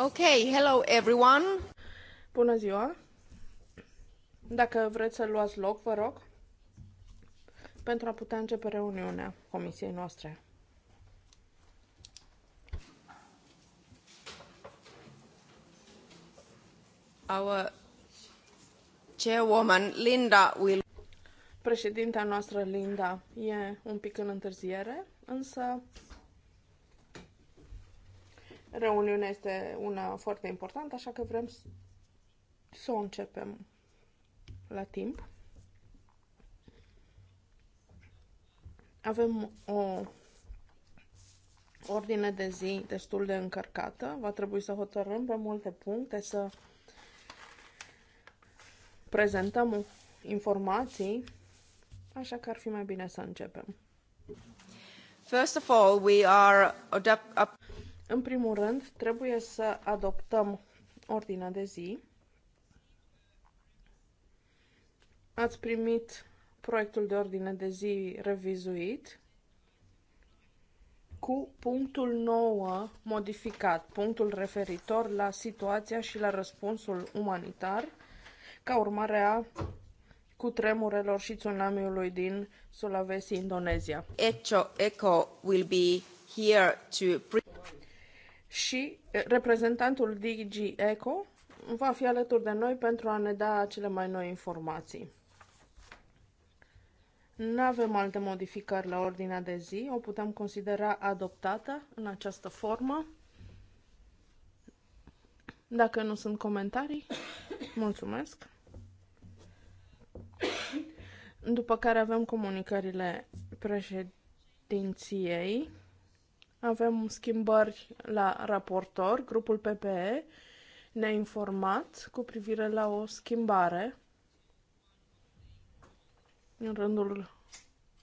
Ok, hello everyone. Bună ziua. Dacă vreți să luați loc, vă rog, pentru a putea începe reuniunea comisiei noastre. Our chairwoman Linda will... Președintea noastră Linda e un pic în întârziere, însă Reuniunea este una foarte importantă, așa că vrem să o începem la timp. Avem o ordine de zi destul de încărcată. Va trebui să hotărâm pe multe puncte, să prezentăm informații, așa că ar fi mai bine să începem. First of all, we are în primul rând, trebuie să adoptăm ordinea de zi. Ați primit proiectul de ordine de zi revizuit cu punctul 9 modificat, punctul referitor la situația și la răspunsul umanitar ca urmare a cutremurelor și tsunamiului din Sulawesi, Indonezia. Echo, Echo will be here to și eh, reprezentantul DG Eco va fi alături de noi pentru a ne da cele mai noi informații. Nu avem alte modificări la ordinea de zi, o putem considera adoptată în această formă. Dacă nu sunt comentarii, mulțumesc. După care avem comunicările președinției. Avem schimbări la raportor. Grupul PPE ne-a informat cu privire la o schimbare în rândul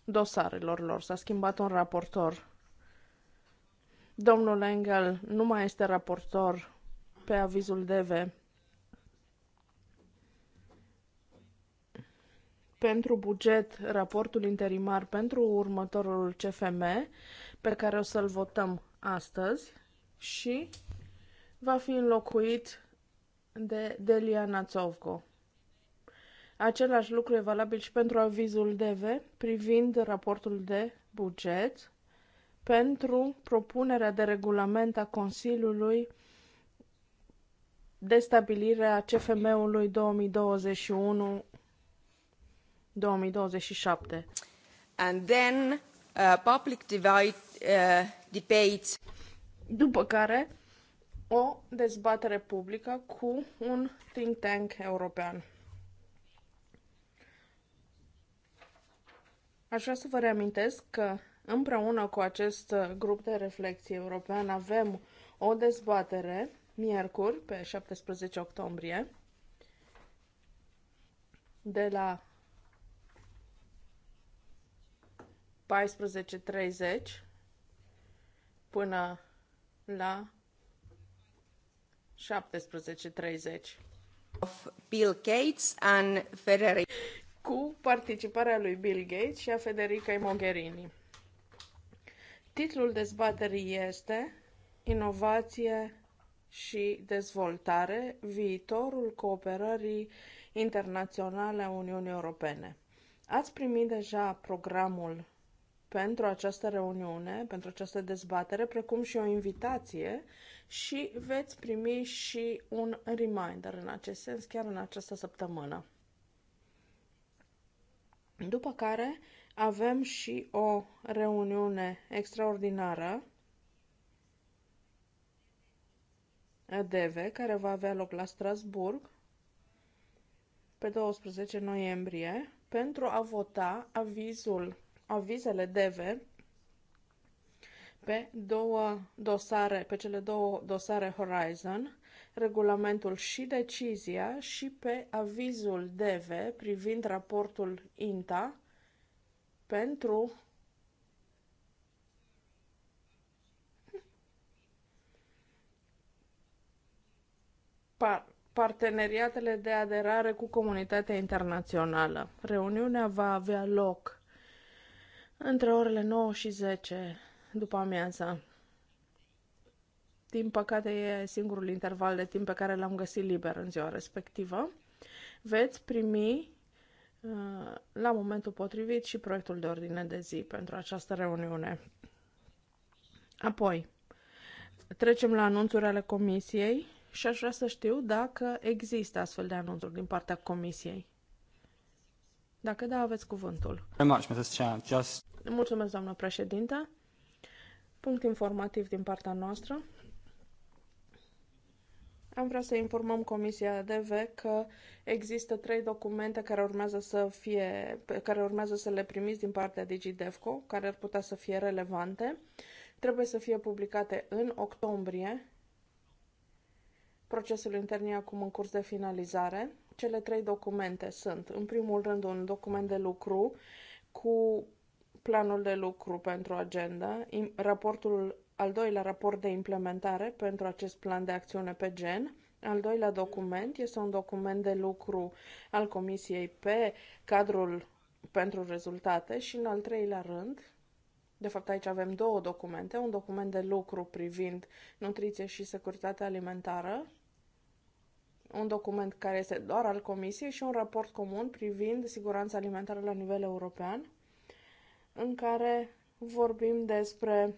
dosarelor lor. S-a schimbat un raportor. Domnul Engel nu mai este raportor pe avizul DV pentru buget raportul interimar pentru următorul CFM pe care o să-l votăm astăzi și va fi înlocuit de Delia Națovco. Același lucru e valabil și pentru avizul DV privind raportul de buget pentru propunerea de regulament a Consiliului de stabilire a CFM-ului 2021-2027. And then uh, public divide Uh, debates. După care o dezbatere publică cu un think tank european. Aș vrea să vă reamintesc că împreună cu acest grup de reflexie european avem o dezbatere miercuri pe 17 octombrie de la până la 17.30. Of Bill Gates and Federica. Cu participarea lui Bill Gates și a Federica Mogherini. Titlul dezbaterii este Inovație și dezvoltare, viitorul cooperării internaționale a Uniunii Europene. Ați primit deja programul pentru această reuniune, pentru această dezbatere, precum și o invitație și veți primi și un reminder în acest sens chiar în această săptămână. După care avem și o reuniune extraordinară DV, care va avea loc la Strasburg pe 12 noiembrie pentru a vota avizul avizele DV pe două dosare, pe cele două dosare Horizon, regulamentul și decizia și pe avizul DV privind raportul INTA pentru parteneriatele de aderare cu comunitatea internațională. Reuniunea va avea loc între orele 9 și 10 după amiaza. Din păcate, e singurul interval de timp pe care l-am găsit liber în ziua respectivă. Veți primi uh, la momentul potrivit și proiectul de ordine de zi pentru această reuniune. Apoi, trecem la anunțuri ale comisiei și aș vrea să știu dacă există astfel de anunțuri din partea comisiei. Dacă da, aveți cuvântul. Mulțumesc, doamnă președinte. Punct informativ din partea noastră. Am vrea să informăm Comisia DV că există trei documente care urmează să fie, care urmează să le primiți din partea DigiDevco, care ar putea să fie relevante. Trebuie să fie publicate în octombrie. Procesul intern e acum în curs de finalizare. Cele trei documente sunt, în primul rând, un document de lucru cu planul de lucru pentru agenda, raportul, al doilea raport de implementare pentru acest plan de acțiune pe gen, al doilea document este un document de lucru al Comisiei pe cadrul pentru rezultate și în al treilea rând, de fapt aici avem două documente, un document de lucru privind nutriție și securitatea alimentară un document care este doar al Comisiei și un raport comun privind siguranța alimentară la nivel european, în care vorbim despre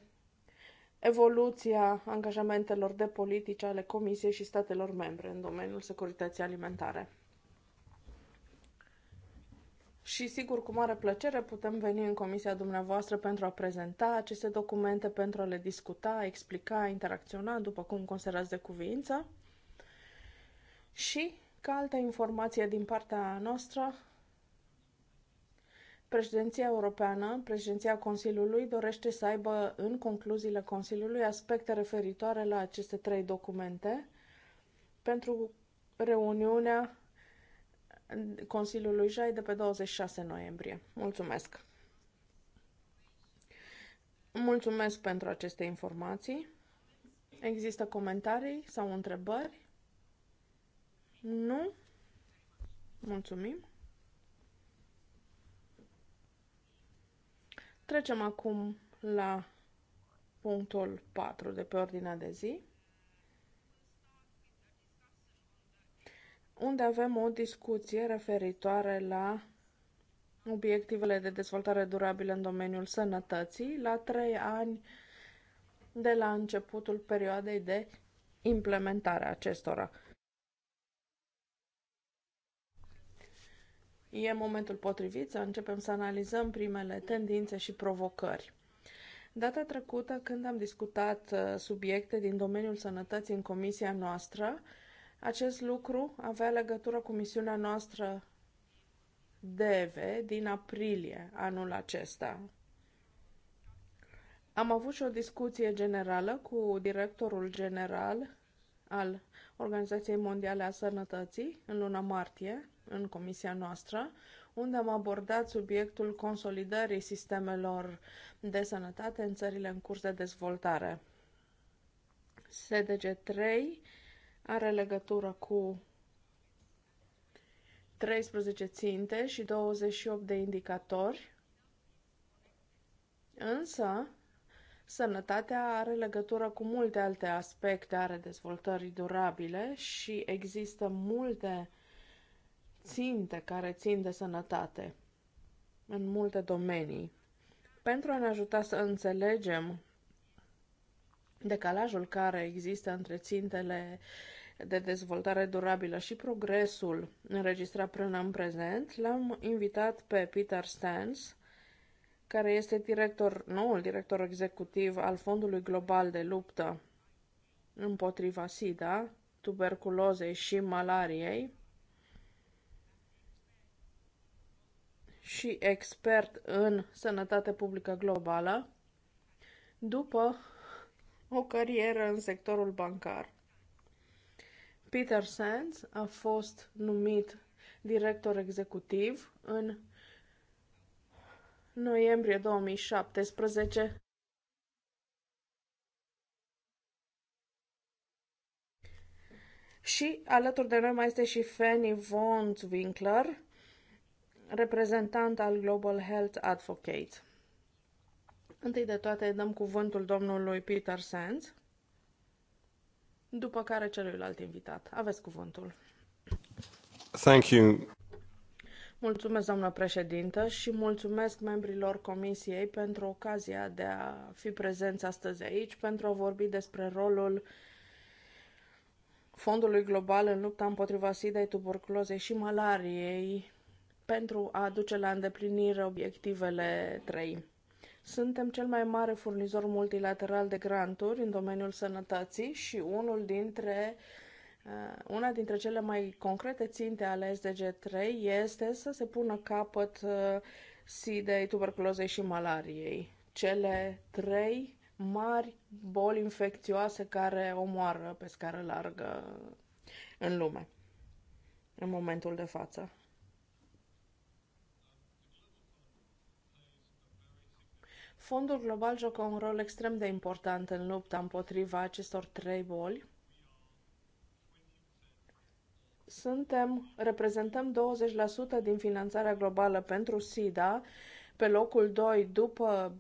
evoluția angajamentelor de politici ale Comisiei și statelor membre în domeniul securității alimentare. Și sigur, cu mare plăcere putem veni în comisia dumneavoastră pentru a prezenta aceste documente, pentru a le discuta, explica, interacționa, după cum considerați de cuvință. Și, ca altă informație din partea noastră, Președinția europeană, președinția Consiliului, dorește să aibă în concluziile Consiliului aspecte referitoare la aceste trei documente pentru reuniunea Consiliului JAI de pe 26 noiembrie. Mulțumesc! Mulțumesc pentru aceste informații. Există comentarii sau întrebări? Nu? Mulțumim. Trecem acum la punctul 4 de pe ordinea de zi, unde avem o discuție referitoare la obiectivele de dezvoltare durabilă în domeniul sănătății la 3 ani de la începutul perioadei de implementare a acestora. E momentul potrivit să începem să analizăm primele tendințe și provocări. Data trecută, când am discutat uh, subiecte din domeniul sănătății în comisia noastră, acest lucru avea legătură cu misiunea noastră DV din aprilie anul acesta. Am avut și o discuție generală cu directorul general al Organizației Mondiale a Sănătății în luna martie în comisia noastră, unde am abordat subiectul consolidării sistemelor de sănătate în țările în curs de dezvoltare. SDG 3 are legătură cu 13 ținte și 28 de indicatori, însă Sănătatea are legătură cu multe alte aspecte ale dezvoltării durabile și există multe ținte care țin de sănătate în multe domenii. Pentru a ne ajuta să înțelegem decalajul care există între țintele de dezvoltare durabilă și progresul înregistrat până în prezent, l-am invitat pe Peter Stans, care este director, noul director executiv al Fondului Global de Luptă împotriva SIDA, tuberculozei și malariei, și expert în sănătate publică globală, după o carieră în sectorul bancar. Peter Sands a fost numit director executiv în noiembrie 2017 și alături de noi mai este și Fanny von Winkler, reprezentant al Global Health Advocate. Întâi de toate dăm cuvântul domnului Peter Sands, după care celuilalt invitat. Aveți cuvântul. Thank you. Mulțumesc, doamnă președintă, și mulțumesc membrilor Comisiei pentru ocazia de a fi prezenți astăzi aici pentru a vorbi despre rolul Fondului Global în lupta împotriva SIDA, tuberculozei și malariei pentru a duce la îndeplinire obiectivele 3. Suntem cel mai mare furnizor multilateral de granturi în domeniul sănătății și unul dintre uh, una dintre cele mai concrete ținte ale SDG3 este să se pună capăt uh, SIDEI, tuberculozei și malariei. Cele trei mari boli infecțioase care omoară pe scară largă în lume în momentul de față. Fondul global joacă un rol extrem de important în lupta împotriva acestor trei boli. Suntem, reprezentăm 20% din finanțarea globală pentru SIDA, pe locul 2 după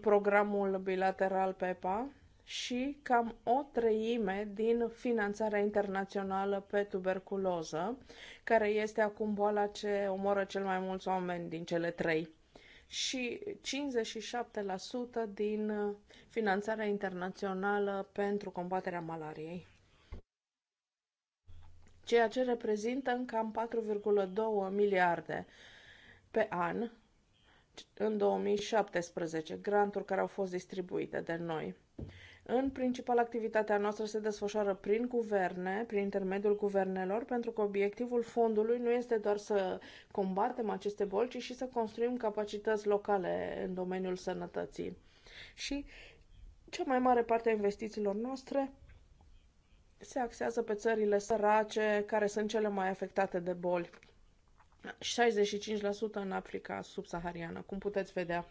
programul bilateral PEPA și cam o treime din finanțarea internațională pe tuberculoză, care este acum boala ce omoră cel mai mulți oameni din cele trei și 57% din uh, finanțarea internațională pentru combaterea malariei ceea ce reprezintă în cam 4,2 miliarde pe an în 2017, granturi care au fost distribuite de noi. În principal, activitatea noastră se desfășoară prin guverne, prin intermediul guvernelor, pentru că obiectivul fondului nu este doar să combatem aceste boli, ci și să construim capacități locale în domeniul sănătății. Și cea mai mare parte a investițiilor noastre se axează pe țările sărace, care sunt cele mai afectate de boli. 65% în Africa subsahariană, cum puteți vedea.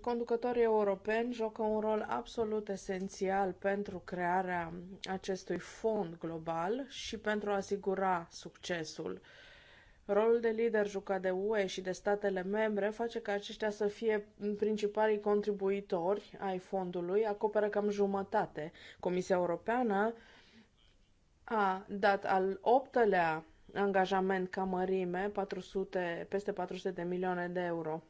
Conducătorii europeni joacă un rol absolut esențial pentru crearea acestui fond global și pentru a asigura succesul. Rolul de lider jucat de UE și de statele membre face ca aceștia să fie principalii contribuitori ai fondului, acoperă cam jumătate. Comisia Europeană a dat al optălea angajament ca mărime, 400, peste 400 de milioane de euro.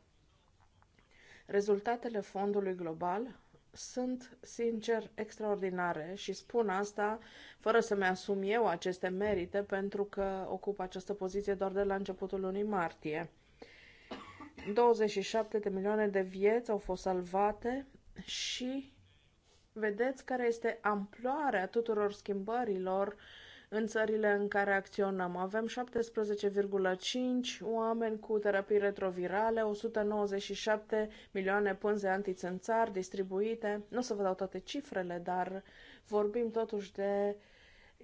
Rezultatele fondului global sunt, sincer, extraordinare și spun asta fără să-mi asum eu aceste merite, pentru că ocup această poziție doar de la începutul lunii martie. 27 de milioane de vieți au fost salvate și vedeți care este amploarea tuturor schimbărilor uh, în țările în care acționăm. Avem 17,5 oameni cu terapii retrovirale, 197 milioane pânze antițânțari distribuite. Nu o să vă dau toate cifrele, dar vorbim totuși de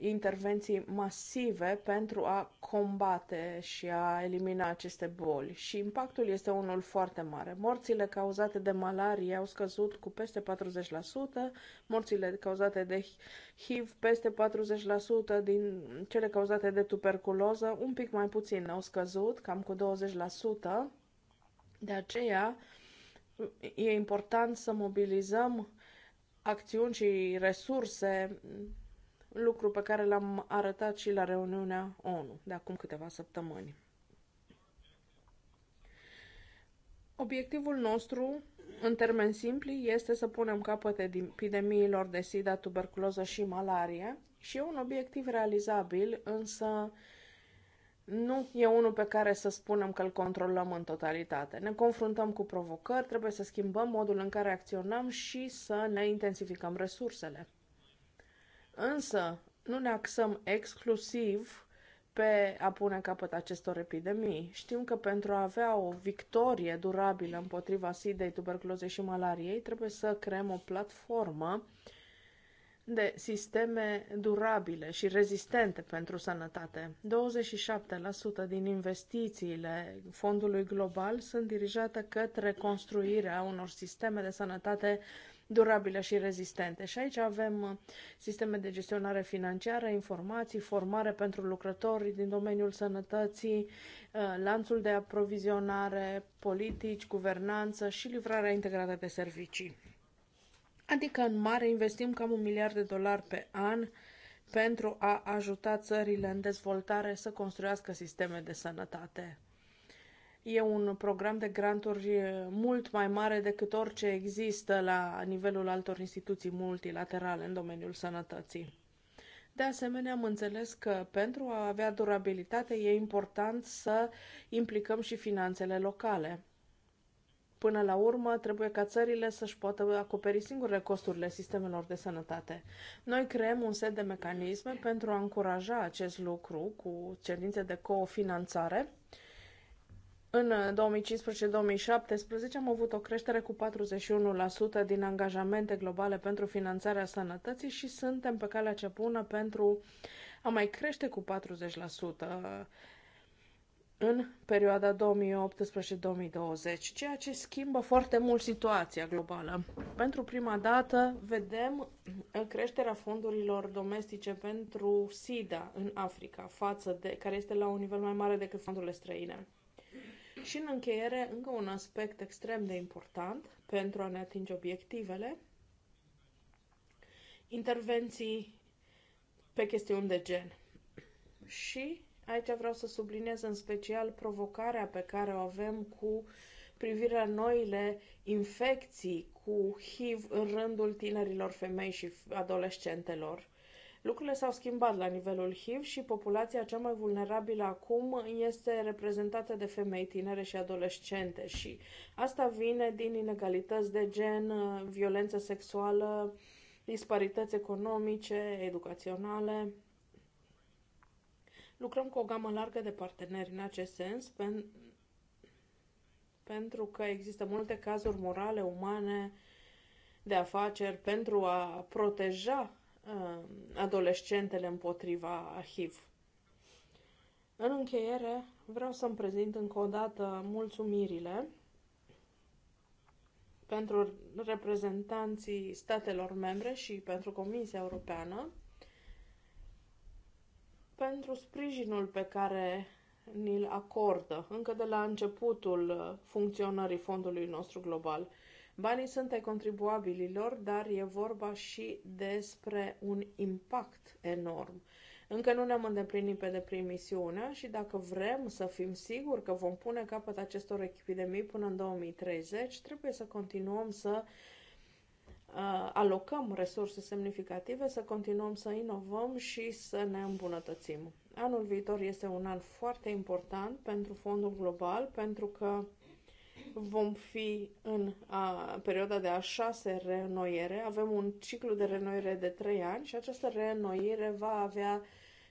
intervenții masive pentru a combate și a elimina aceste boli și impactul este unul foarte mare. Morțile cauzate de malarie au scăzut cu peste 40%, morțile cauzate de HIV peste 40%, din cele cauzate de tuberculoză un pic mai puțin au scăzut, cam cu 20%. De aceea e important să mobilizăm acțiuni și resurse lucru pe care l-am arătat și la reuniunea ONU de acum câteva săptămâni. Obiectivul nostru, în termeni simpli, este să punem capăt epidemiilor de sida, tuberculoză și malarie și e un obiectiv realizabil, însă nu e unul pe care să spunem că îl controlăm în totalitate. Ne confruntăm cu provocări, trebuie să schimbăm modul în care acționăm și să ne intensificăm resursele. Însă, nu ne axăm exclusiv pe a pune capăt acestor epidemii. Știm că pentru a avea o victorie durabilă împotriva SIDA, tuberculozei și malariei, trebuie să creăm o platformă uh, de sisteme durabile și rezistente pentru sănătate. 27% din investițiile fondului global sunt dirijate către construirea unor sisteme de sănătate durabile și rezistente. Și aici avem sisteme de gestionare financiară, informații, formare pentru lucrători din domeniul sănătății, uh, lanțul de aprovizionare, politici, guvernanță și livrarea integrată de servicii. Adică, în mare, investim cam un miliard de dolari pe an pentru a ajuta țările în dezvoltare să construiască sisteme de sănătate. E un program de granturi mult mai mare decât orice există la nivelul altor instituții multilaterale în domeniul sănătății. De asemenea, am înțeles că pentru a avea durabilitate e important să implicăm și finanțele locale. Până la urmă, trebuie ca țările să-și poată acoperi singure costurile sistemelor de sănătate. Noi creăm un set de mecanisme pentru a încuraja acest lucru cu cerințe de cofinanțare. În 2015-2017 am avut o creștere cu 41% din angajamente globale pentru finanțarea sănătății și suntem pe calea cea bună pentru a mai crește cu 40% în perioada 2018-2020, ceea ce schimbă foarte mult situația globală. Pentru prima dată vedem creșterea fondurilor domestice pentru SIDA în Africa, față de, care este la un nivel mai mare decât fondurile străine. Și în încheiere, încă un aspect extrem de important pentru a ne atinge obiectivele, intervenții pe chestiuni de gen. Și Aici vreau să subliniez în special provocarea pe care o avem cu privire la noile infecții cu HIV în rândul tinerilor femei și adolescentelor. Lucrurile s-au schimbat la nivelul HIV și populația cea mai vulnerabilă acum este reprezentată de femei tinere și adolescente și asta vine din inegalități de gen, violență sexuală, disparități economice, educaționale. Lucrăm cu o gamă largă de parteneri în acest sens, pen, pentru că există multe cazuri morale, umane, de afaceri pentru a proteja uh, adolescentele împotriva HIV. În încheiere, vreau să-mi prezint încă o dată mulțumirile pentru reprezentanții statelor membre și pentru Comisia Europeană pentru sprijinul pe care ni-l acordă încă de la începutul uh, funcționării fondului nostru global. Banii sunt ai contribuabililor, dar e vorba și despre un impact enorm. Încă nu ne-am îndeplinit pe deplin misiunea și dacă vrem să fim siguri că vom pune capăt acestor epidemii până în 2030, trebuie să continuăm să Uh, alocăm resurse semnificative, să continuăm să inovăm și să ne îmbunătățim. Anul viitor este un an foarte important pentru fondul global, pentru că vom fi în a, perioada de a șase reînnoiere. Avem un ciclu de reînnoiere de trei ani și această reînnoire va avea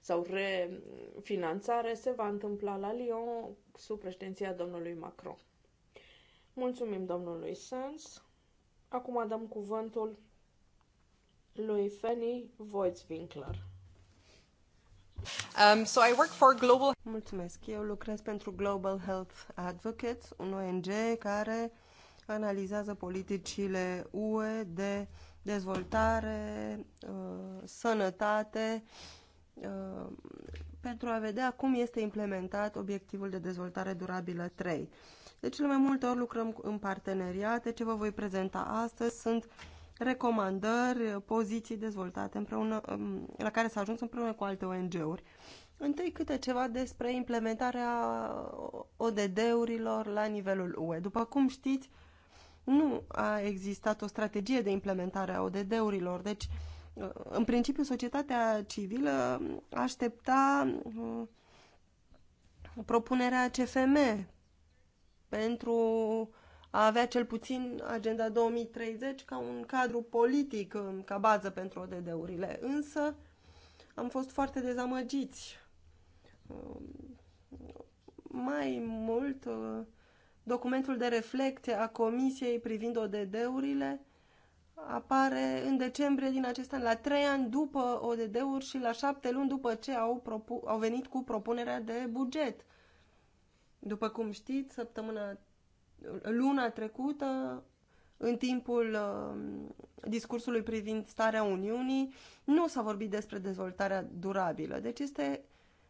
sau refinanțare se va întâmpla la Lyon sub președinția domnului Macron. Mulțumim domnului Sanz. Acum dăm cuvântul lui Fanny Voitswinkler. Um, so I work for Global... Mulțumesc. Eu lucrez pentru Global Health Advocates, un ONG care analizează politicile UE de dezvoltare, uh, sănătate, uh, pentru a vedea cum este implementat obiectivul de dezvoltare durabilă 3. De cele mai multe ori lucrăm în parteneriate. Ce vă voi prezenta astăzi sunt recomandări, poziții dezvoltate împreună, um, la care s-a ajuns împreună cu alte ONG-uri. Întâi câte ceva despre implementarea ODD-urilor la nivelul UE. După cum știți, nu a existat o strategie de implementare a ODD-urilor, deci uh, în principiu societatea civilă aștepta uh, propunerea CFM pentru a avea cel puțin Agenda 2030 ca un cadru politic, um, ca bază pentru ODD-urile. Însă am fost foarte dezamăgiți. Um, mai mult, uh, documentul de reflecție a Comisiei privind ODD-urile apare în decembrie din acest an, la trei ani după ODD-uri și la șapte luni după ce au, au venit cu propunerea de buget. După cum știți, săptămâna, luna trecută, în timpul um, discursului privind starea Uniunii, nu s-a vorbit despre dezvoltarea durabilă. Deci este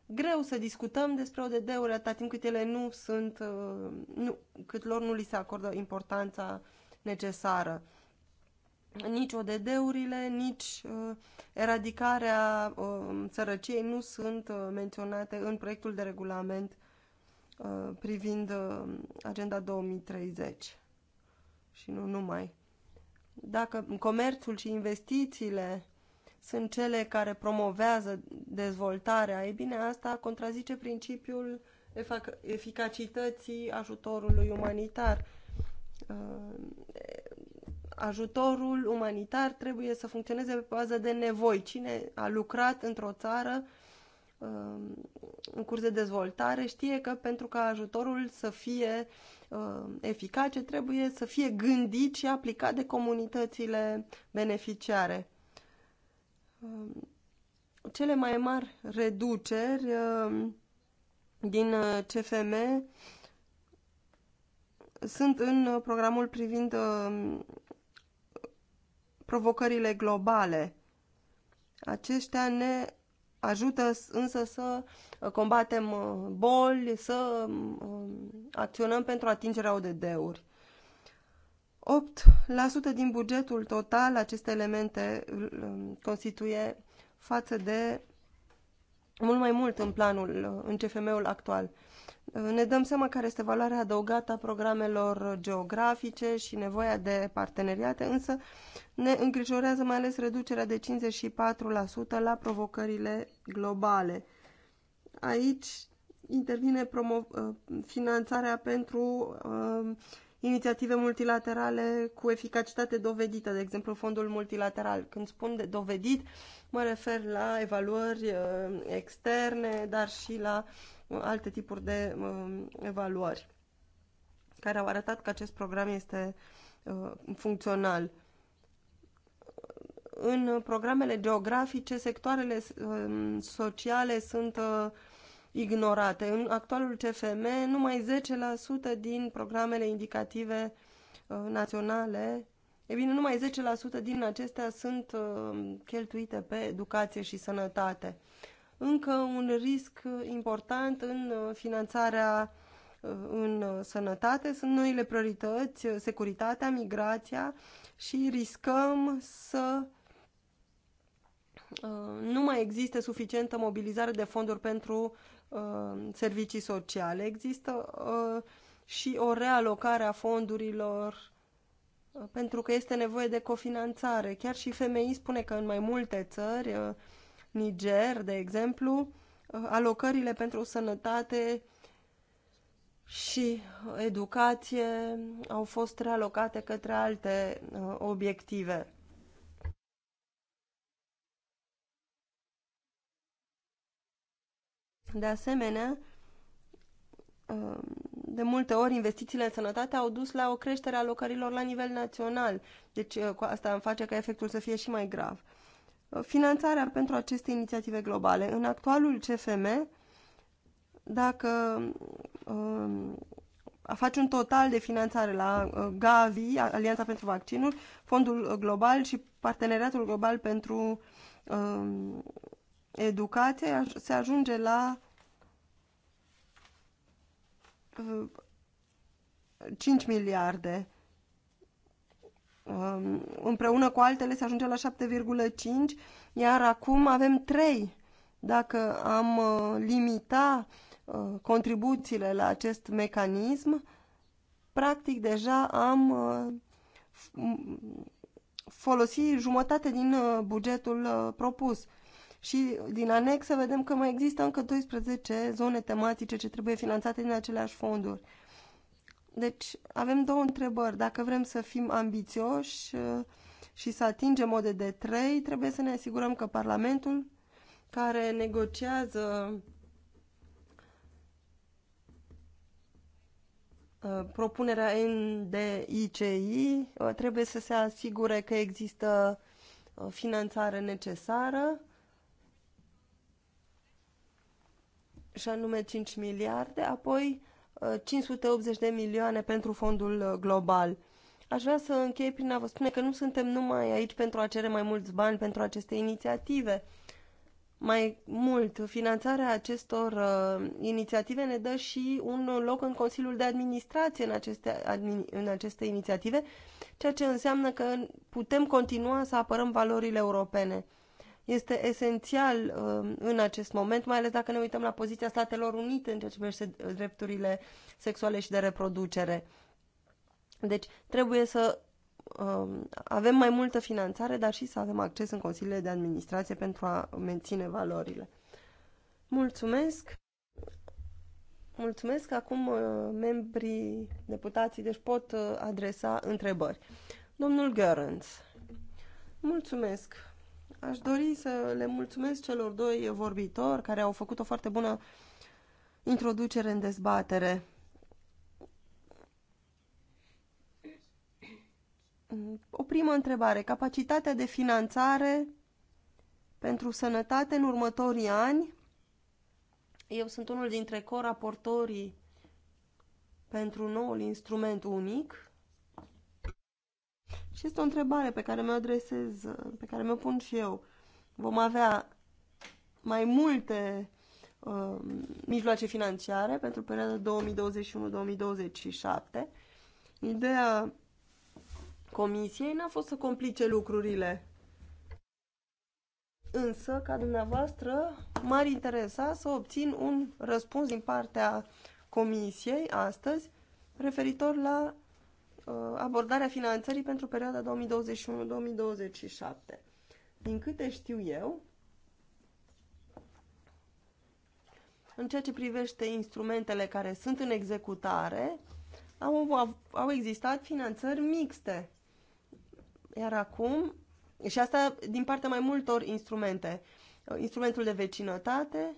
greu să discutăm despre ODD-uri atâta timp cât ele nu sunt, um, nu, cât lor nu li se acordă importanța necesară. Nici ODD-urile, nici uh, eradicarea uh, sărăciei nu sunt uh, menționate în proiectul de regulament uh, Uh, privind uh, agenda 2030 și nu numai. Dacă comerțul și investițiile sunt cele care promovează dezvoltarea, e bine, asta contrazice principiul eficacității ajutorului umanitar. Uh, ajutorul umanitar trebuie să funcționeze pe bază de nevoi. Cine a lucrat într-o țară Um, în curs de dezvoltare știe că pentru ca ajutorul să fie um, eficace trebuie să fie gândit și aplicat de comunitățile beneficiare. Um, cele mai mari reduceri din uh, CFM sunt în uh, programul privind provocările globale. Aceștia ne ajută însă să uh, combatem uh, boli, să um, acționăm pentru atingerea ODD-uri. 8% din bugetul total aceste elemente um, constituie față de mult mai mult în planul, uh, în CFM-ul actual ne dăm seama care este valoarea adăugată a programelor geografice și nevoia de parteneriate, însă ne îngrijorează mai ales reducerea de 54% la provocările globale. Aici intervine uh, finanțarea pentru uh, inițiative multilaterale cu eficacitate dovedită, de exemplu fondul multilateral. Când spun de dovedit, mă refer la evaluări uh, externe, dar și la uh, alte tipuri de uh, evaluări care au arătat că acest program este funcțional. În programele geografice, sectoarele sociale sunt ignorate. În actualul CFM, numai 10% din programele indicative uh, naționale, e bine, numai 10% din acestea sunt uh, cheltuite pe educație și sănătate. Încă un risc important în uh, finanțarea în sănătate sunt noile priorități, securitatea, migrația și riscăm să nu mai există suficientă mobilizare de fonduri pentru Uh, servicii sociale. Există uh, și o realocare a fondurilor uh, pentru că este nevoie de cofinanțare. Chiar și FMI spune că în mai multe țări, Niger, de exemplu, alocările pentru sănătate și educație au fost realocate către alte obiective. De asemenea, de multe ori investițiile în sănătate au dus la o creștere a locărilor la nivel național. Deci uh, asta îmi face ca efectul să fie și mai grav. Uh, finanțarea pentru aceste inițiative globale. În actualul CFM, dacă um, faci un total de finanțare la uh, Gavi, Alianța pentru Vaccinuri, Fondul Global și Parteneriatul Global pentru um, educație se ajunge la 5 uh, miliarde. Um, împreună cu altele se ajunge la 7,5, iar acum avem 3. Dacă am uh, limita uh, contribuțiile la acest mecanism, practic deja am folosi jumătate din bugetul propus. Și din anexă vedem că mai există încă 12 zone tematice ce trebuie finanțate din aceleași fonduri. Deci avem două întrebări. Dacă vrem să fim ambițioși uh, și să atingem o de trei, trebuie să ne asigurăm că Parlamentul care negociază uh, propunerea NDICI uh, trebuie să se asigure că există finanțare necesară și anume 5 miliarde, apoi 580 uh, de milioane pentru fondul uh, global. Aș vrea să închei prin a vă spune că nu suntem numai aici pentru a cere mai mulți bani pentru aceste inițiative. Mai mult, finanțarea acestor uh, inițiative ne dă și un loc în Consiliul de Administrație în aceste, admin, în aceste inițiative, ceea ce înseamnă că putem continua să apărăm valorile europene este esențial uh, în acest moment, mai ales dacă ne uităm la poziția Statelor Unite în ceea ce privește drepturile sexuale și de reproducere. Deci trebuie să uh, avem mai multă finanțare, dar și să avem acces în consiliile de administrație pentru a menține valorile. Mulțumesc! Mulțumesc! Acum uh, membrii deputații deci pot adresa întrebări. Domnul Görens, mulțumesc! Aș dori să le mulțumesc celor doi vorbitori care au făcut o foarte bună introducere în dezbatere. O primă întrebare. Capacitatea de finanțare pentru sănătate în următorii ani. Eu sunt unul dintre coraportorii pentru noul instrument unic și este o întrebare pe care mi-o adresez, pe care mi-o pun și eu. Vom avea mai multe uh, mijloace financiare pentru perioada 2021-2027. Ideea comisiei n-a fost să complice lucrurile. Însă, ca dumneavoastră, m-ar interesa să obțin un răspuns din partea comisiei astăzi referitor la Uh, abordarea finanțării pentru perioada 2021-2027. Din câte știu eu, în ceea ce privește instrumentele care sunt în executare, au, au existat finanțări mixte. Iar acum, și asta din partea mai multor instrumente, uh, instrumentul de vecinătate,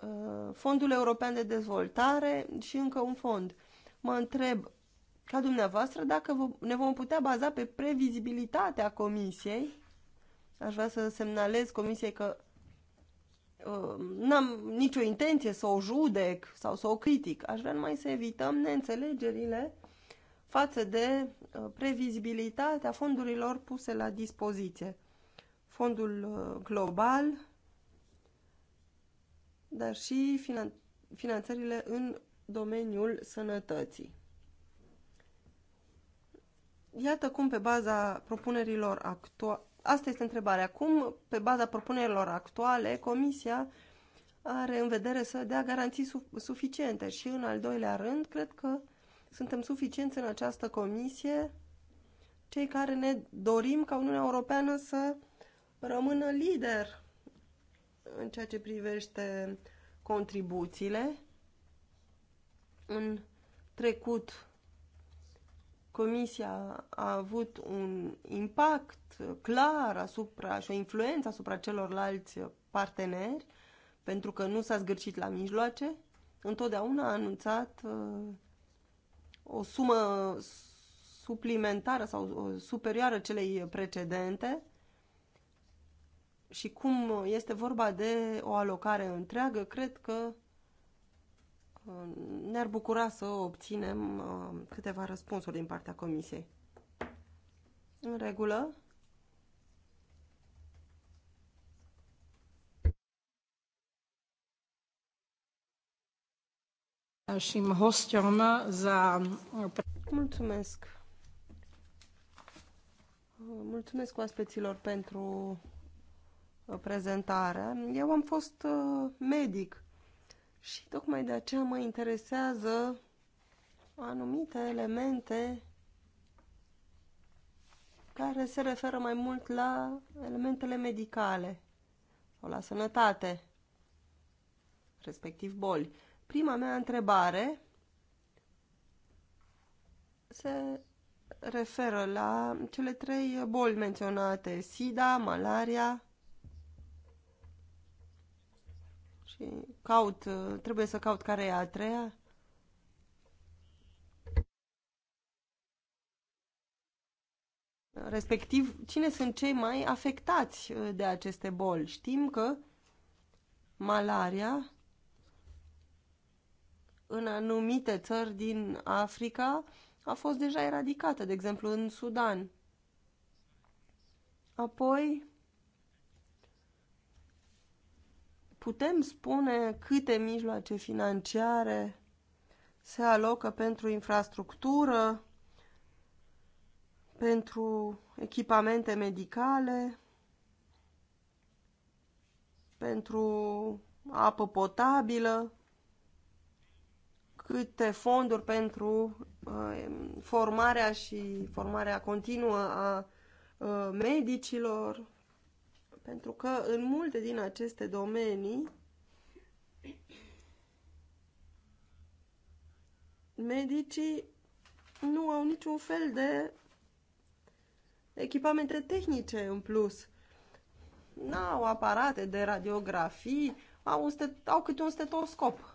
uh, Fondul European de Dezvoltare și încă un fond. Mă întreb ca dumneavoastră dacă ne vom putea baza pe previzibilitatea comisiei. Aș vrea să semnalez comisiei că uh, n-am nicio intenție să o judec sau să o critic. Aș vrea numai să evităm neînțelegerile față de uh, previzibilitatea fondurilor puse la dispoziție. Fondul uh, global, dar și finan finanțările în domeniul sănătății. Iată cum pe baza propunerilor actuale, asta este întrebarea, cum pe baza propunerilor actuale Comisia are în vedere să dea garanții su suficiente și în al doilea rând, cred că suntem suficienți în această comisie cei care ne dorim ca Uniunea Europeană să rămână lider în ceea ce privește contribuțiile. În trecut Comisia a avut un impact clar asupra și o influență asupra celorlalți parteneri, pentru că nu s-a zgârcit la mijloace, întotdeauna a anunțat uh, o sumă suplimentară sau uh, superioară celei precedente și cum este vorba de o alocare întreagă, cred că ne-ar bucura să obținem uh, câteva răspunsuri din partea Comisiei. În regulă? Mulțumesc! Mulțumesc oaspeților pentru prezentare. Eu am fost uh, medic și tocmai de aceea mă interesează anumite elemente care se referă mai mult la elementele medicale sau la sănătate, respectiv boli. Prima mea întrebare se referă la cele trei boli menționate, SIDA, malaria și caut, trebuie să caut care e a treia. Respectiv, cine sunt cei mai afectați uh, de aceste boli? Știm că malaria în anumite țări din Africa a fost deja eradicată, de exemplu în Sudan. Apoi, Putem spune câte mijloace financiare se alocă pentru infrastructură, pentru echipamente medicale, pentru apă potabilă, câte fonduri pentru uh, formarea și formarea continuă a uh, medicilor, pentru că în multe din aceste domenii medicii nu au niciun fel de echipamente tehnice în plus. N-au aparate de radiografii, au, un stet- au câte un stetoscop.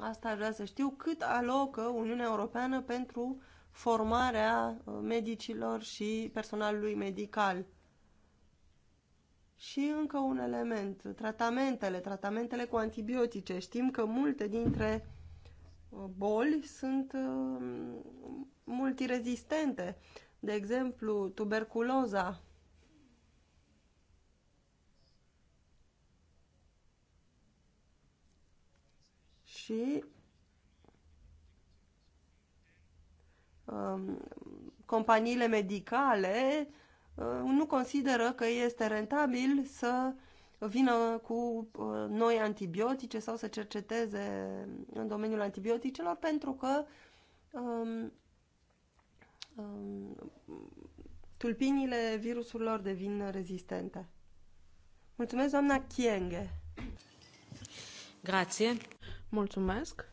Asta aș vrea să știu cât alocă Uniunea Europeană pentru formarea uh, medicilor și personalului medical. Și încă un element, tratamentele, tratamentele cu antibiotice. Știm că multe dintre uh, boli sunt uh, multirezistente. De exemplu, tuberculoza. Și um, companiile medicale Uh, nu consideră că este rentabil să vină cu uh, noi antibiotice sau să cerceteze în domeniul antibioticelor pentru că um, um, tulpinile virusurilor devin rezistente. Mulțumesc, doamna Chienge! Grație. Mulțumesc.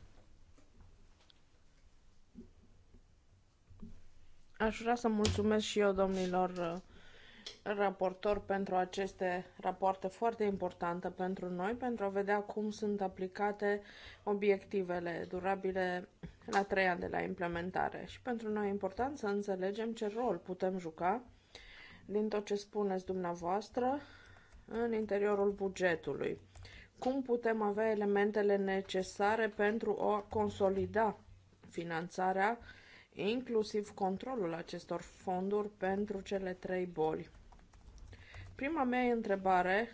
Aș vrea să mulțumesc și eu domnilor uh, raportor pentru aceste rapoarte foarte importante pentru noi, pentru a vedea cum sunt aplicate obiectivele durabile la trei ani de la implementare. Și pentru noi e important să înțelegem ce rol putem juca din tot ce spuneți dumneavoastră în interiorul bugetului. Cum putem avea elementele necesare pentru a consolida finanțarea inclusiv controlul acestor fonduri pentru cele trei boli. Prima mea întrebare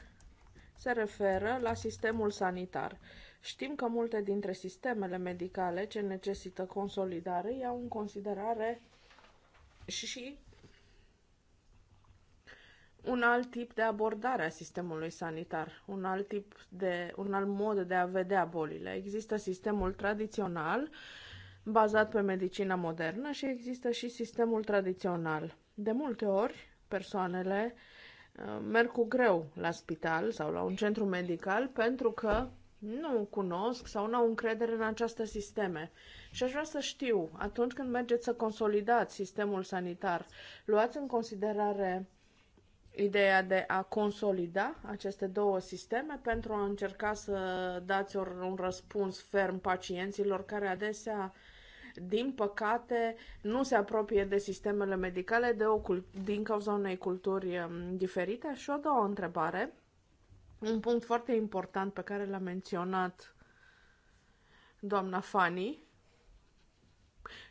se referă la sistemul sanitar. Știm că multe dintre sistemele medicale ce necesită consolidare iau în considerare și un alt tip de abordare a sistemului sanitar, un alt tip de un alt mod de a vedea bolile. Există sistemul tradițional bazat pe medicina modernă și există și sistemul tradițional. De multe ori, persoanele uh, merg cu greu la spital sau la un centru medical pentru că nu cunosc sau nu au încredere în aceste sisteme. Și aș vrea să știu, atunci când mergeți să consolidați sistemul sanitar, luați în considerare ideea de a consolida aceste două sisteme pentru a încerca să dați un răspuns ferm pacienților care adesea din păcate, nu se apropie de sistemele medicale de o din cauza unei culturi um, diferite. Și o doua întrebare, un punct foarte important pe care l-a menționat doamna Fani,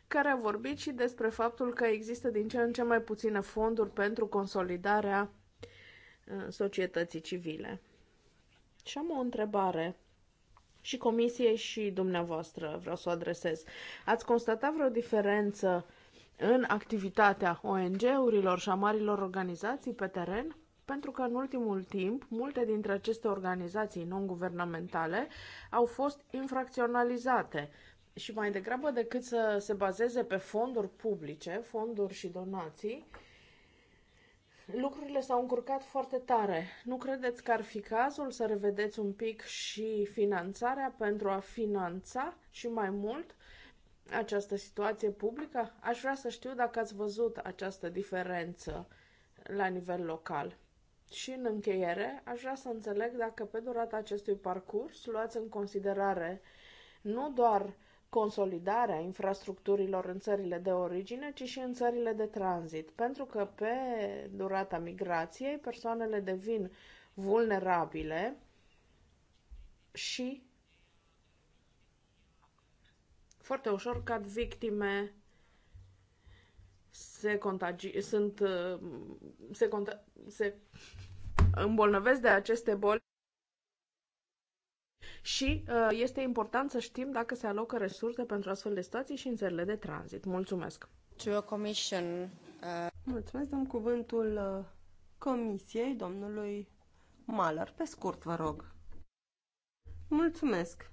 care a vorbit și despre faptul că există din ce în ce mai puține fonduri pentru consolidarea uh, societății civile. Și am o întrebare și comisiei și dumneavoastră vreau să o adresez. Ați constatat vreo diferență în activitatea ONG-urilor și a marilor organizații pe teren? Pentru că în ultimul timp, multe dintre aceste organizații non-guvernamentale au fost infracționalizate și mai degrabă decât să se bazeze pe fonduri publice, fonduri și donații, lucrurile s-au încurcat foarte tare. Nu credeți că ar fi cazul să revedeți un pic și finanțarea pentru a finanța și mai mult această situație publică? Aș vrea să știu dacă ați văzut această diferență la nivel local. Și în încheiere, aș vrea să înțeleg dacă pe durata acestui parcurs luați în considerare nu doar consolidarea infrastructurilor în țările de origine, ci și în țările de tranzit, pentru că pe durata migrației persoanele devin vulnerabile și foarte ușor cad victime se contagi- sunt uh, se, cont- se îmbolnăvesc de aceste boli și uh, este important să știm dacă se alocă resurse pentru astfel de stații și în țările de tranzit. Mulțumesc! To commission, uh... Mulțumesc, dăm cuvântul uh, comisiei domnului Malar Pe scurt, vă rog. Mulțumesc!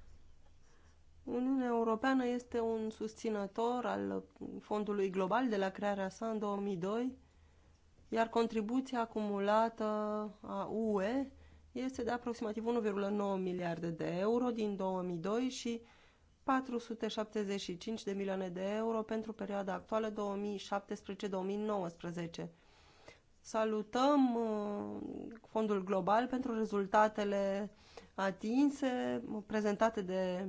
Uniunea Europeană este un susținător al fondului global de la crearea sa în 2002, iar contribuția acumulată a UE este de aproximativ 1,9 miliarde de euro din 2002 și 475 de milioane de euro pentru perioada actuală 2017-2019. Salutăm uh, Fondul Global pentru rezultatele atinse, prezentate de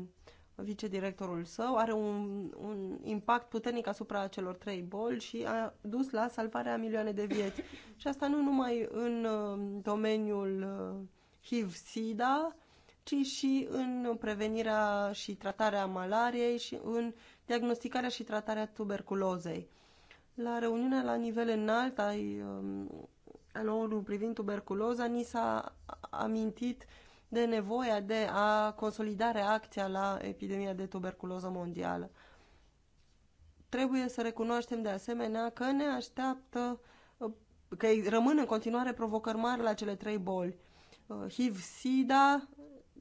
vicedirectorul său, are un, un impact puternic asupra celor trei boli și a dus la salvarea milioane de vieți. Și asta nu numai în uh, domeniul uh, HIV-SIDA, ci și în prevenirea și tratarea malariei și în diagnosticarea și tratarea tuberculozei. La reuniunea la nivel înalt ai, um, al ONU privind tuberculoza, ni s-a amintit uh, de nevoia de a consolida reacția la epidemia de tuberculoză mondială. Trebuie să recunoaștem de asemenea că ne așteaptă, că rămân în continuare provocări mari la cele trei boli. Uh, HIV-SIDA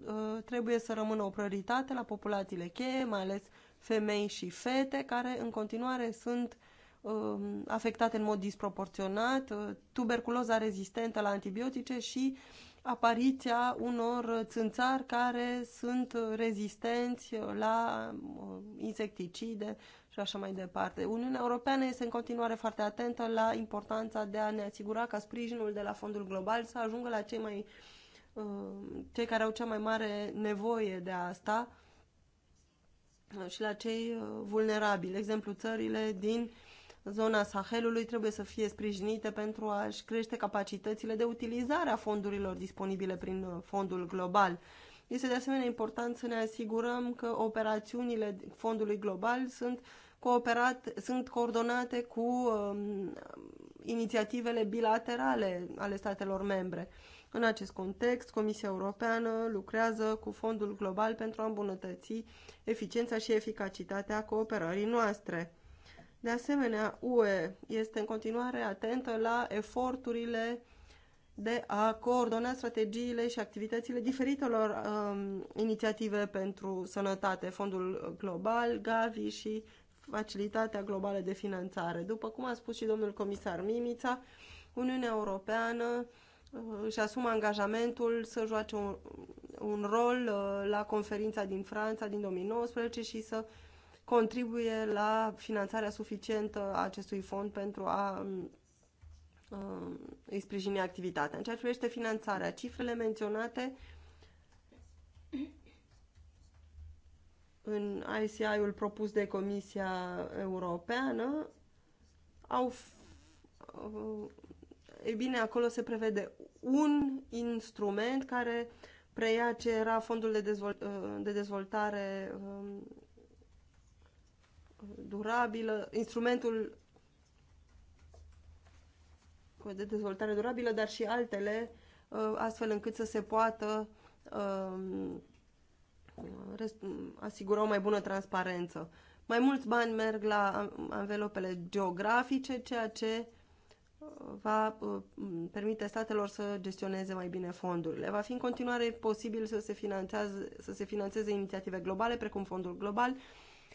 uh, trebuie să rămână o prioritate la populațiile cheie, mai ales femei și fete, care în continuare sunt um, afectate în mod disproporționat, uh, tuberculoza rezistentă la antibiotice și uh, apariția unor țânțari care sunt rezistenți la uh, insecticide și așa mai departe. Uniunea Europeană este în continuare foarte atentă la importanța de a ne asigura ca sprijinul de la fondul global să ajungă la cei mai uh, cei care au cea mai mare nevoie de asta și la cei uh, vulnerabili, exemplu țările din uh, Zona Sahelului trebuie să fie sprijinite pentru a-și crește capacitățile de utilizare a fondurilor disponibile prin uh, fondul global. Este de asemenea important să ne asigurăm că operațiunile fondului global sunt, cooperate, sunt coordonate cu um, inițiativele bilaterale ale statelor membre. În acest context, Comisia Europeană lucrează cu Fondul Global pentru a îmbunătăți eficiența și eficacitatea cooperării noastre. De asemenea, UE este în continuare atentă la eforturile de a coordona strategiile și activitățile diferitelor um, inițiative pentru sănătate, Fondul Global, Gavi și Facilitatea Globală de Finanțare. După cum a spus și domnul comisar Mimița, Uniunea Europeană uh, își asumă angajamentul să joace un, un rol uh, la conferința din Franța din 2019 și să contribuie la finanțarea suficientă a acestui fond pentru a um, um, îi sprijini activitatea. În ceea ce privește finanțarea, cifrele menționate în ICI-ul propus de Comisia Europeană au uh, ei bine, acolo se prevede un instrument care preia ce era fondul de, uh, de dezvoltare um, durabilă, instrumentul de dezvoltare durabilă, dar și altele, uh, astfel încât să se poată um, asigura o mai bună transparență. Mai mulți bani merg la anvelopele geografice, ceea ce uh, va uh, permite statelor să gestioneze mai bine fondurile. Va fi în continuare posibil să se, să se finanțeze inițiative globale, precum Fondul Global,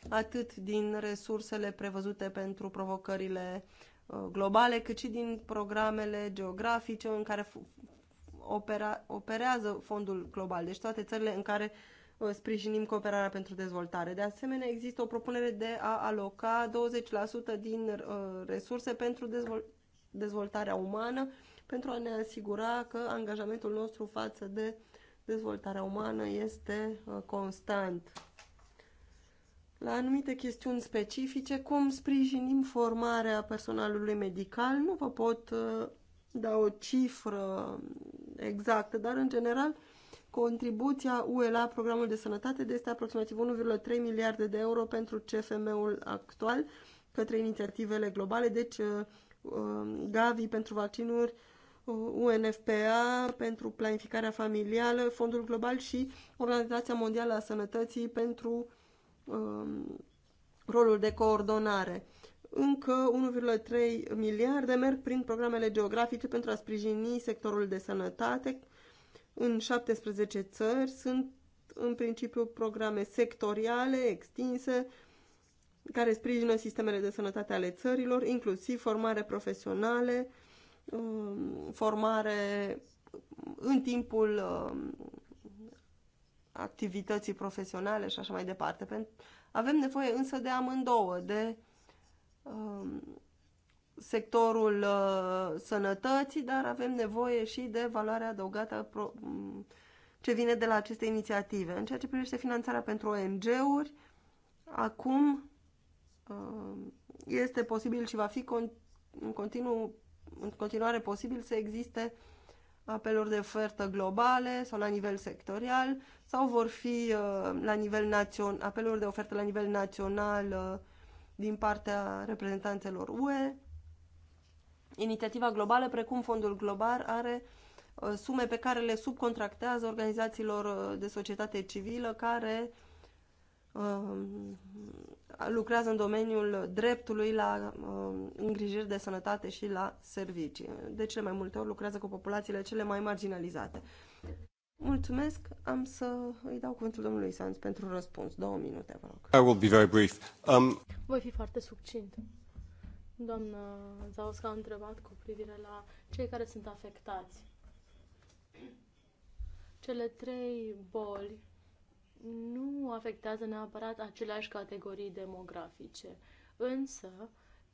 atât din resursele prevăzute pentru provocările uh, globale, cât și din programele geografice în care opera, operează fondul global, deci toate țările în care uh, sprijinim cooperarea pentru dezvoltare. De asemenea, există o propunere de a aloca 20% din uh, resurse pentru dezvoltarea umană, pentru a ne asigura că angajamentul nostru față de dezvoltarea umană este constant la anumite chestiuni specifice, cum sprijinim formarea personalului medical. Nu vă pot uh, da o cifră exactă, dar în general contribuția UE la programul de sănătate este aproximativ 1,3 miliarde de euro pentru CFM-ul actual către inițiativele globale, deci uh, um, Gavi pentru vaccinuri, UNFPA uh, pentru planificarea familială, Fondul Global și Organizația Mondială a Sănătății pentru um, rolul de coordonare. Încă 1,3 miliarde merg prin programele geografice pentru a sprijini sectorul de sănătate. În 17 țări sunt în principiu programe sectoriale extinse care sprijină sistemele de sănătate ale țărilor, inclusiv formare profesionale, um, formare în timpul um, activității profesionale și așa mai departe. Avem nevoie însă de amândouă, de um, sectorul uh, sănătății, dar avem nevoie și de valoarea adăugată pro, um, ce vine de la aceste inițiative. În ceea ce privește finanțarea pentru ONG-uri, acum uh, este posibil și va fi con, în, continuu, în continuare posibil să existe uh, apeluri de ofertă globale sau la nivel sectorial sau vor fi uh, la nivel național, apeluri de ofertă la nivel național uh, din partea reprezentanțelor UE. Inițiativa globală, precum fondul global, are uh, sume pe care le subcontractează organizațiilor de societate civilă care lucrează în domeniul dreptului la uh, îngrijiri de sănătate și la servicii. De cele mai multe ori lucrează cu populațiile cele mai marginalizate. Mulțumesc, am să îi dau cuvântul domnului Sanz pentru răspuns. Două minute, vă rog. I will be very brief. Um... Voi fi foarte succint. Doamna Zausca a întrebat cu privire la cei care sunt afectați. Cele trei boli nu afectează neapărat aceleași categorii demografice, însă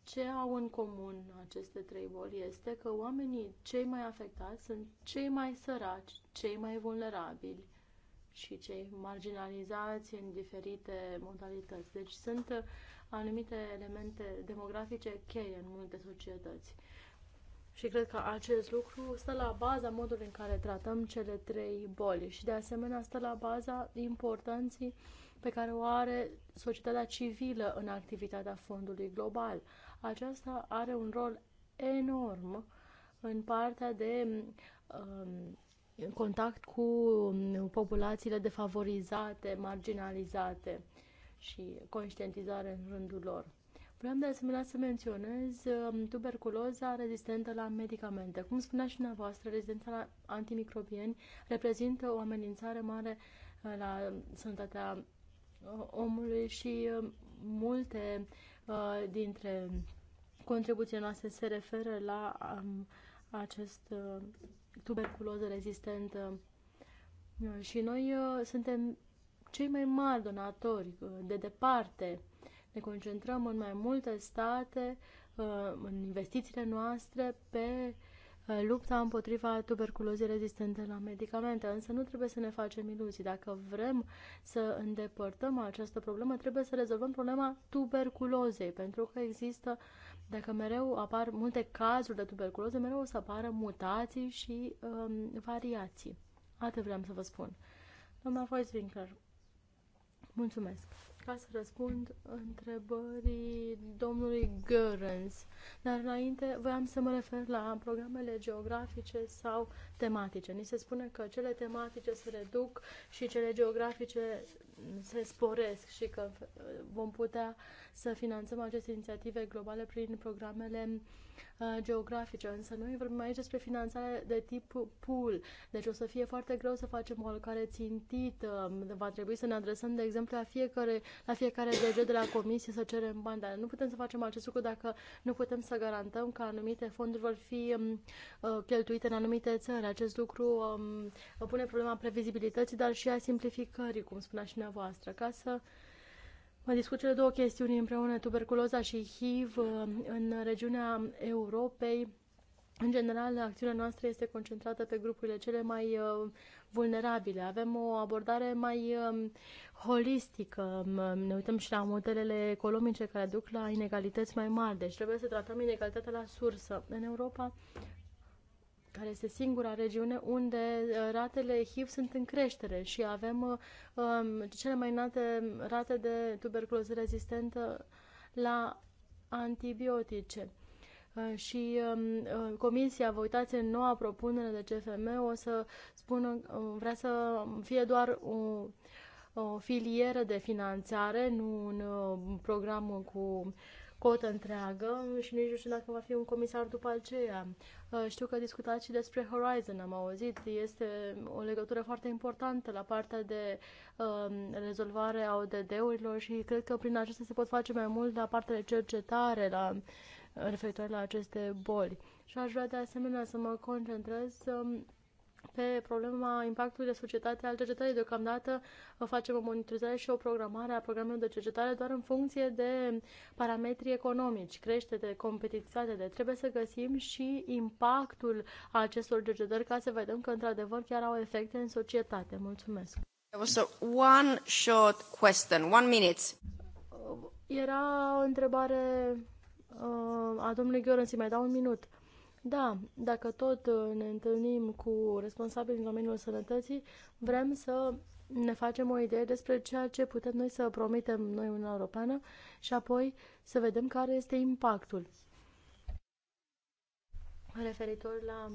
ce au în comun aceste trei boli este că oamenii cei mai afectați sunt cei mai săraci, cei mai vulnerabili și cei marginalizați în diferite modalități. Deci sunt anumite elemente demografice cheie în multe societăți. Și cred că acest lucru stă la baza modului în care tratăm cele trei boli și de asemenea stă la baza importanții pe care o are societatea civilă în activitatea fondului global. Aceasta are un rol enorm în partea de um, contact cu um, populațiile defavorizate, marginalizate și conștientizare în rândul lor. Vreau de asemenea să menționez um, tuberculoza rezistentă la medicamente. Cum spunea și dumneavoastră, rezistența la antimicrobieni reprezintă o amenințare mare uh, la sănătatea uh, omului și um, multe uh, dintre contribuțiile noastre se referă la um, acest tuberculoză rezistentă și noi suntem cei mai mari donatori de departe ne concentrăm în mai multe state, uh, în investițiile noastre, pe uh, lupta împotriva tuberculozei rezistente la medicamente. Însă nu trebuie să ne facem iluzii. Dacă vrem să îndepărtăm această problemă, trebuie să rezolvăm problema tuberculozei, pentru că există, dacă mereu apar multe cazuri de tuberculoză, mereu o să apară mutații și um, variații. Atât vreau să vă spun. Doamna Voice Winkler, mulțumesc! ca să răspund întrebării domnului Görens. Dar înainte voiam să mă refer la programele geografice sau tematice. Ni se spune că cele tematice se reduc și cele geografice se sporesc și că vom putea uh, să finanțăm aceste inițiative globale prin programele uh, geografice, însă noi vorbim aici despre finanțare de tip pool, deci o să fie foarte greu să facem o alocare țintită, va trebui să ne adresăm, de exemplu, la fiecare, la fiecare DG de la comisie să cerem bani, dar nu putem să facem acest lucru dacă nu putem să garantăm că anumite fonduri vor fi um, uh, cheltuite în anumite țări. Acest lucru um, pune problema previzibilității, dar și a simplificării, cum spunea și dumneavoastră, ca să Mă discut cele două chestiuni împreună, tuberculoza și HIV uh, în regiunea Europei. În general, acțiunea noastră este concentrată pe grupurile cele mai uh, vulnerabile. Avem o abordare mai um, holistică. Ne uităm și la modelele economice care duc la inegalități mai mari, deci trebuie să tratăm inegalitatea la sursă. În Europa care este singura regiune unde uh, ratele HIV sunt în creștere și avem uh, um, cele mai înalte rate de tuberculoză rezistentă la antibiotice. Uh, și um, comisia, vă uitați în noua propunere de CFM, o să spună, vrea să fie doar o, o filieră de finanțare, nu un program cu uh, cotă întreagă și nici nu știu dacă va fi un comisar după aceea. Uh, știu că discutați și despre Horizon, am auzit. Este o legătură foarte importantă la partea de um, rezolvare a ODD-urilor și cred că prin acestea se pot face mai mult la partea de cercetare, la uh, referitoare la aceste boli. Și aș vrea de asemenea să mă concentrez um, pe problema impactului de societate al cercetării. Deocamdată uh, facem o monitorizare și o programare a programelor de cercetare doar în funcție de parametri economici, de competitivitate. Trebuie să găsim și impactul acestor cercetări ca să vedem că într-adevăr chiar au efecte în societate. Mulțumesc. a one short question, one minute. Era o întrebare uh, a domnului Gheorghe, mai dau un minut. Da, dacă tot uh, ne întâlnim cu responsabili în domeniul sănătății, vrem să ne facem o idee despre ceea ce putem noi să promitem noi Uniunea Europeană și apoi să vedem care este impactul. Referitor la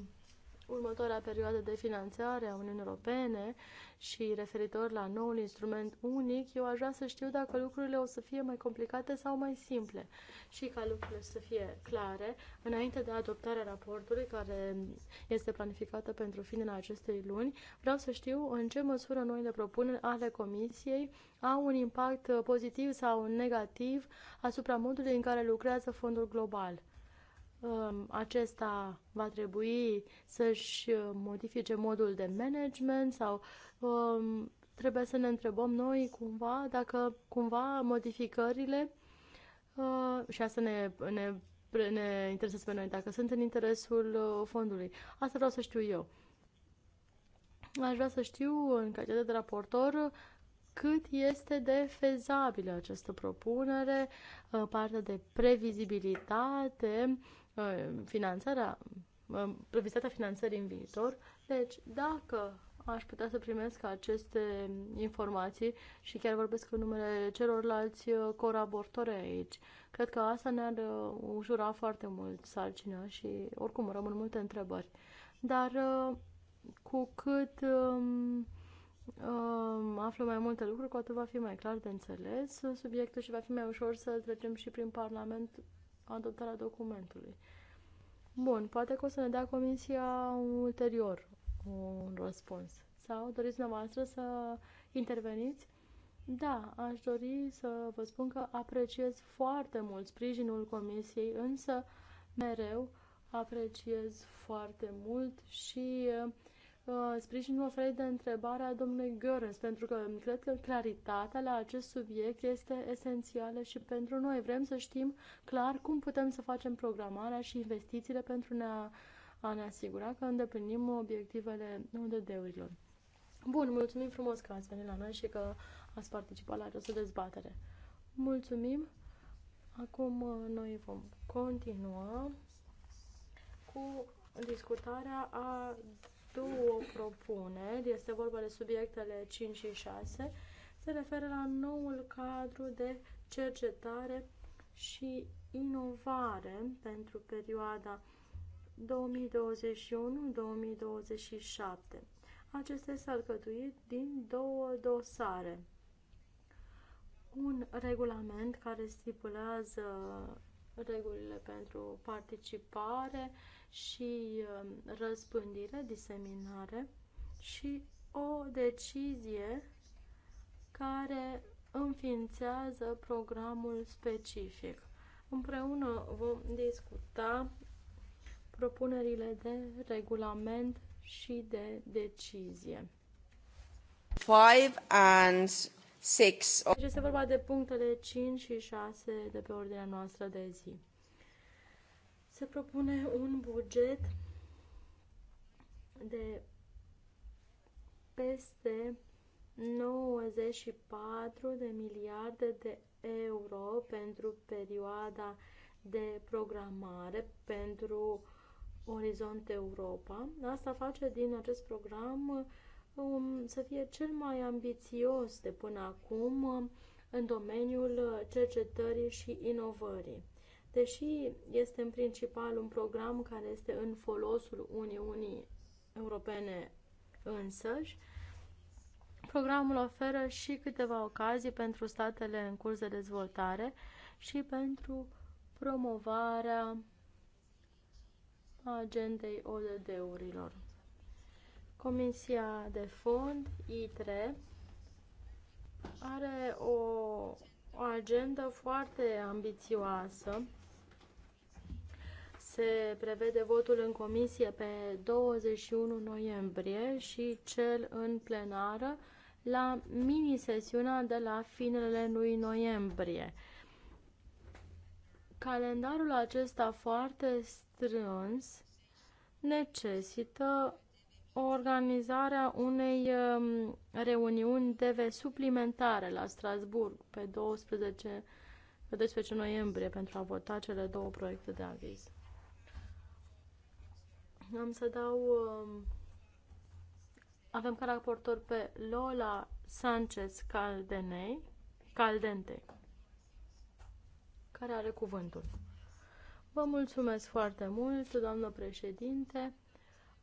următoarea perioadă de finanțare a Uniunii Europene și referitor la noul instrument unic, eu aș vrea să știu dacă lucrurile o să fie mai complicate sau mai simple și ca lucrurile să fie clare înainte de adoptarea raportului care este planificată pentru finele acestei luni. Vreau să știu în ce măsură noile propuneri ale Comisiei au un impact pozitiv sau negativ asupra modului în care lucrează fondul global Um, acesta va trebui să-și uh, modifice modul de management sau um, trebuie să ne întrebăm noi cumva dacă cumva modificările uh, și asta ne, ne, ne interesează pe noi, dacă sunt în interesul uh, fondului. Asta vreau să știu eu. Aș vrea să știu, în calitate de raportor, cât este de fezabilă această propunere, partea de previzibilitate, Uh, finanțarea, uh, previzitatea finanțării în viitor. Deci, dacă aș putea să primesc aceste informații și chiar vorbesc cu numele celorlalți uh, corabortori aici. Cred că asta ne-ar ușura foarte mult sarcina și oricum rămân multe întrebări. Dar cu cât um, um, află mai multe lucruri, cu atât va fi mai clar de înțeles subiectul și va fi mai ușor să trecem și prin Parlament adoptarea documentului. Bun, poate că o să ne dea comisia ulterior un răspuns. Sau doriți dumneavoastră să interveniți? Da, aș dori să vă spun că apreciez foarte mult sprijinul comisiei, însă mereu apreciez foarte mult și uh, sprijinul oferit de întrebarea domnului Görens, pentru că cred că claritatea la acest subiect este esențială și pentru noi. Vrem să știm clar cum putem să facem programarea și investițiile pentru ne -a, a ne asigura că îndeplinim obiectivele de deurilor. Bun, mulțumim frumos că ați venit la noi și că ați participat la această dezbatere. Mulțumim! Acum uh, noi vom continua cu discutarea a tu o propuneri, este vorba de subiectele 5 și 6, se referă la noul cadru de cercetare și inovare pentru perioada 2021-2027. Acesta este alcătuit din două dosare. Un regulament care stipulează regulile pentru participare, uh, și um, răspândire, diseminare și o decizie care înființează programul specific. Împreună vom discuta propunerile de regulament și de decizie. 5 and 6. Deci este vorba de punctele 5 și 6 de pe ordinea noastră de zi. Se propune un buget de peste 94 de miliarde de euro pentru perioada de programare pentru Orizont Europa. Asta face din acest program um, să fie cel mai ambițios de până acum în domeniul cercetării și inovării. Deși este în principal un program care este în folosul Uniunii Europene însăși, programul oferă și câteva ocazii pentru statele în curs de dezvoltare și pentru promovarea agendei ODD-urilor. Comisia de fond, I3, are o, o agendă foarte ambițioasă se prevede votul în comisie pe 21 noiembrie și cel în plenară la mini-sesiunea de la finele lui noiembrie. Calendarul acesta foarte strâns necesită organizarea unei um, reuniuni TV suplimentare la Strasburg pe 12 pe 12 noiembrie pentru a vota cele două proiecte de aviz. Am să dau... Um, avem ca raportor pe Lola Sanchez Caldenei, Caldente, care are cuvântul. Vă mulțumesc foarte mult, doamnă președinte.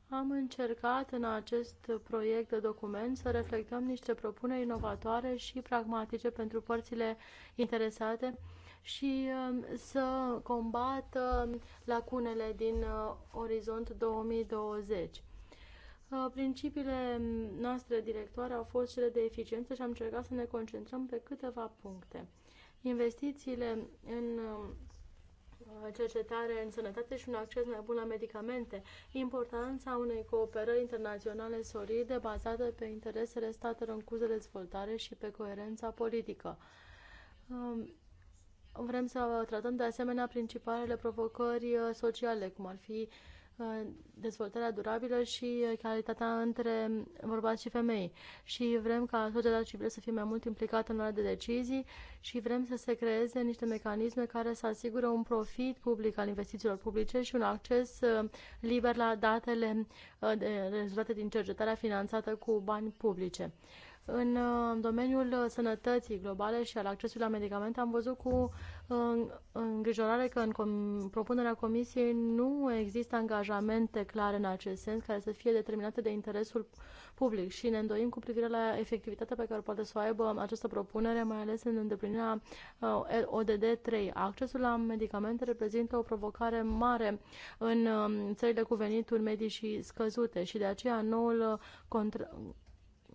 Am încercat în acest proiect de document să reflectăm niște propuneri inovatoare și pragmatice pentru părțile interesate și um, să combată um, lacunele din uh, Orizont 2020. Uh, principiile um, noastre directoare au fost cele de eficiență și am încercat să ne concentrăm pe câteva puncte. Investițiile în uh, cercetare în sănătate și un acces mai bun la medicamente, importanța unei cooperări internaționale solide bazată pe interesele statelor în curs de dezvoltare și pe coerența politică Vrem să tratăm de asemenea principalele provocări uh, sociale, cum ar fi uh, dezvoltarea durabilă și calitatea uh, între bărbați și femei. Și vrem ca societatea civilă să fie mai mult implicată în luarea de decizii și vrem să se creeze niște mecanisme care să asigură un profit public al investițiilor publice și un acces liber la datele de rezultate din cercetarea finanțată cu bani publice. În uh, domeniul uh, sănătății globale și al accesului la medicamente am văzut cu uh, îngrijorare că în com propunerea Comisiei nu există angajamente clare în acest sens care să fie determinate de interesul public și ne îndoim cu privire la efectivitatea pe care poate să o aibă această propunere, mai ales în îndeplinirea ODD 3. Accesul la medicamente reprezintă o provocare mare în um, țările cu venituri medii și scăzute și de aceea noul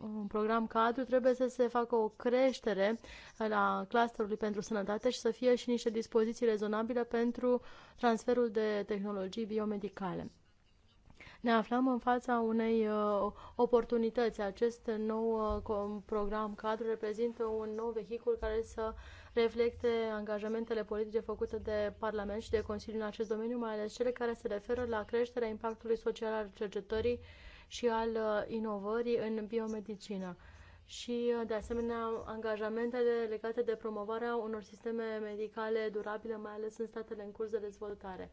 un program cadru, trebuie să se facă o creștere la clusterului pentru sănătate și să fie și niște dispoziții rezonabile pentru transferul de tehnologii biomedicale. Ne aflăm în fața unei uh, oportunități. Acest nou uh, program cadru reprezintă un nou vehicul care să reflecte angajamentele politice făcute de Parlament și de Consiliu în acest domeniu, mai ales cele care se referă la creșterea impactului social al cercetării uh, și al uh, inovării în biomedicină și, uh, de asemenea, angajamentele legate de promovarea unor sisteme medicale durabile, mai ales în statele în curs de dezvoltare.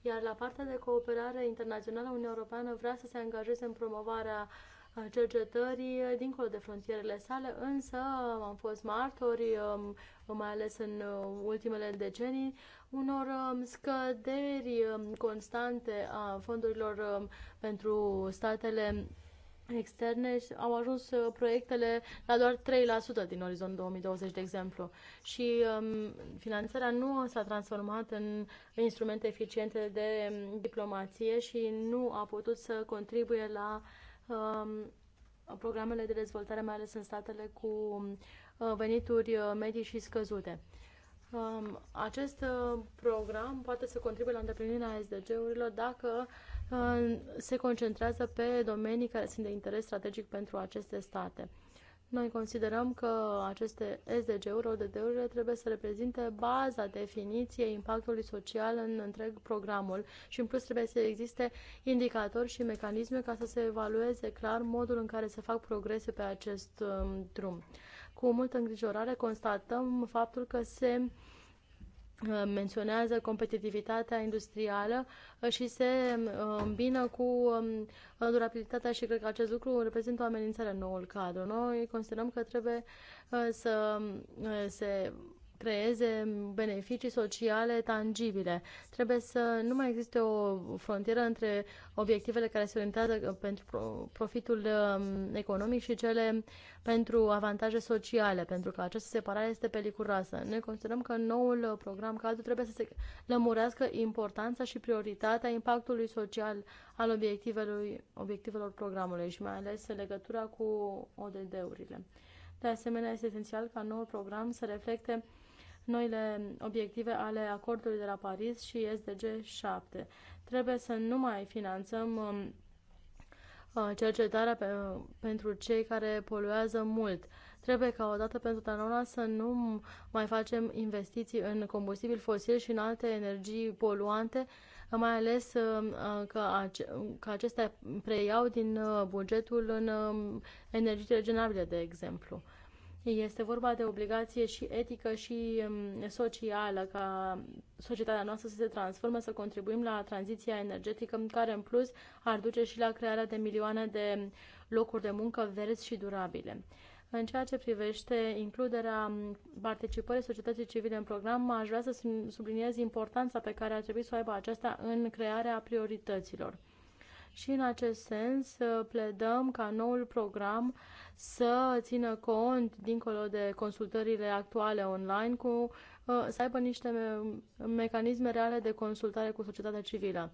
Iar la partea de cooperare internațională, Uniunea Europeană vrea să se angajeze în promovarea uh, cercetării dincolo de frontierele sale, însă am fost martori, um, mai ales în ultimele decenii, unor um, scăderi um, constante a fondurilor um, pentru statele externe au ajuns uh, proiectele la doar 3% din orizont 2020, de exemplu. Și um, finanțarea nu s-a transformat în instrumente eficiente de diplomație și nu a putut să contribuie la um, programele de dezvoltare, mai ales în statele cu uh, venituri uh, medii și scăzute. Um, acest uh, program poate să contribuie la îndeplinirea SDG-urilor dacă uh, se concentrează pe domenii care sunt de interes strategic pentru aceste state. Noi considerăm că aceste SDG-uri, ODD-urile, trebuie să reprezinte baza definiției impactului social în întreg programul și în plus trebuie să existe indicatori și mecanisme ca să se evalueze clar modul în care se fac progrese pe acest um, drum cu multă îngrijorare constatăm faptul că se uh, menționează competitivitatea industrială uh, și se uh, îmbină cu um, durabilitatea și cred că acest lucru reprezintă o amenințare în noul cadru. Noi considerăm că trebuie să se creeze beneficii sociale tangibile. Trebuie să nu mai existe o frontieră între obiectivele care se orientează pentru profitul um, economic și cele pentru avantaje sociale, pentru că această separare este periculoasă. Noi considerăm că noul program cadru trebuie să se lămurească importanța și prioritatea impactului social al obiectivelor, obiectivelor programului și mai ales legătura cu ODD-urile. De asemenea, este esențial ca noul program să reflecte noile obiective ale acordului de la Paris și SDG 7. Trebuie să nu mai finanțăm um, uh, cercetarea pe, uh, pentru cei care poluează mult. Trebuie ca odată pentru totdeauna să nu mai facem investiții în combustibil fosil și în alte energii poluante, mai ales uh, că, că acestea preiau din bugetul în um, energii regenerabile, de exemplu. Este vorba de obligație și etică și um, socială ca societatea noastră să se transformă, să contribuim la tranziția energetică, care în plus ar duce și la crearea de milioane de locuri de muncă verzi și durabile. În ceea ce privește includerea participării societății civile în program, aș vrea să subliniez importanța pe care ar trebui să o aibă aceasta în crearea priorităților și în acest sens uh, pledăm ca noul program să țină cont, dincolo de consultările actuale online, cu, uh, să aibă niște mecanisme reale de consultare cu societatea civilă.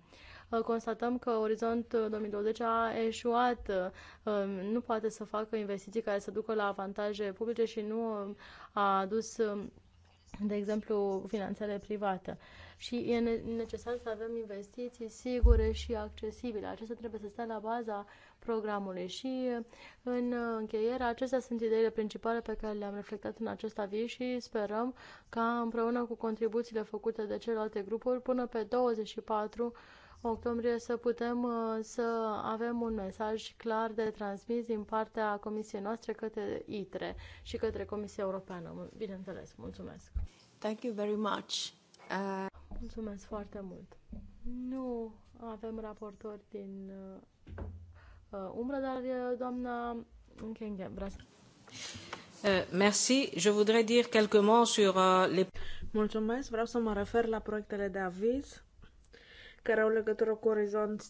Uh, constatăm că Orizont 2020 a eșuat, nu poate să facă investiții care să ducă la avantaje publice și nu a adus, de exemplu, finanțele private și e necesar să avem investiții sigure și accesibile. Acestea trebuie să stea la baza programului și în încheiere acestea sunt ideile principale pe care le-am reflectat în acest aviz și sperăm ca împreună cu contribuțiile făcute de celelalte grupuri până pe 24 octombrie să putem uh, să avem un mesaj clar de transmis din partea comisiei noastre către ITRE și către Comisia Europeană. Bineînțeles, mulțumesc! Thank you very much. Mulțumesc foarte mult. Nu avem raportori din uh, umbră, dar uh, doamna Nkenge, vreau uh, Merci. Je voudrais dire quelques mots sur uh, les... Mulțumesc. Vreau să mă refer la proiectele de aviz care au legătură cu Orizont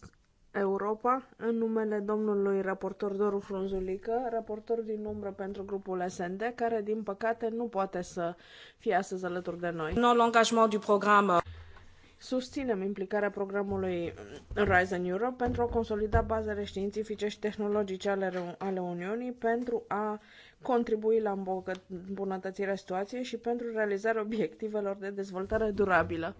Europa, în numele domnului raportor Doru Frunzulică, raportor din umbră pentru grupul SND, care din păcate nu poate să fie astăzi alături de noi. No l'engagement du programme. Susținem implicarea programului Rise in Europe pentru a consolida bazele științifice și tehnologice ale, ale Uniunii, pentru a contribui la îmbunătățirea situației și pentru realizarea obiectivelor de dezvoltare durabilă.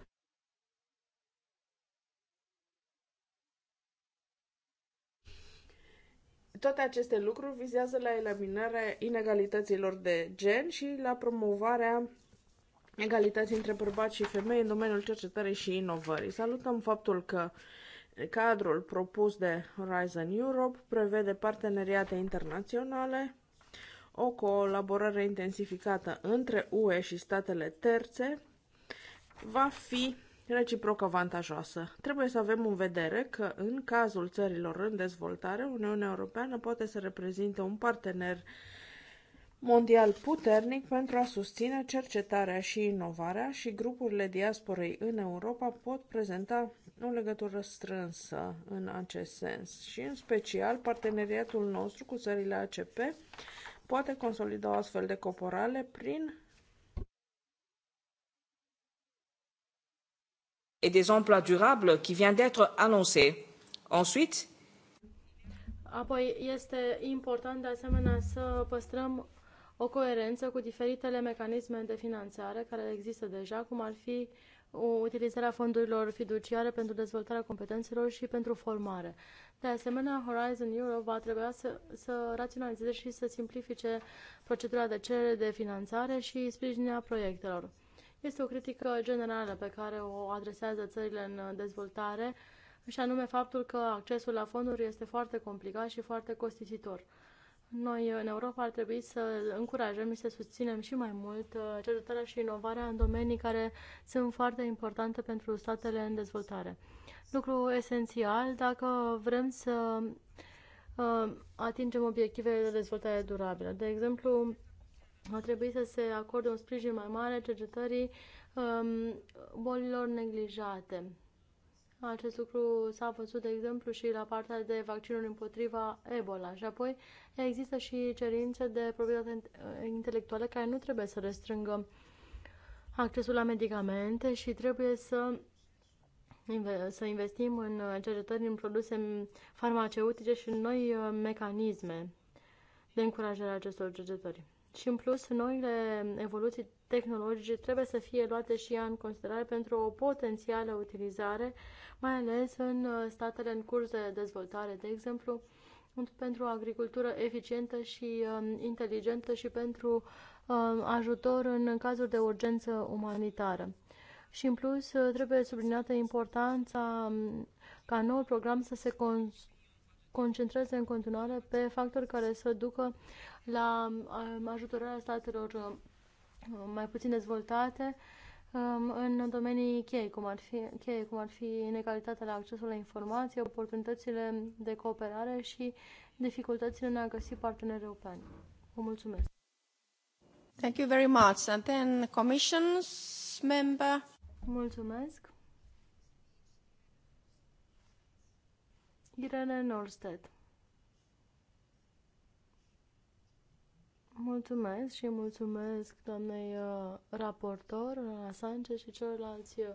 Toate aceste lucruri vizează la eliminarea inegalităților de gen și la promovarea egalității între bărbați și femei în domeniul cercetării și inovării. Salutăm faptul că cadrul propus de Horizon Europe prevede parteneriate internaționale, o colaborare intensificată între UE și statele terțe va fi reciproc avantajoasă. Trebuie să avem în vedere că, în cazul țărilor în dezvoltare, Uniunea Europeană poate să reprezinte un partener mondial puternic pentru a susține cercetarea și inovarea și grupurile diasporei în Europa pot prezenta o legătură strânsă în acest sens. Și în special parteneriatul nostru cu țările ACP poate consolida o astfel de coporale prin et des emplois durables qui vient d'être annoncé. Ensuite, Apoi este important de asemenea să păstrăm o coerență cu diferitele mecanisme de finanțare care există deja, cum ar fi utilizarea fondurilor fiduciare pentru dezvoltarea competențelor și pentru formare. De asemenea, Horizon Europe va trebui să, să raționalizeze și să simplifice procedura de cerere de finanțare și sprijinirea proiectelor. Este o critică generală pe care o adresează țările în dezvoltare și anume faptul că accesul la fonduri este foarte complicat și foarte costisitor. Noi în Europa ar trebui să încurajăm și să susținem și mai mult uh, cercetarea și inovarea în domenii care sunt foarte importante pentru statele în dezvoltare. Lucru esențial dacă vrem să uh, atingem obiectivele de dezvoltare durabilă. De exemplu, ar trebui să se acorde un sprijin mai mare cercetării um, bolilor neglijate. Acest lucru s-a văzut, de exemplu, și la partea de vaccinuri împotriva Ebola. Și apoi există și cerințe de proprietate intelectuală care nu trebuie să restrângă accesul la medicamente și trebuie să să investim în cercetări în produse farmaceutice și în noi uh, mecanisme de încurajare a acestor cercetări. Și în plus, noile evoluții tehnologice trebuie să fie luate și ea în considerare pentru o potențială utilizare, mai ales în uh, statele în curs de dezvoltare, de exemplu, pentru o agricultură eficientă și um, inteligentă și pentru um, ajutor în cazuri de urgență umanitară. Și în plus, uh, trebuie subliniată importanța um, ca noul program să se concentreze în continuare pe factori care să ducă la um, ajutorarea statelor um, mai puțin dezvoltate um, în domenii cheie, cum ar fi, cheie, cum ar fi inegalitatea la accesul la informații, oportunitățile de cooperare și dificultățile în a găsi parteneri europeni. Vă mulțumesc! Thank you very much. And then commission's member. Mulțumesc. Irene Norstedt. Mulțumesc și mulțumesc doamnei uh, raportor, Rana Sanchez și celorlalți uh,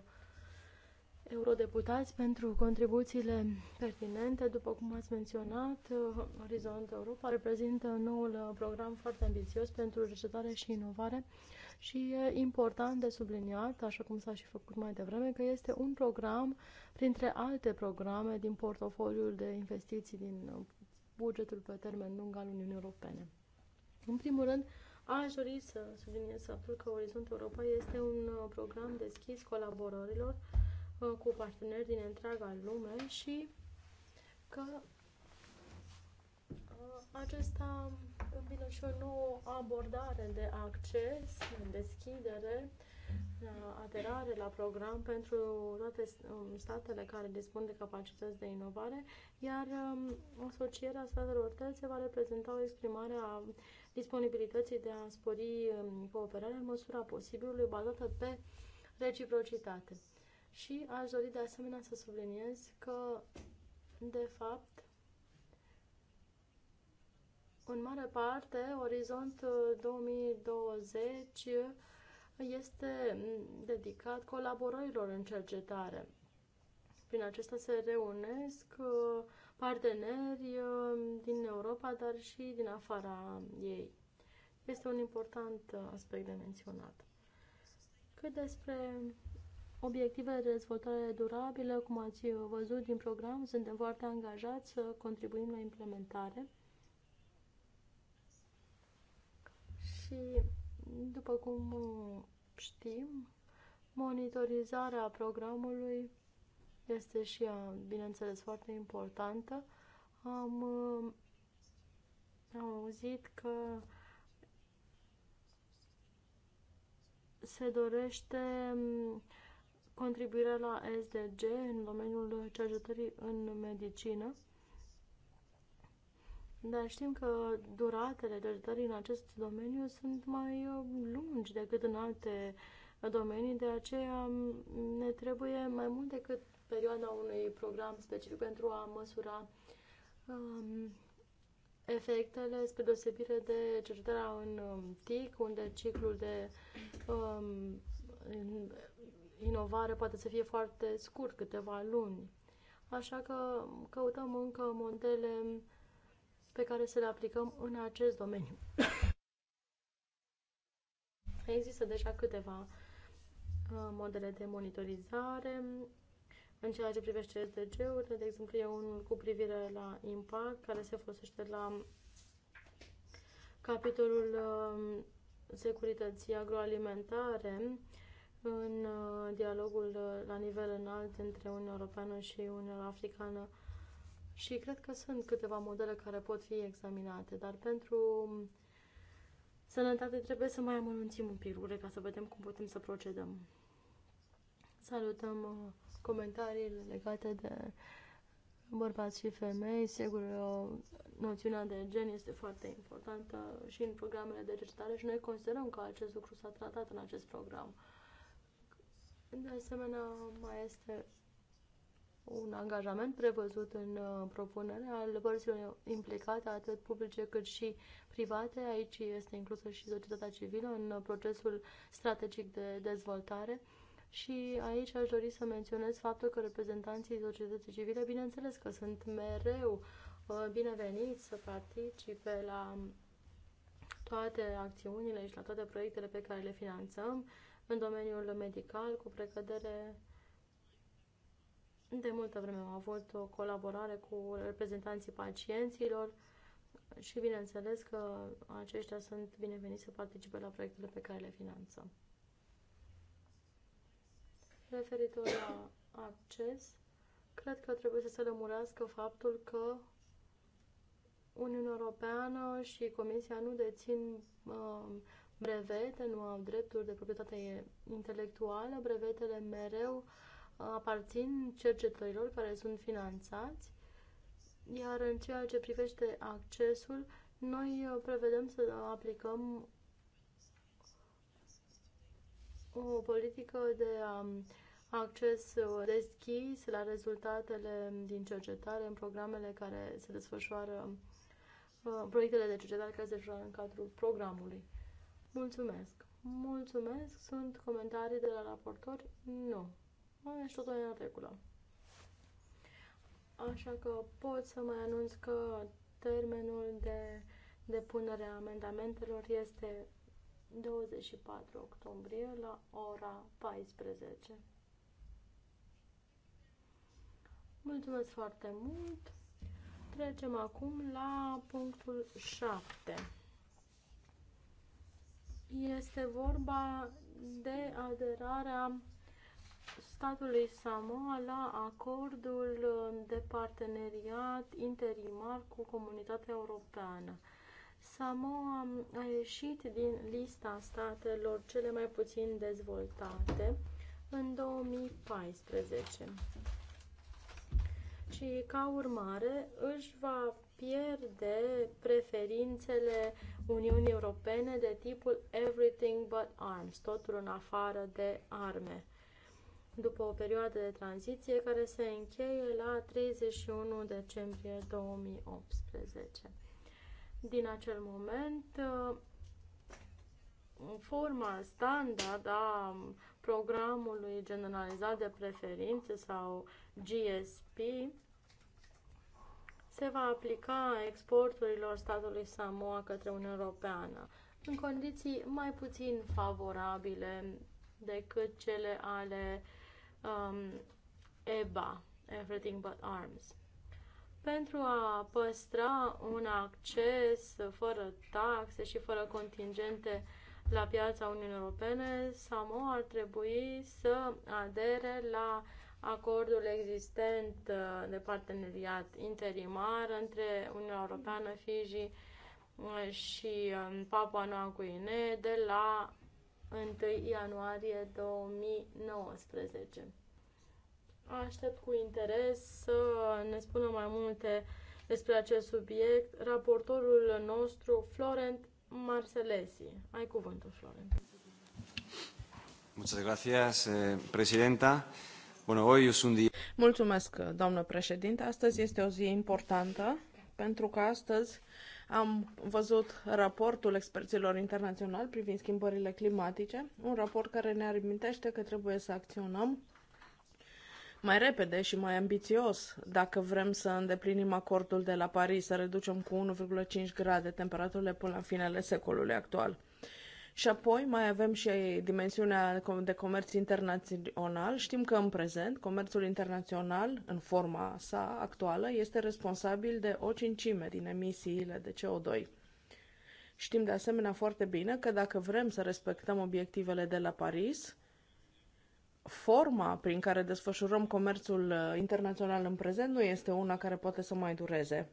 eurodeputați pentru contribuțiile pertinente. După cum ați menționat, uh, Orizont Europa reprezintă noul program foarte ambițios pentru cercetare și inovare și e important de subliniat, așa cum s-a și făcut mai devreme, că este un program printre alte programe din portofoliul de investiții din bugetul pe termen lung al Uniunii Europene. În primul rând, aș dori să subliniez faptul că Orizont Europa este un uh, program deschis colaborărilor uh, cu parteneri din întreaga lume și că uh, acesta îmbină și o nouă abordare de acces, de deschidere, aderare la program pentru toate um, statele care dispun de capacități de inovare, iar um, asocierea statelor terțe va reprezenta o exprimare a disponibilității de a spori um, cooperarea în măsura posibilului bazată pe reciprocitate. Și aș dori de asemenea să subliniez că, de fapt, în mare parte, Orizont 2020 uh, este mm, dedicat colaborărilor în cercetare. Prin acesta se reunesc uh, parteneri uh, din Europa, dar și din afara ei. Este un important uh, aspect de menționat. Cât despre obiectivele de dezvoltare durabilă, cum ați văzut din program, suntem foarte angajați să contribuim la implementare. Și, după cum știm, monitorizarea programului este și ea, bineînțeles, foarte importantă. Am, am auzit că se dorește contribuirea la SDG în domeniul cercetării în medicină. Dar știm că duratele cercetării în acest domeniu sunt mai uh, lungi decât în alte domenii, de aceea ne trebuie mai mult decât perioada unui program specific pentru a măsura um, efectele, spre deosebire de cercetarea în um, TIC, unde ciclul de um, inovare poate să fie foarte scurt, câteva luni. Așa că căutăm încă modele pe care să le aplicăm în acest domeniu. Există deja câteva uh, modele de monitorizare în ceea ce privește SDG-urile, de exemplu, e unul cu privire la impact, care se folosește la capitolul um, securității agroalimentare în uh, dialogul uh, la nivel înalt între Uniunea Europeană și Uniunea Africană și cred că sunt câteva modele care pot fi examinate, dar pentru um, sănătate trebuie să mai amănunțim un pic lucrurile ca să vedem cum putem să procedăm. Salutăm uh, comentariile legate de bărbați și femei. Sigur, noțiunea de gen este foarte importantă și în programele de cercetare și noi considerăm că acest lucru s-a tratat în acest program. De asemenea, mai este un angajament prevăzut în uh, propunere al părților implicate, atât publice cât și private. Aici este inclusă și societatea civilă în procesul strategic de dezvoltare și aici aș dori să menționez faptul că reprezentanții societății civile, bineînțeles că sunt mereu uh, bineveniți să participe la toate acțiunile și la toate proiectele pe care le finanțăm în domeniul medical, cu precădere de multă vreme am avut o colaborare cu reprezentanții pacienților și bineînțeles că aceștia sunt bineveniți să participe la proiectele pe care le finanțăm referitor la acces, cred că trebuie să se lămurească faptul că Uniunea Europeană și Comisia nu dețin uh, brevete, nu au drepturi de proprietate intelectuală, brevetele mereu uh, aparțin cercetătorilor care sunt finanțați, iar în ceea ce privește accesul, noi uh, prevedem să aplicăm o politică de um, acces uh, deschis la rezultatele din cercetare în programele care se desfășoară, uh, proiectele de cercetare care se desfășoară în cadrul programului. Mulțumesc! Mulțumesc! Sunt comentarii de la raportori? Nu. Ești totul în regulă. Da. Așa că pot să mai anunț că termenul de depunere a amendamentelor este 24 octombrie la ora 14. Mulțumesc foarte mult! Trecem acum la punctul 7. Este vorba de aderarea statului Samoa la acordul de parteneriat interimar cu comunitatea europeană. Samoa a ieșit din lista statelor cele mai puțin dezvoltate în 2014 și, ca urmare, își va pierde preferințele Uniunii Europene de tipul Everything but Arms, totul în afară de arme, după o perioadă de tranziție care se încheie la 31 decembrie 2018. Din acel moment, uh, forma standard a programului generalizat de preferințe sau GSP se va aplica exporturilor statului Samoa către Uniunea Europeană în condiții mai puțin favorabile decât cele ale um, EBA, Everything But Arms pentru a păstra un acces fără taxe și fără contingente la piața Uniunii Europene, Samoa ar trebui să adere la acordul existent uh, de parteneriat interimar între Uniunea Europeană, Fiji uh, și um, Papua Noua Guinee de la 1 ianuarie 2019. Aștept cu interes să ne spună mai multe despre acest subiect raportorul nostru, Florent Marcelesi. Ai cuvântul, Florent. Muchas gracias, eh, presidenta. Bueno, hoy es un día... Mulțumesc, doamnă președinte. Astăzi este o zi importantă pentru că astăzi am văzut raportul experților internaționali privind schimbările climatice, un raport care ne amintește că trebuie să acționăm mai repede și mai ambițios dacă vrem să îndeplinim acordul de la Paris, să reducem cu 1,5 grade temperaturile până la finele secolului actual. Și apoi mai avem și dimensiunea de comerț internațional. Știm că în prezent comerțul internațional, în forma sa actuală, este responsabil de o cincime din emisiile de CO2. Știm de asemenea foarte bine că dacă vrem să respectăm obiectivele de la Paris, forma prin care desfășurăm comerțul uh, internațional în prezent nu este una care poate să mai dureze.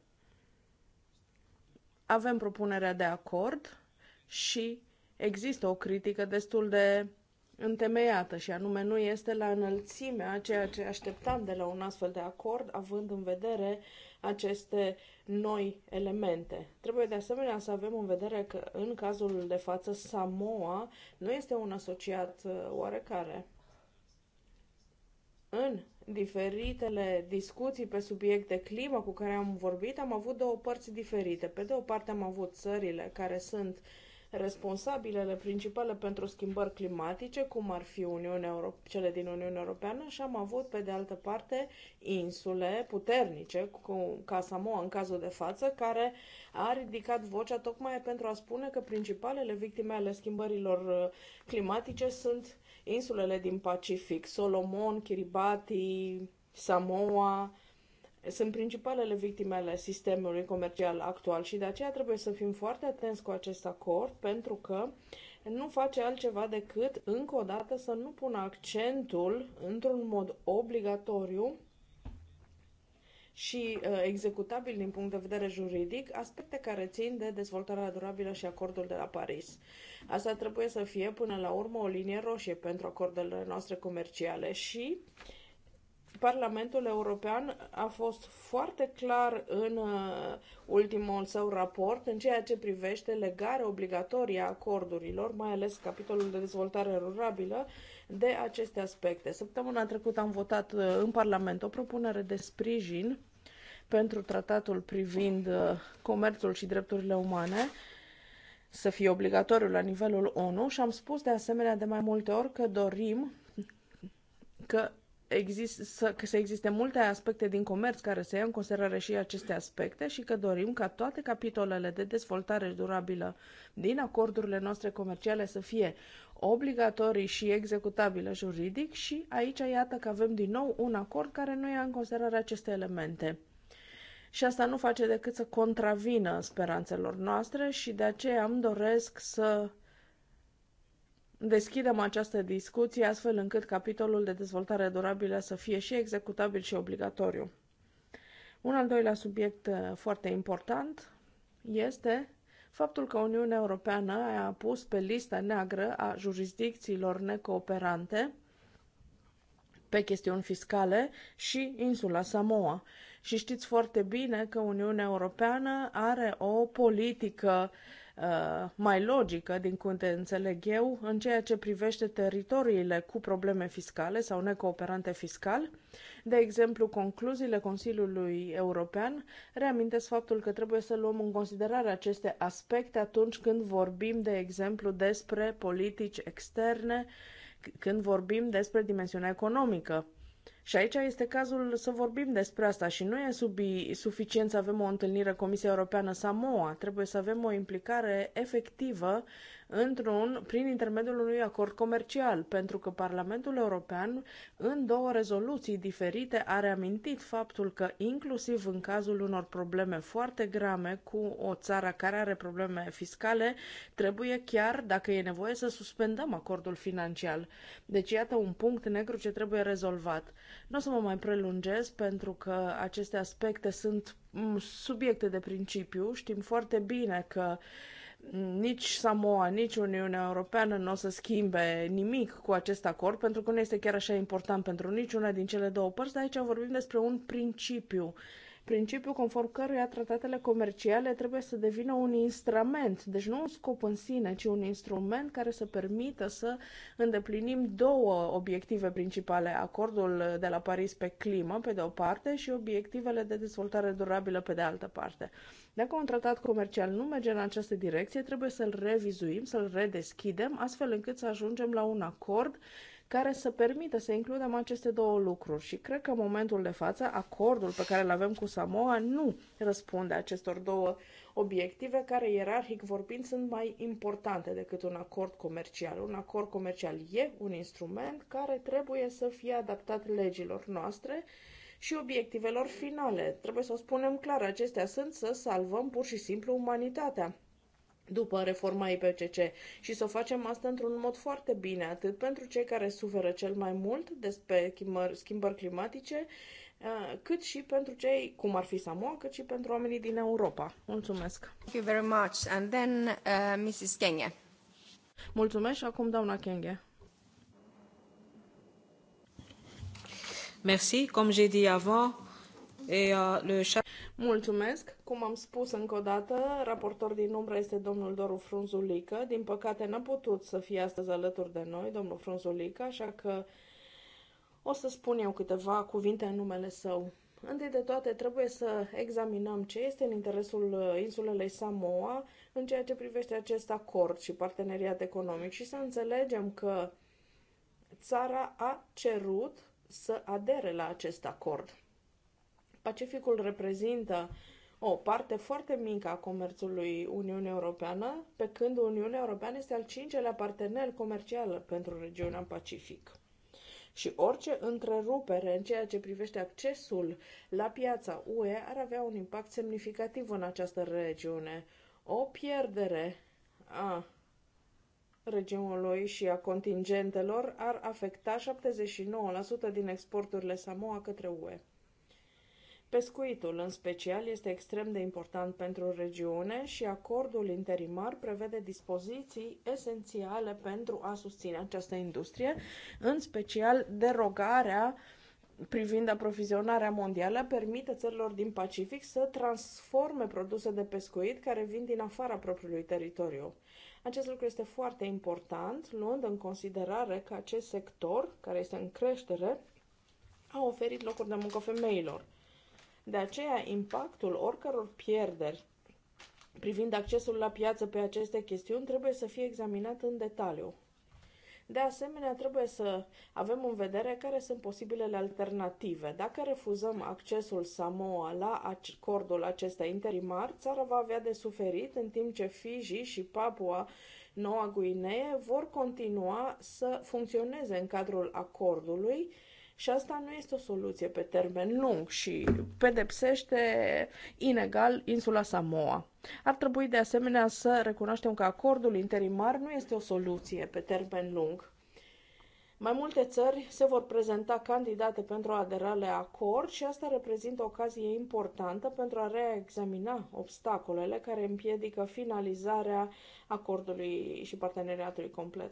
Avem propunerea de acord și există o critică destul de întemeiată și anume nu este la înălțimea ceea ce așteptam de la un astfel de acord, având în vedere aceste noi elemente. Trebuie de asemenea să avem în vedere că în cazul de față Samoa nu este un asociat uh, oarecare. În diferitele discuții pe subiect de climă cu care am vorbit, am avut două părți diferite. Pe de o parte am avut țările care sunt responsabilele principale pentru schimbări climatice, cum ar fi Uniunea Euro- cele din Uniunea Europeană, și am avut, pe de altă parte, insule puternice, cu, ca Samoa în cazul de față, care a ridicat vocea tocmai pentru a spune că principalele victime ale schimbărilor uh, climatice sunt insulele din Pacific, Solomon, Kiribati, Samoa, sunt principalele victime ale sistemului comercial actual și de aceea trebuie să fim foarte atenți cu acest acord pentru că nu face altceva decât, încă o dată, să nu pună accentul într-un mod obligatoriu și uh, executabil din punct de vedere juridic, aspecte care țin de dezvoltarea durabilă și acordul de la Paris. Asta trebuie să fie până la urmă o linie roșie pentru acordurile noastre comerciale și Parlamentul European a fost foarte clar în uh, ultimul său raport în ceea ce privește legarea obligatorie a acordurilor, mai ales capitolul de dezvoltare rurabilă, de aceste aspecte. Săptămâna trecută am votat uh, în Parlament o propunere de sprijin pentru tratatul privind uh, comerțul și drepturile umane să fie obligatoriu la nivelul ONU și am spus de asemenea de mai multe ori că dorim că exist, să, că să existe multe aspecte din comerț care să ia în considerare și aceste aspecte și că dorim ca toate capitolele de dezvoltare durabilă din acordurile noastre comerciale să fie obligatorii și executabile juridic și aici iată că avem din nou un acord care nu ia în considerare aceste elemente. Și asta nu face decât să contravină speranțelor noastre și de aceea îmi doresc să deschidem această discuție astfel încât capitolul de dezvoltare durabilă să fie și executabil și obligatoriu. Un al doilea subiect uh, foarte important este faptul că Uniunea Europeană a pus pe lista neagră a jurisdicțiilor necooperante pe chestiuni fiscale și insula Samoa. Și știți foarte bine că Uniunea Europeană are o politică uh, Uh, mai logică, din te înțeleg eu, în ceea ce privește teritoriile cu probleme fiscale sau necooperante fiscal. De exemplu, concluziile Consiliului European reamintesc faptul că trebuie să luăm în considerare aceste aspecte atunci când vorbim, de exemplu, despre politici externe, când vorbim despre dimensiunea economică și aici este cazul să vorbim despre asta și nu e subi, suficient să avem o întâlnire Comisia Europeană-Samoa. Trebuie să avem o implicare efectivă într-un, prin intermediul unui acord comercial, pentru că Parlamentul European în două rezoluții diferite a reamintit faptul că inclusiv în cazul unor probleme foarte grave cu o țară care are probleme fiscale, trebuie chiar, dacă e nevoie, să suspendăm acordul financiar. Deci iată un punct negru ce trebuie rezolvat. Nu o să mă mai prelungez pentru că aceste aspecte sunt mm, subiecte de principiu. Știm foarte bine că mm, nici Samoa, nici Uniunea Europeană nu o să schimbe nimic cu acest acord, pentru că nu este chiar așa important pentru niciuna din cele două părți, dar aici vorbim despre un principiu principiu conform căruia tratatele comerciale trebuie să devină un instrument, deci nu un scop în sine, ci un instrument care să permită să îndeplinim două obiective principale, acordul de la Paris pe climă, pe de o parte, și obiectivele de dezvoltare durabilă, pe de altă parte. Dacă un tratat comercial nu merge în această direcție, trebuie să-l revizuim, să-l redeschidem, astfel încât să ajungem la un acord care să permită să includem aceste două lucruri și cred că în momentul de față acordul pe care îl avem cu Samoa nu răspunde acestor două obiective care ierarhic vorbind sunt mai importante decât un acord comercial. Un acord comercial e un instrument care trebuie să fie adaptat legilor noastre și obiectivelor finale. Trebuie să o spunem clar, acestea sunt să salvăm pur și simplu umanitatea după reforma IPCC și să o facem asta într-un mod foarte bine, atât pentru cei care suferă cel mai mult despre schimbări, climatice, cât și pentru cei, cum ar fi Samoa, cât și pentru oamenii din Europa. Mulțumesc! Thank you very much. And then uh, Mrs. Kenya. Mulțumesc și acum doamna Kenge. Merci, comme j'ai dit avant, et uh, le Mulțumesc! Cum am spus încă o dată, raportor din umbră este domnul Doru Frunzulică. Din păcate n-a putut să fie astăzi alături de noi, domnul Frunzulică, așa că o să spun eu câteva cuvinte în numele său. Întâi de toate, trebuie să examinăm ce este în interesul uh, insulelei Samoa în ceea ce privește acest acord și parteneriat economic și să înțelegem că țara a cerut să adere la acest acord. Pacificul reprezintă o parte foarte mică a comerțului Uniunii Europeană, pe când Uniunea Europeană este al cincelea partener comercial pentru regiunea Pacific. Și orice întrerupere în ceea ce privește accesul la piața UE ar avea un impact semnificativ în această regiune. O pierdere a regimului și a contingentelor ar afecta 79% din exporturile Samoa către UE. Pescuitul, în special, este extrem de important pentru regiune și acordul interimar prevede dispoziții esențiale pentru a susține această industrie, în special derogarea privind aprovizionarea mondială permite țărilor din Pacific să transforme produse de pescuit care vin din afara propriului teritoriu. Acest lucru este foarte important, luând în considerare că acest sector, care este în creștere, a oferit locuri de muncă femeilor. De aceea, impactul oricăror pierderi privind accesul la piață pe aceste chestiuni trebuie să fie examinat în detaliu. De asemenea, trebuie să avem în vedere care sunt posibilele alternative. Dacă refuzăm accesul Samoa la acordul acesta interimar, țara va avea de suferit în timp ce Fiji și Papua Noua Guinee vor continua să funcționeze în cadrul acordului, și asta nu este o soluție pe termen lung și pedepsește inegal insula Samoa. Ar trebui de asemenea să recunoaștem că acordul interimar nu este o soluție pe termen lung. Mai multe țări se vor prezenta candidate pentru a adera la acord și asta reprezintă o ocazie importantă pentru a reexamina obstacolele care împiedică finalizarea acordului și parteneriatului complet.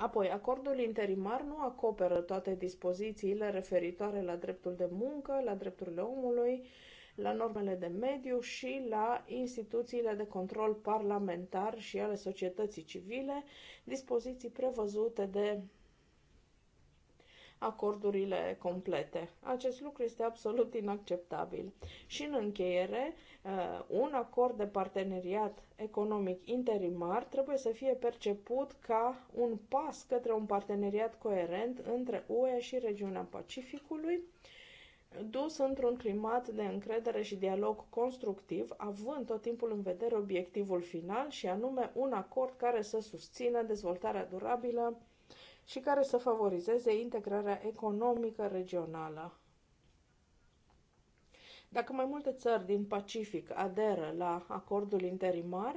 Apoi, acordul interimar nu acoperă toate dispozițiile referitoare la dreptul de muncă, la drepturile omului, la normele de mediu și la instituțiile de control parlamentar și ale societății civile, dispoziții prevăzute de acordurile complete. Acest lucru este absolut inacceptabil. Și în încheiere, uh, un acord de parteneriat economic interimar trebuie să fie perceput ca un pas către un parteneriat coerent între UE și regiunea Pacificului, dus într-un climat de încredere și dialog constructiv, având tot timpul în vedere obiectivul final și anume un acord care să susțină dezvoltarea durabilă și care să favorizeze integrarea economică regională. Dacă mai multe țări din Pacific aderă la acordul interimar,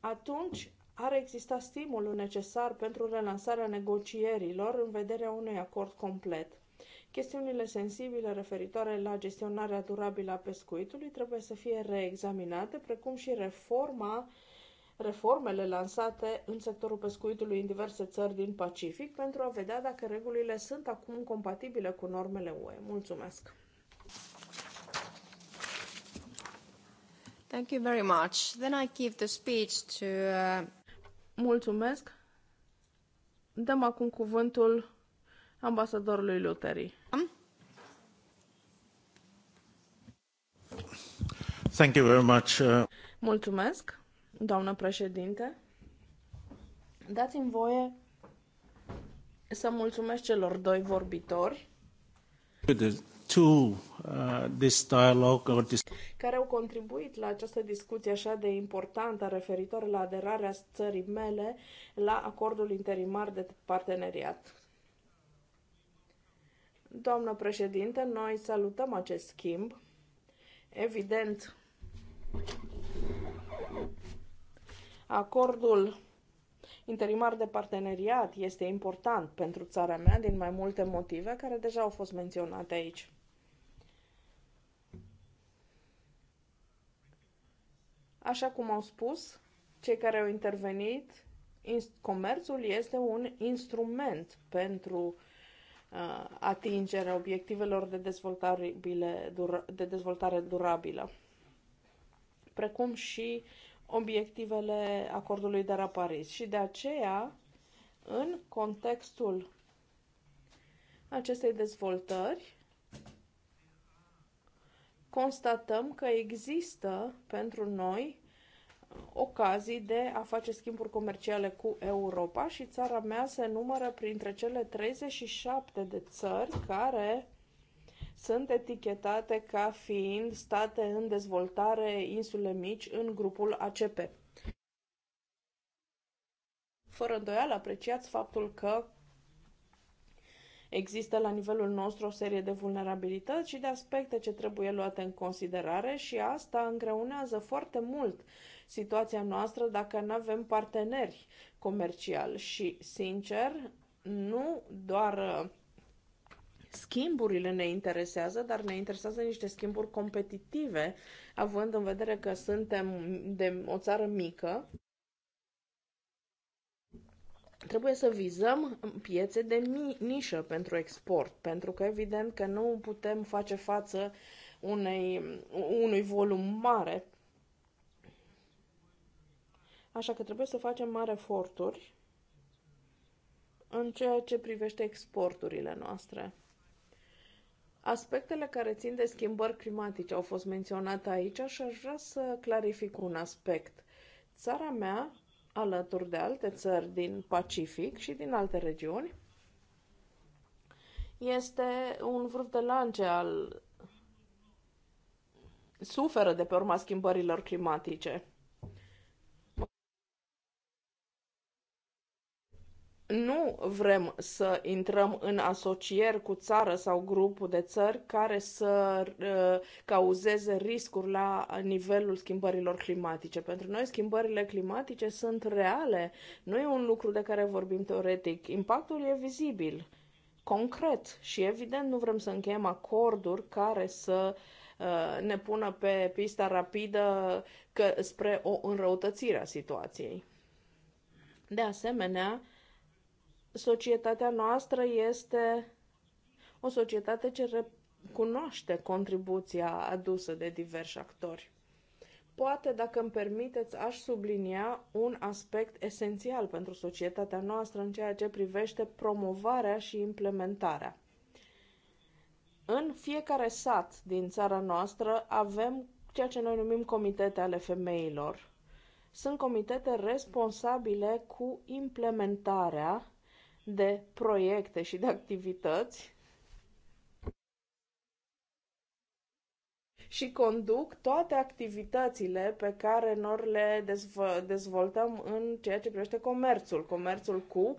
atunci ar exista stimulul necesar pentru relansarea negocierilor în vederea unui acord complet. Chestiunile sensibile referitoare la gestionarea durabilă a pescuitului trebuie să fie reexaminate, precum și reforma uh, reformele lansate în sectorul pescuitului în diverse țări din Pacific pentru a vedea dacă regulile sunt acum compatibile cu normele UE. Mulțumesc! Thank you very much. Then I give the speech to... Uh... Mulțumesc! Dăm acum cuvântul ambasadorului Luteri. Thank you very much. Uh... Mulțumesc! doamnă președinte. Dați-mi voie să mulțumesc celor doi vorbitori uh, care au contribuit la această discuție așa de importantă referitor la aderarea țării mele la acordul interimar de parteneriat. Doamnă președinte, noi salutăm acest schimb. Evident, Acordul interimar de parteneriat este important pentru țara mea din mai multe motive care deja au fost menționate aici. Așa cum au spus cei care au intervenit, comerțul este un instrument pentru uh, atingerea obiectivelor de dezvoltare, de dezvoltare durabilă, precum și obiectivele acordului de la Paris. Și de aceea, în contextul acestei dezvoltări, constatăm că există pentru noi ocazii de a face schimburi comerciale cu Europa și țara mea se numără printre cele 37 de țări care sunt etichetate ca fiind state în dezvoltare, insule mici, în grupul ACP. Fără îndoială apreciați faptul că Există la nivelul nostru o serie de vulnerabilități și de aspecte ce trebuie luate în considerare și asta îngreunează foarte mult situația noastră dacă nu avem parteneri comerciali și, sincer, nu doar Schimburile ne interesează, dar ne interesează niște schimburi competitive, având în vedere că suntem de o țară mică. Trebuie să vizăm piețe de nișă pentru export, pentru că evident că nu putem face față unei, unui volum mare. Așa că trebuie să facem mari eforturi în ceea ce privește exporturile noastre. Aspectele care țin de schimbări climatice au fost menționate aici și aș vrea să clarific un aspect. Țara mea, alături de alte țări din Pacific și din alte regiuni, este un vârf de lance al suferă de pe urma schimbărilor climatice. Nu vrem să intrăm în asocieri cu țară sau grupul de țări care să uh, cauzeze riscuri la nivelul schimbărilor climatice. Pentru noi schimbările climatice sunt reale, nu e un lucru de care vorbim teoretic. Impactul e vizibil, concret și evident nu vrem să încheiem acorduri care să uh, ne pună pe pista rapidă că, spre o înrăutățire a situației. De asemenea, societatea noastră este o societate ce recunoaște contribuția adusă de diversi actori. Poate, dacă îmi permiteți, aș sublinia un aspect esențial pentru societatea noastră în ceea ce privește promovarea și implementarea. În fiecare sat din țara noastră avem ceea ce noi numim comitete ale femeilor. Sunt comitete responsabile cu implementarea de proiecte și de activități și conduc toate activitățile pe care noi le dezv- dezvoltăm în ceea ce privește comerțul, comerțul cu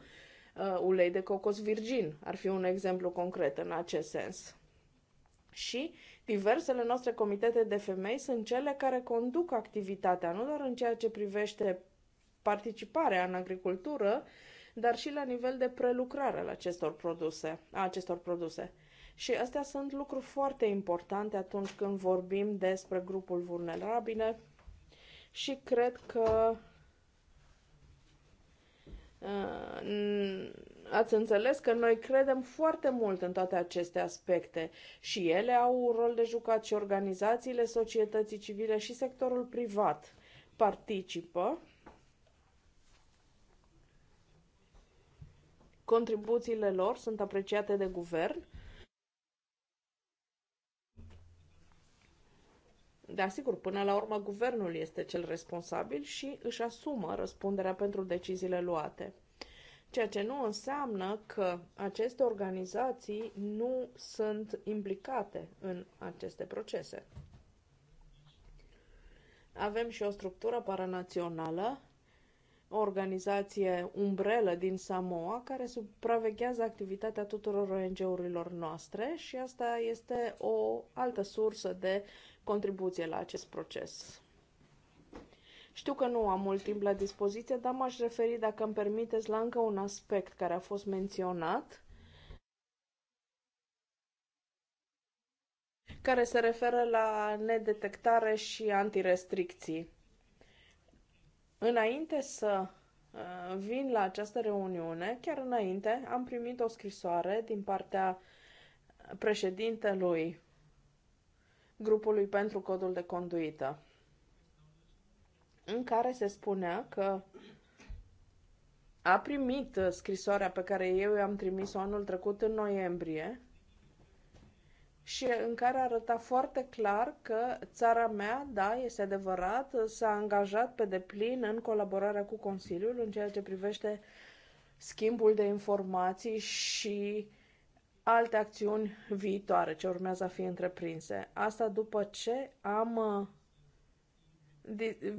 uh, ulei de cocos virgin. Ar fi un exemplu concret în acest sens. Și diversele noastre comitete de femei sunt cele care conduc activitatea, nu doar în ceea ce privește participarea în agricultură, dar și la nivel de prelucrare al acestor produse. A acestor produse. Și astea sunt lucruri foarte importante atunci când vorbim despre grupul vulnerabile și cred că uh, ați înțeles că noi credem foarte mult în toate aceste aspecte și ele au un rol de jucat și organizațiile societății civile și sectorul privat participă Contribuțiile lor sunt apreciate de guvern. Dar sigur, până la urmă, guvernul este cel responsabil și își asumă răspunderea pentru deciziile luate. Ceea ce nu înseamnă că aceste organizații nu sunt implicate în aceste procese. Avem și o structură paranațională o organizație umbrelă din Samoa care supraveghează activitatea tuturor ONG-urilor noastre și asta este o altă sursă de contribuție la acest proces. Știu că nu am mult timp la dispoziție, dar m-aș referi, dacă îmi permiteți, la încă un aspect care a fost menționat, care se referă la nedetectare și antirestricții. Înainte să uh, vin la această reuniune, chiar înainte, am primit o scrisoare din partea președintelui grupului pentru codul de conduită, în care se spunea că a primit scrisoarea pe care eu i-am trimis-o anul trecut în noiembrie și în care arăta foarte clar că țara mea, da, este adevărat, s-a angajat pe deplin în colaborarea cu Consiliul în ceea ce privește schimbul de informații și alte acțiuni viitoare ce urmează a fi întreprinse. Asta după ce am uh,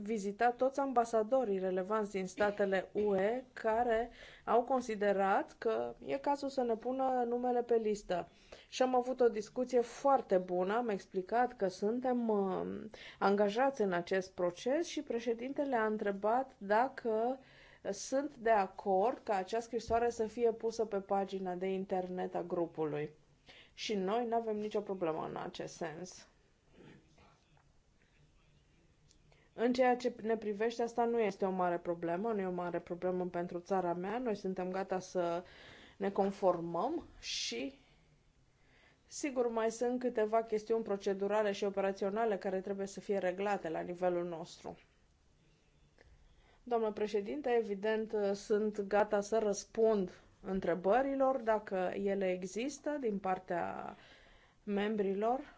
vizitat toți ambasadorii relevanți din statele UE care au considerat că e cazul să ne pună numele pe listă. Și am avut o discuție foarte bună, am explicat că suntem uh, angajați în acest proces și președintele a întrebat dacă sunt de acord ca acea scrisoare să fie pusă pe pagina de internet a grupului. Și noi nu avem nicio problemă în acest sens. În ceea ce ne privește, asta nu este o mare problemă, nu e o mare problemă pentru țara mea. Noi suntem gata să ne conformăm și Sigur, mai sunt câteva chestiuni procedurale și operaționale care trebuie să fie reglate la nivelul nostru. Doamnă președinte, evident, sunt gata să răspund întrebărilor dacă ele există din partea membrilor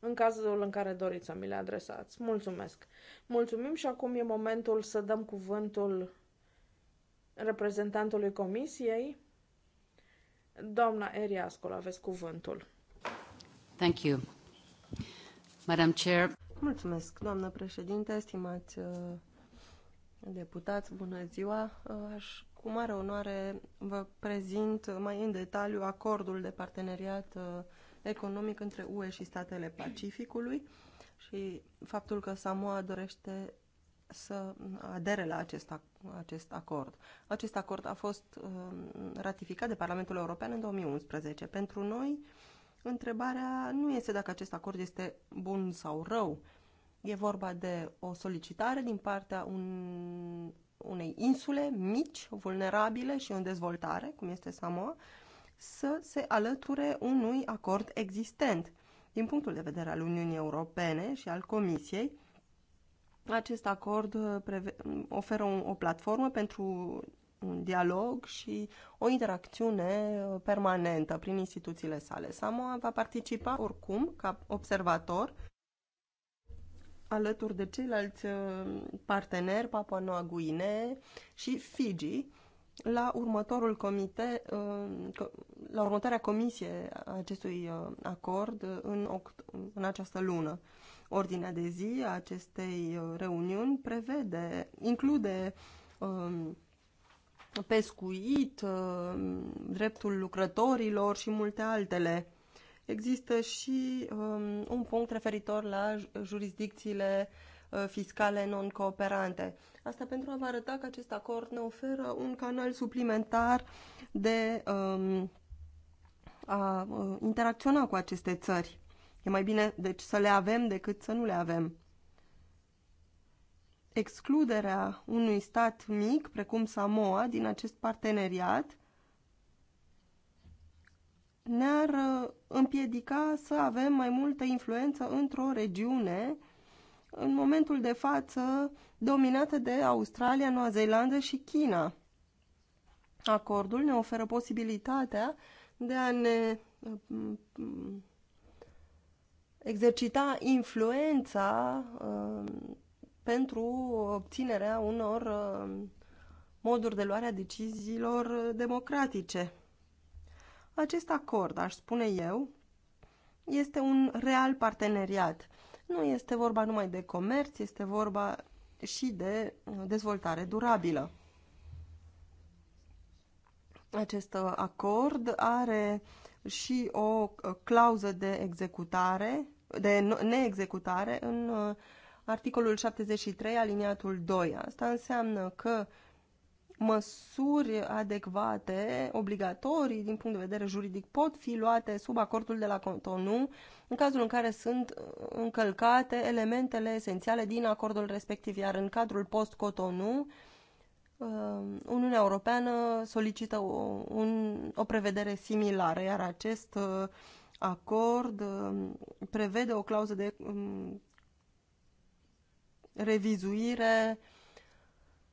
în cazul în care doriți să mi le adresați. Mulțumesc! Mulțumim și acum e momentul să dăm cuvântul reprezentantului comisiei. Doamna Eriascol, aveți cuvântul. Thank you. Madam Chair. Mulțumesc, doamnă președinte, stimați uh, deputați, bună ziua. Uh, aș, cu mare onoare vă prezint mai în detaliu acordul de parteneriat uh, economic între UE și statele Pacificului și faptul că Samoa dorește să adere la acest, acest acord. Acest acord a fost um, ratificat de Parlamentul European în 2011. Pentru noi, întrebarea nu este dacă acest acord este bun sau rău. E vorba de o solicitare din partea un, unei insule mici, vulnerabile și în dezvoltare, cum este Samoa, să se alăture unui acord existent. Din punctul de vedere al Uniunii Europene și al Comisiei, acest acord uh, oferă o platformă pentru un dialog și o interacțiune uh, permanentă prin instituțiile sale. Samoa va participa oricum ca observator alături de ceilalți uh, parteneri, Papua Noua Guinee și Fiji, la următorul comite, uh, la următoarea comisie a acestui uh, acord în, în această lună. Ordinea de zi a acestei uh, reuniuni prevede, include um, pescuit, dreptul lucrătorilor și multe altele. Există și um, un punct referitor la jurisdicțiile uh, Uh, fiscale non-cooperante. Asta pentru a vă arăta că acest acord ne oferă un canal suplimentar de um, a uh, interacționa cu aceste țări. E mai bine deci, să le avem decât să nu le avem. Excluderea unui stat mic, precum Samoa, din acest parteneriat ne-ar uh, împiedica să avem mai multă influență într-o regiune în momentul de față dominată de Australia, Noua Zeelandă și China. Acordul ne oferă posibilitatea de a ne uh, exercita influența uh, pentru obținerea unor uh, moduri de luare a deciziilor democratice. Acest acord, aș spune eu, este un real parteneriat nu este vorba numai de comerț, este vorba și de uh, dezvoltare durabilă. Acest uh, acord are și o uh, clauză de executare, de neexecutare în articolul 73 aliniatul 2. Asta înseamnă că măsuri adecvate, obligatorii din punct de vedere juridic, pot fi luate sub acordul de la Cotonou în cazul în care sunt uh, încălcate elementele esențiale din acordul respectiv, iar în cadrul post-Cotonou, uh, Uniunea Europeană solicită o, un, o prevedere similară, iar acest uh, acord prevede o clauză de um, revizuire uh,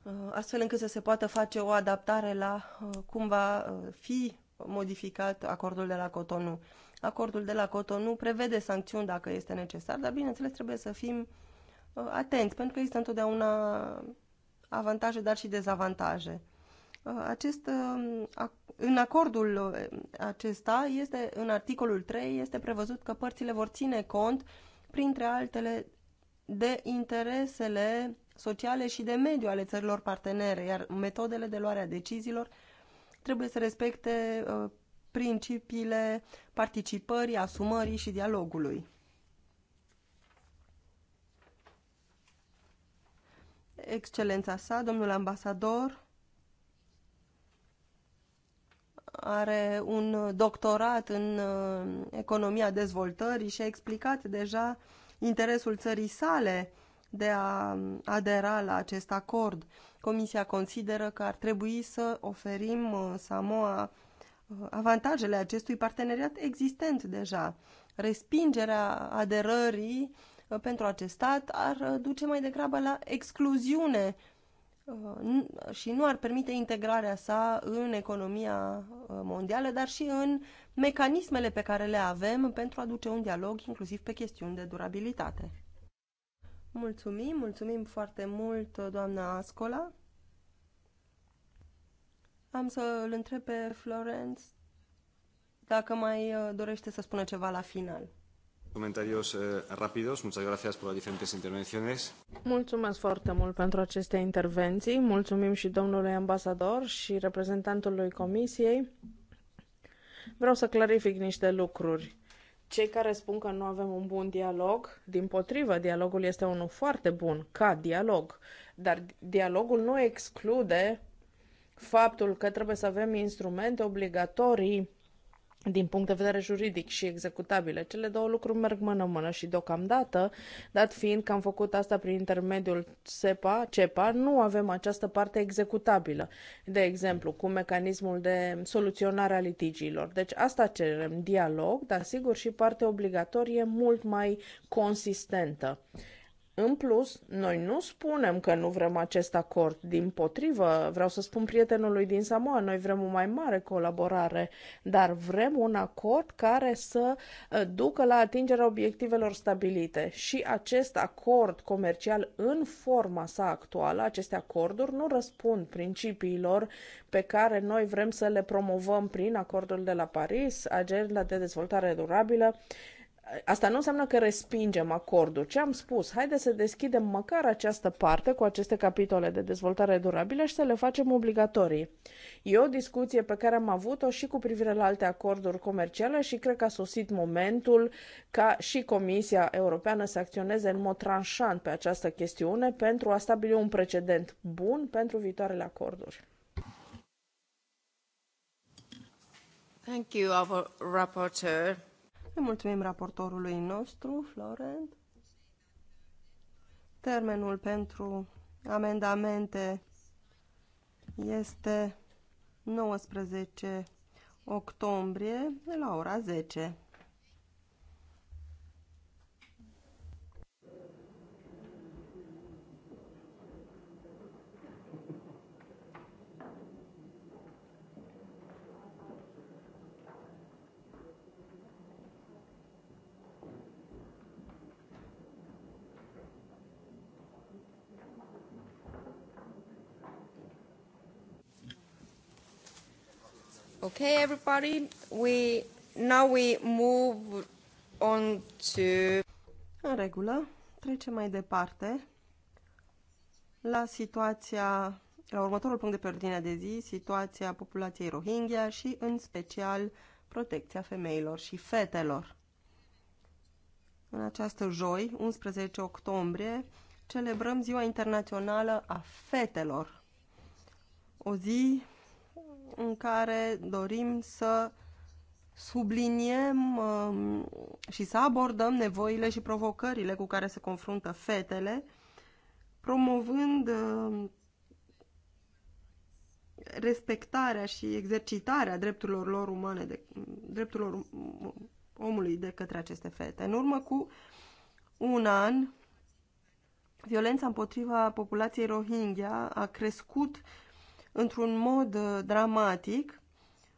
Uh, astfel încât să se poată face o adaptare la uh, cum va uh, fi modificat acordul de la Cotonou. Acordul de la Cotonou prevede sancțiuni dacă este necesar, dar bineînțeles trebuie să fim atenți, pentru că există întotdeauna avantaje, dar și dezavantaje. Acest, um, în acordul acesta, este, în articolul 3, este prevăzut că părțile vor ține cont, printre altele, de interesele sociale și de mediu ale țărilor partenere, iar metodele de luare a deciziilor trebuie să respecte uh, principiile participării, asumării și dialogului. Excelența sa, domnul ambasador, are un doctorat în uh, economia dezvoltării și a explicat deja interesul țării sale de a adera la acest acord. Comisia consideră că ar trebui să oferim uh, Samoa uh, avantajele acestui parteneriat existent deja. Respingerea aderării uh, pentru acest stat ar duce mai degrabă la excluziune și nu ar permite integrarea sa în economia mondială, dar și în mecanismele pe care le avem pentru a duce un dialog inclusiv pe chestiuni de durabilitate. Mulțumim, mulțumim foarte mult, doamna Ascola. Am să îl întreb pe Florence dacă mai uh, dorește să spună ceva la final. Comentarios eh, rápidos. Muchas gracias por las diferentes intervenciones. Mulțumesc foarte mult pentru aceste intervenții. Mulțumim și domnului ambasador și reprezentantului comisiei. Vreau să clarific niște lucruri cei care spun că nu avem un bun dialog, din potrivă, dialogul este unul foarte bun ca dialog, dar dialogul nu exclude faptul că trebuie să avem instrumente obligatorii din punct de vedere juridic și executabile. Cele două lucruri merg mână-mână și deocamdată, dat fiind că am făcut asta prin intermediul SEPA, CEPA, nu avem această parte executabilă, de exemplu, cu mecanismul de soluționare a litigiilor. Deci asta cerem, dialog, dar sigur și parte obligatorie mult mai consistentă. În plus, noi nu spunem că nu vrem acest acord. Din potrivă, vreau să spun prietenului din Samoa, noi vrem o mai mare colaborare, dar vrem un acord care să uh, ducă la atingerea obiectivelor stabilite. Și acest acord comercial în forma sa actuală, aceste acorduri nu răspund principiilor pe care noi vrem să le promovăm prin acordul de la Paris, agenda de dezvoltare durabilă Asta nu înseamnă că respingem acordul. Ce am spus? Haideți să deschidem măcar această parte cu aceste capitole de dezvoltare durabilă și să le facem obligatorii. E o discuție pe care am avut-o și cu privire la alte acorduri comerciale și cred că a sosit momentul ca și Comisia Europeană să acționeze în mod tranșant pe această chestiune pentru a stabili un precedent bun pentru viitoarele acorduri. Thank you, our rapporteur. Îi mulțumim raportorului nostru, Florent. Termenul pentru amendamente este 19 octombrie la ora 10. Okay, everybody, we, now we move on to... În regulă, trecem mai departe la situația, la următorul punct de pe ordinea de zi, situația populației Rohingya și, în special, protecția femeilor și fetelor. În această joi, 11 octombrie, celebrăm Ziua Internațională a Fetelor. O zi în care dorim să subliniem um, și să abordăm nevoile și provocările cu care se confruntă fetele, promovând um, respectarea și exercitarea drepturilor lor umane, de, drepturilor um, omului de către aceste fete. În urmă cu un an, violența împotriva populației Rohingya a crescut într-un mod uh, dramatic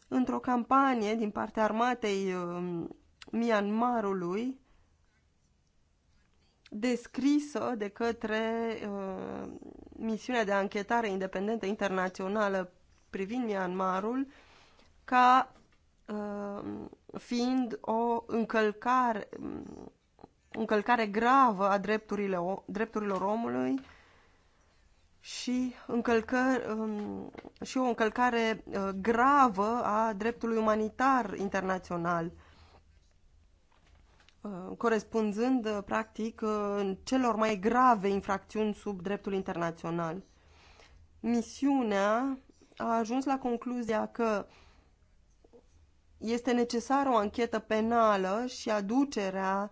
într-o campanie din partea armatei uh, Myanmarului descrisă de către uh, misiunea de anchetare independentă internațională privind Myanmarul ca uh, fiind o încălcare, um, încălcare gravă a drepturilor, drepturilor omului și, încălcă, um, și o încălcare uh, gravă a dreptului umanitar internațional, uh, corespunzând, uh, practic, celor mai grave infracțiuni sub dreptul internațional. Misiunea a ajuns la concluzia că este necesară o anchetă penală și aducerea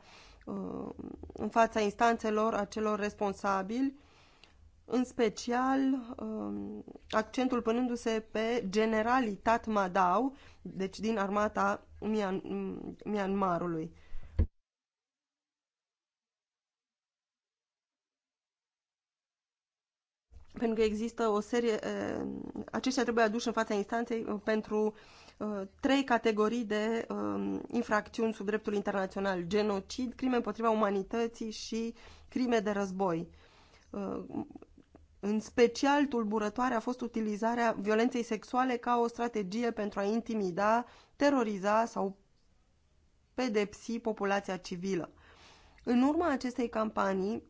în fața instanțelor a celor responsabili în special um, accentul punându-se pe generalii Tatmadaw, deci din armata Myanmarului. Pentru că există o serie, eh, aceștia trebuie aduși în fața instanței eh, pentru eh, trei categorii de infracțiuni sub dreptul internațional, genocid, crime împotriva umanității și crime de război în special, tulburătoare a fost utilizarea violenței sexuale ca o strategie pentru a intimida, teroriza sau pedepsi populația civilă. În urma acestei campanii,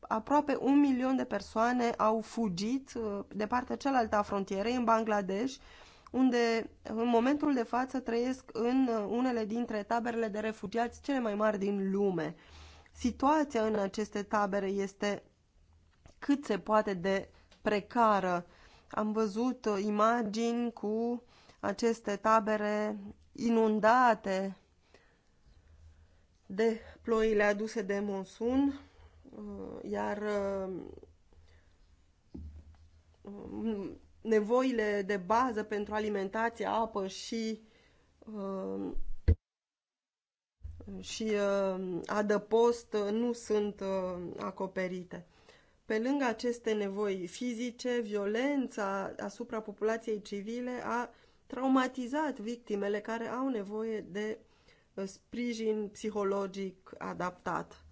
aproape un milion de persoane au fugit uh, de partea cealaltă a frontierei, în Bangladesh, unde în momentul de față trăiesc în uh, unele dintre taberele de refugiați cele mai mari din lume. Situația în aceste tabere este cât se poate de precară. Am văzut uh, imagini cu aceste tabere inundate de ploile aduse de monsun, uh, iar uh, nevoile de bază pentru alimentație, apă și și adăpost nu sunt acoperite. Pe lângă aceste nevoi fizice, violența asupra populației civile a traumatizat victimele care au nevoie de uh, sprijin psihologic adaptat.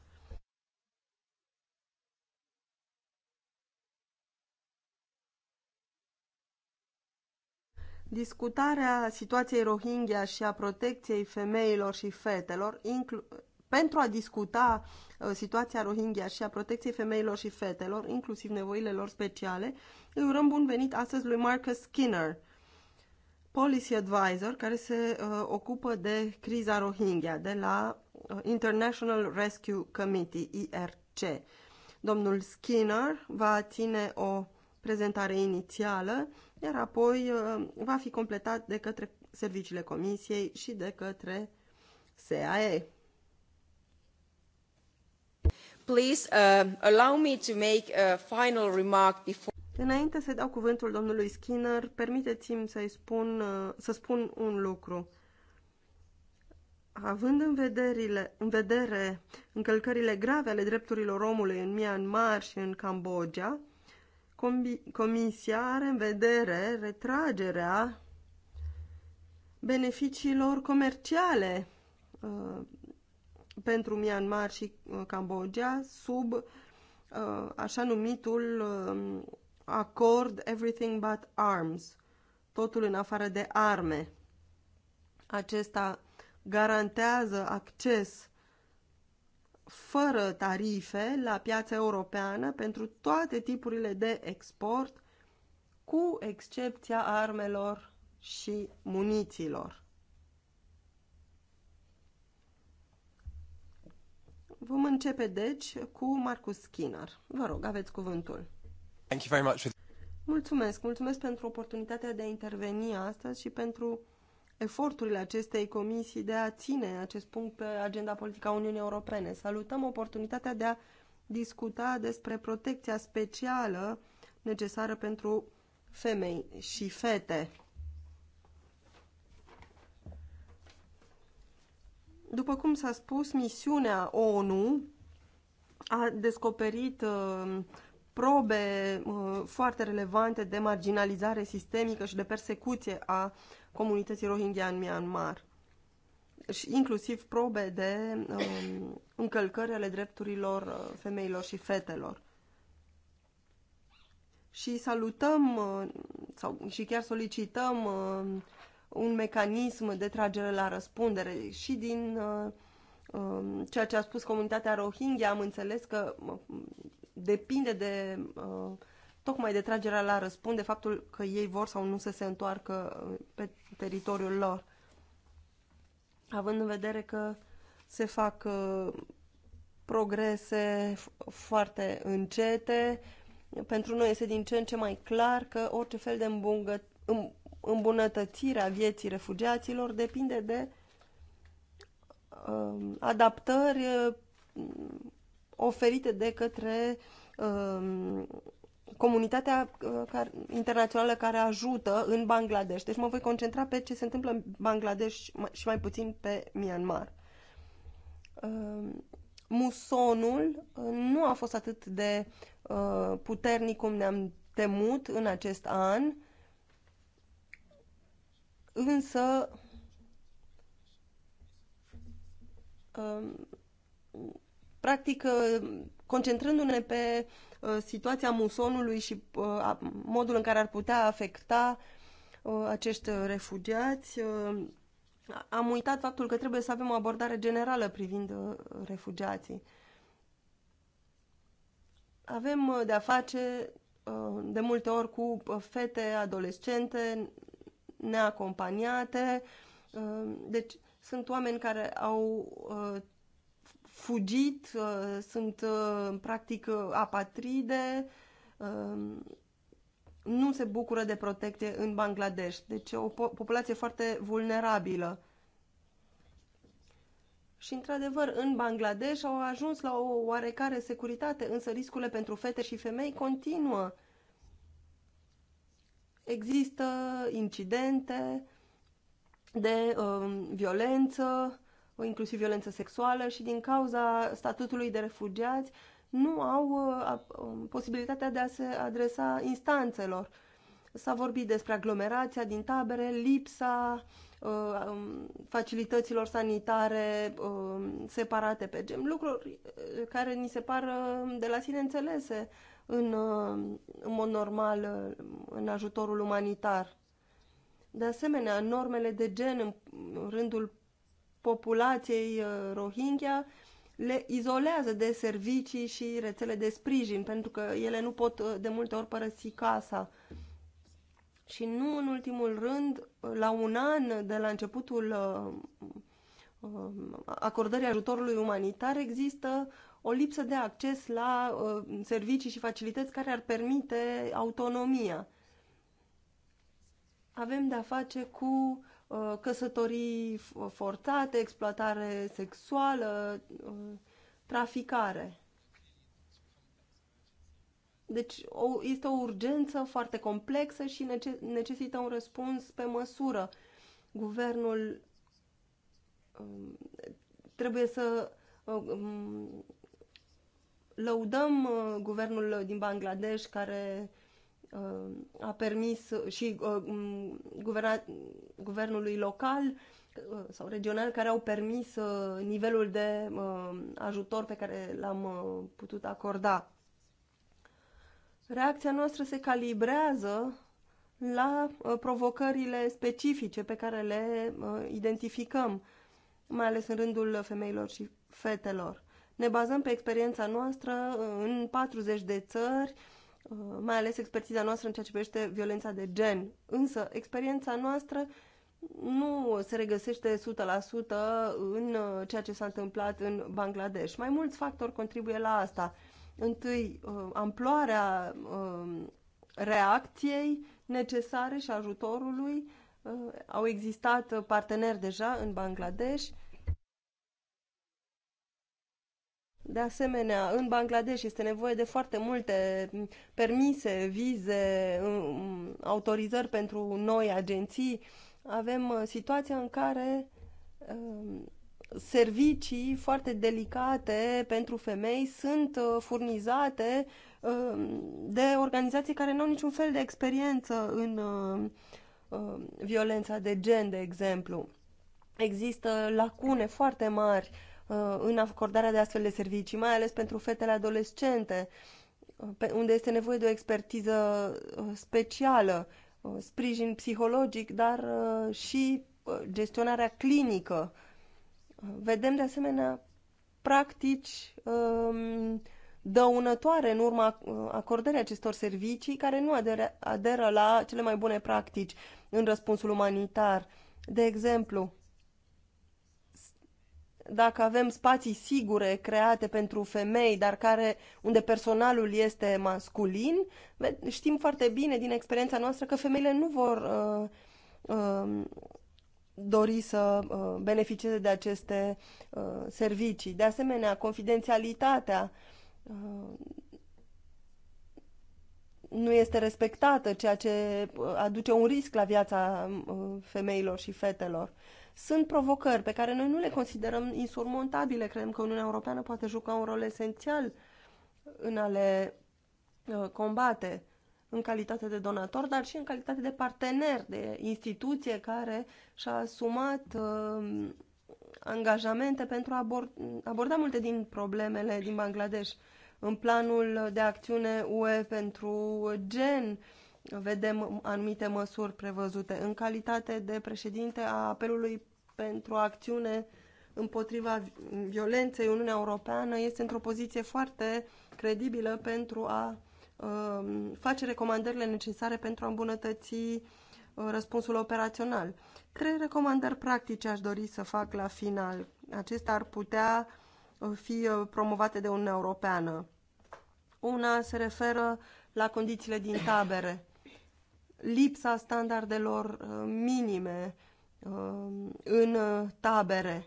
Discutarea situației Rohingya și a protecției femeilor și fetelor, inclu pentru a discuta uh, situația Rohingya și a protecției femeilor și fetelor, inclusiv nevoile lor speciale, îi urăm bun venit astăzi lui Marcus Skinner, policy advisor care se uh, ocupă de criza Rohingya de la uh, International Rescue Committee, IRC. Domnul Skinner va ține o prezentare inițială, iar apoi uh, va fi completat de către serviciile Comisiei și de către SAE please uh, allow me to make a final remark before Înainte să dau cuvântul domnului Skinner, permiteți-mi să spun, uh, să spun un lucru. Având în, vederile, în vedere încălcările grave ale drepturilor omului în Myanmar și în Cambodgia, Comisia are în vedere retragerea beneficiilor comerciale uh, pentru Myanmar și uh, Cambodgia sub uh, așa numitul uh, acord Everything But Arms, totul în afară de arme. Acesta garantează acces fără tarife la piața europeană pentru toate tipurile de export, cu excepția armelor și munițiilor. Vom începe, deci, cu Marcus Skinner. Vă rog, aveți cuvântul. Thank you very much. Mulțumesc, mulțumesc pentru oportunitatea de a interveni astăzi și pentru eforturile acestei comisii de a ține acest punct pe agenda politică a Uniunii Europene. Salutăm oportunitatea de a discuta despre protecția specială necesară pentru femei și fete. După cum s-a spus, misiunea ONU a descoperit uh, probe uh, foarte relevante de marginalizare sistemică și de persecuție a comunității Rohingya în Myanmar și inclusiv probe de um, încălcări ale drepturilor uh, femeilor și fetelor. Și salutăm sau, și chiar solicităm un mecanism de tragere la răspundere. Și din uh, um, ceea ce a spus comunitatea Rohingya am înțeles că depinde de uh, tocmai de tragerea la răspunde faptul că ei vor sau nu să se întoarcă uh, pe teritoriul lor. Având în vedere că se fac progrese foarte încete, pentru noi este din ce în ce mai clar că orice fel de îmbungă, îmbunătățirea vieții refugiaților depinde de um, uh, adaptări oferite de către uh, comunitatea uh, internațională care ajută în Bangladesh. Deci mă voi concentra pe ce se întâmplă în Bangladesh și mai puțin pe Myanmar. Um, uh, musonul nu a fost atât de uh, puternic cum ne-am temut în acest an însă um, practic uh, concentrându-ne pe uh, situația musonului și uh, modul în care ar putea afecta acești refugiați, am uitat faptul că trebuie să avem o abordare generală privind refugiații. Avem de-a face de multe ori cu fete, adolescente, neacompaniate. Uh, deci sunt oameni care au uh, fugit, uh, sunt practic apatride, nu se bucură de protecție în Bangladesh. Deci o populație foarte vulnerabilă. Și, într-adevăr, în Bangladesh au ajuns la o oarecare securitate, însă riscurile pentru fete și femei continuă există incidente de uh, violență, inclusiv violență sexuală și din cauza statutului de refugiați nu au uh, um, posibilitatea de a se adresa instanțelor. S-a vorbit despre aglomerația din tabere, lipsa uh, um, facilităților sanitare uh, separate pe gem, lucruri uh, care ni se par uh, de la sine înțelese în, uh, în mod normal uh, în ajutorul umanitar. De asemenea, normele de gen în rândul populației uh, Rohingya le izolează de servicii și rețele de sprijin, pentru că ele nu pot de multe ori părăsi casa. Și nu în ultimul rând, la un an de la începutul acordării ajutorului umanitar, există o lipsă de acces la uh, servicii și facilități care ar permite autonomia. Avem de-a face cu uh, căsătorii forțate, exploatare sexuală, uh, traficare. Deci o, este o urgență foarte complexă și nece necesită un răspuns pe măsură. Guvernul um, trebuie să uh, um, lăudăm uh, guvernul din Bangladesh care uh, a permis uh, și um, guverna, guvernului local sau regional care au permis nivelul de ajutor pe care l-am putut acorda. Reacția noastră se calibrează la provocările specifice pe care le identificăm, mai ales în rândul femeilor și fetelor. Ne bazăm pe experiența noastră uh, în 40 de țări, uh, mai ales expertiza noastră în ceea ce privește violența de gen. Însă, experiența noastră nu se regăsește 100% în uh, ceea ce s-a întâmplat în Bangladesh. Mai mulți factori contribuie la asta. Întâi, amploarea reacției necesare și ajutorului. Au existat parteneri deja în Bangladesh De asemenea, în Bangladesh este nevoie de foarte multe permise, vize, um, autorizări pentru noi agenții. Avem uh, situația în care um, servicii foarte delicate pentru femei sunt uh, furnizate um, de organizații care nu au niciun fel de experiență în uh, violența de gen, de exemplu. Există lacune foarte mari uh, Uh, în acordarea de astfel de servicii, mai ales pentru fetele adolescente, uh, unde este nevoie de o expertiză uh, specială, sprijin psihologic, dar și gestionarea clinică. Vedem de asemenea practici um, dăunătoare în urma acordării acestor servicii care nu aderă la cele mai bune practici în răspunsul umanitar. De exemplu, dacă avem spații sigure create pentru femei, dar care, unde personalul este masculin, știm foarte bine din experiența noastră că femeile nu vor uh, uh, dori să uh, beneficieze de aceste uh, servicii. De asemenea, confidențialitatea uh, nu este respectată, ceea ce uh, aduce un risc la viața uh, femeilor și fetelor. Uh, sunt provocări pe care noi nu le considerăm insurmontabile. Credem că Uniunea Europeană poate juca un rol esențial în a le uh, combate în calitate de donator, dar și în calitate de partener, de instituție care și-a asumat uh, angajamente pentru a abor- aborda multe din problemele din Bangladesh. În planul de acțiune UE pentru gen, uh, vedem anumite măsuri prevăzute. În calitate de președinte a apelului pentru acțiune împotriva violenței, Uniunea Europeană este într-o poziție foarte credibilă pentru a uh, face recomandările necesare pentru a îmbunătăți uh, răspunsul operațional. Trei recomandări practice aș dori să fac la final. Acestea ar putea uh, fi uh, promovate de Uniunea Europeană. Una se referă la condițiile din tabere lipsa standardelor uh, minime uh, în uh, tabere.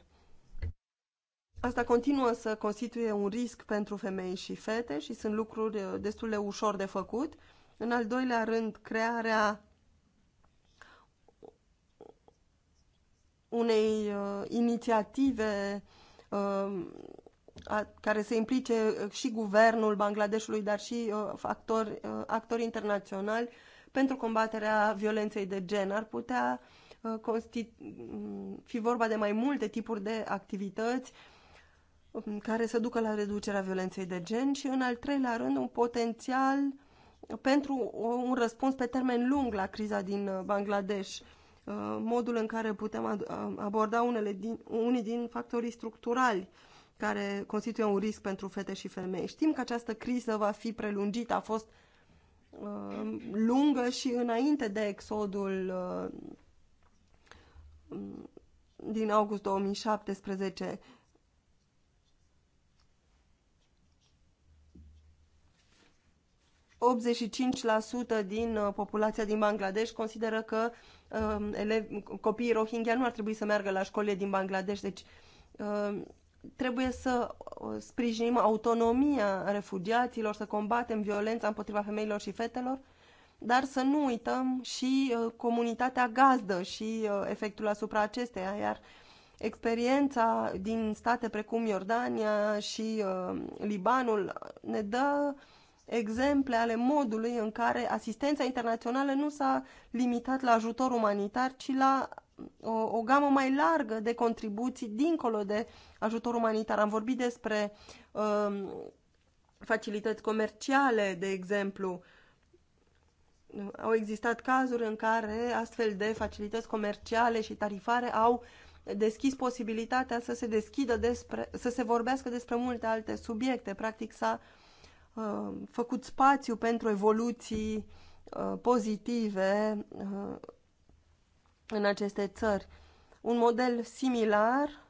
Asta continuă să constituie un risc pentru femei și fete și sunt lucruri destul de ușor de făcut. În al doilea rând, crearea unei uh, inițiative uh, a, care să implice și guvernul Bangladeshului, dar și uh, actori, uh, actori internaționali pentru combaterea violenței de gen. Ar putea uh, mm, fi vorba de mai multe tipuri de activități um, care să ducă la reducerea violenței de gen și, în al treilea rând, un potențial pentru un răspuns pe termen lung la criza din uh, Bangladesh, uh, modul în care putem aborda unele din, unii din factorii structurali care constituie un risc pentru fete și femei. Știm că această criză va fi prelungită, a fost Uh, lungă și înainte de exodul uh, din august 2017. ...85% din uh, populația din Bangladesh consideră că uh, elevi, copiii Rohingya nu ar trebui să meargă la școlile din Bangladesh. Deci trebuie să uh, sprijinim autonomia refugiaților, să combatem violența împotriva femeilor și fetelor, dar să nu uităm și uh, comunitatea gazdă și uh, efectul asupra acesteia, iar experiența din state precum Iordania și Libanul ne dă exemple ale modului în care asistența internațională nu s-a limitat la ajutor umanitar, ci la o, o gamă mai largă de contribuții dincolo de ajutor umanitar. Am vorbit despre um, facilități comerciale, de exemplu. Au existat cazuri în care astfel de facilități comerciale și tarifare au deschis posibilitatea să se deschidă despre, să se vorbească despre multe alte subiecte. Practic s-a uh, făcut spațiu pentru evoluții uh, pozitive uh, în aceste țări. Un model similar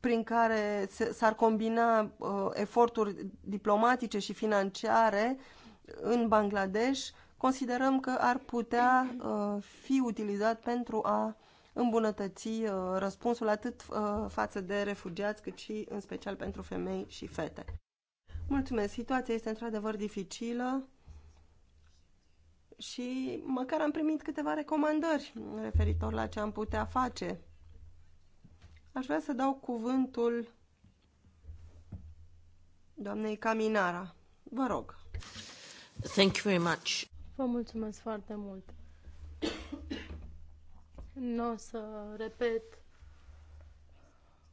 prin care s-ar combina uh, eforturi diplomatice și financiare în Bangladesh, considerăm că ar putea uh, fi utilizat pentru a îmbunătăți uh, răspunsul atât uh, față de refugiați, cât și în special pentru femei și fete. Mulțumesc! Situația este într-adevăr dificilă și măcar am primit câteva recomandări referitor la ce am putea face. Aș vrea să dau cuvântul doamnei Caminara. Vă rog. Thank you very much. Vă mulțumesc foarte mult. nu o să repet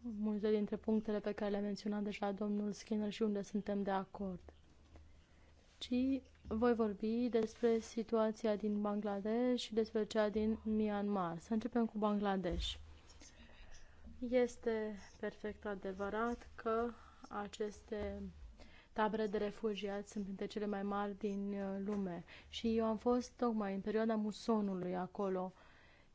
multe dintre punctele pe care le-a menționat deja domnul Skinner și unde suntem de acord, ci voi vorbi despre situația din Bangladesh și despre cea din Myanmar. Să începem cu Bangladesh. Este perfect adevărat că aceste tabere de refugiați sunt printre cele mai mari din uh, lume și eu am fost tocmai în perioada musonului acolo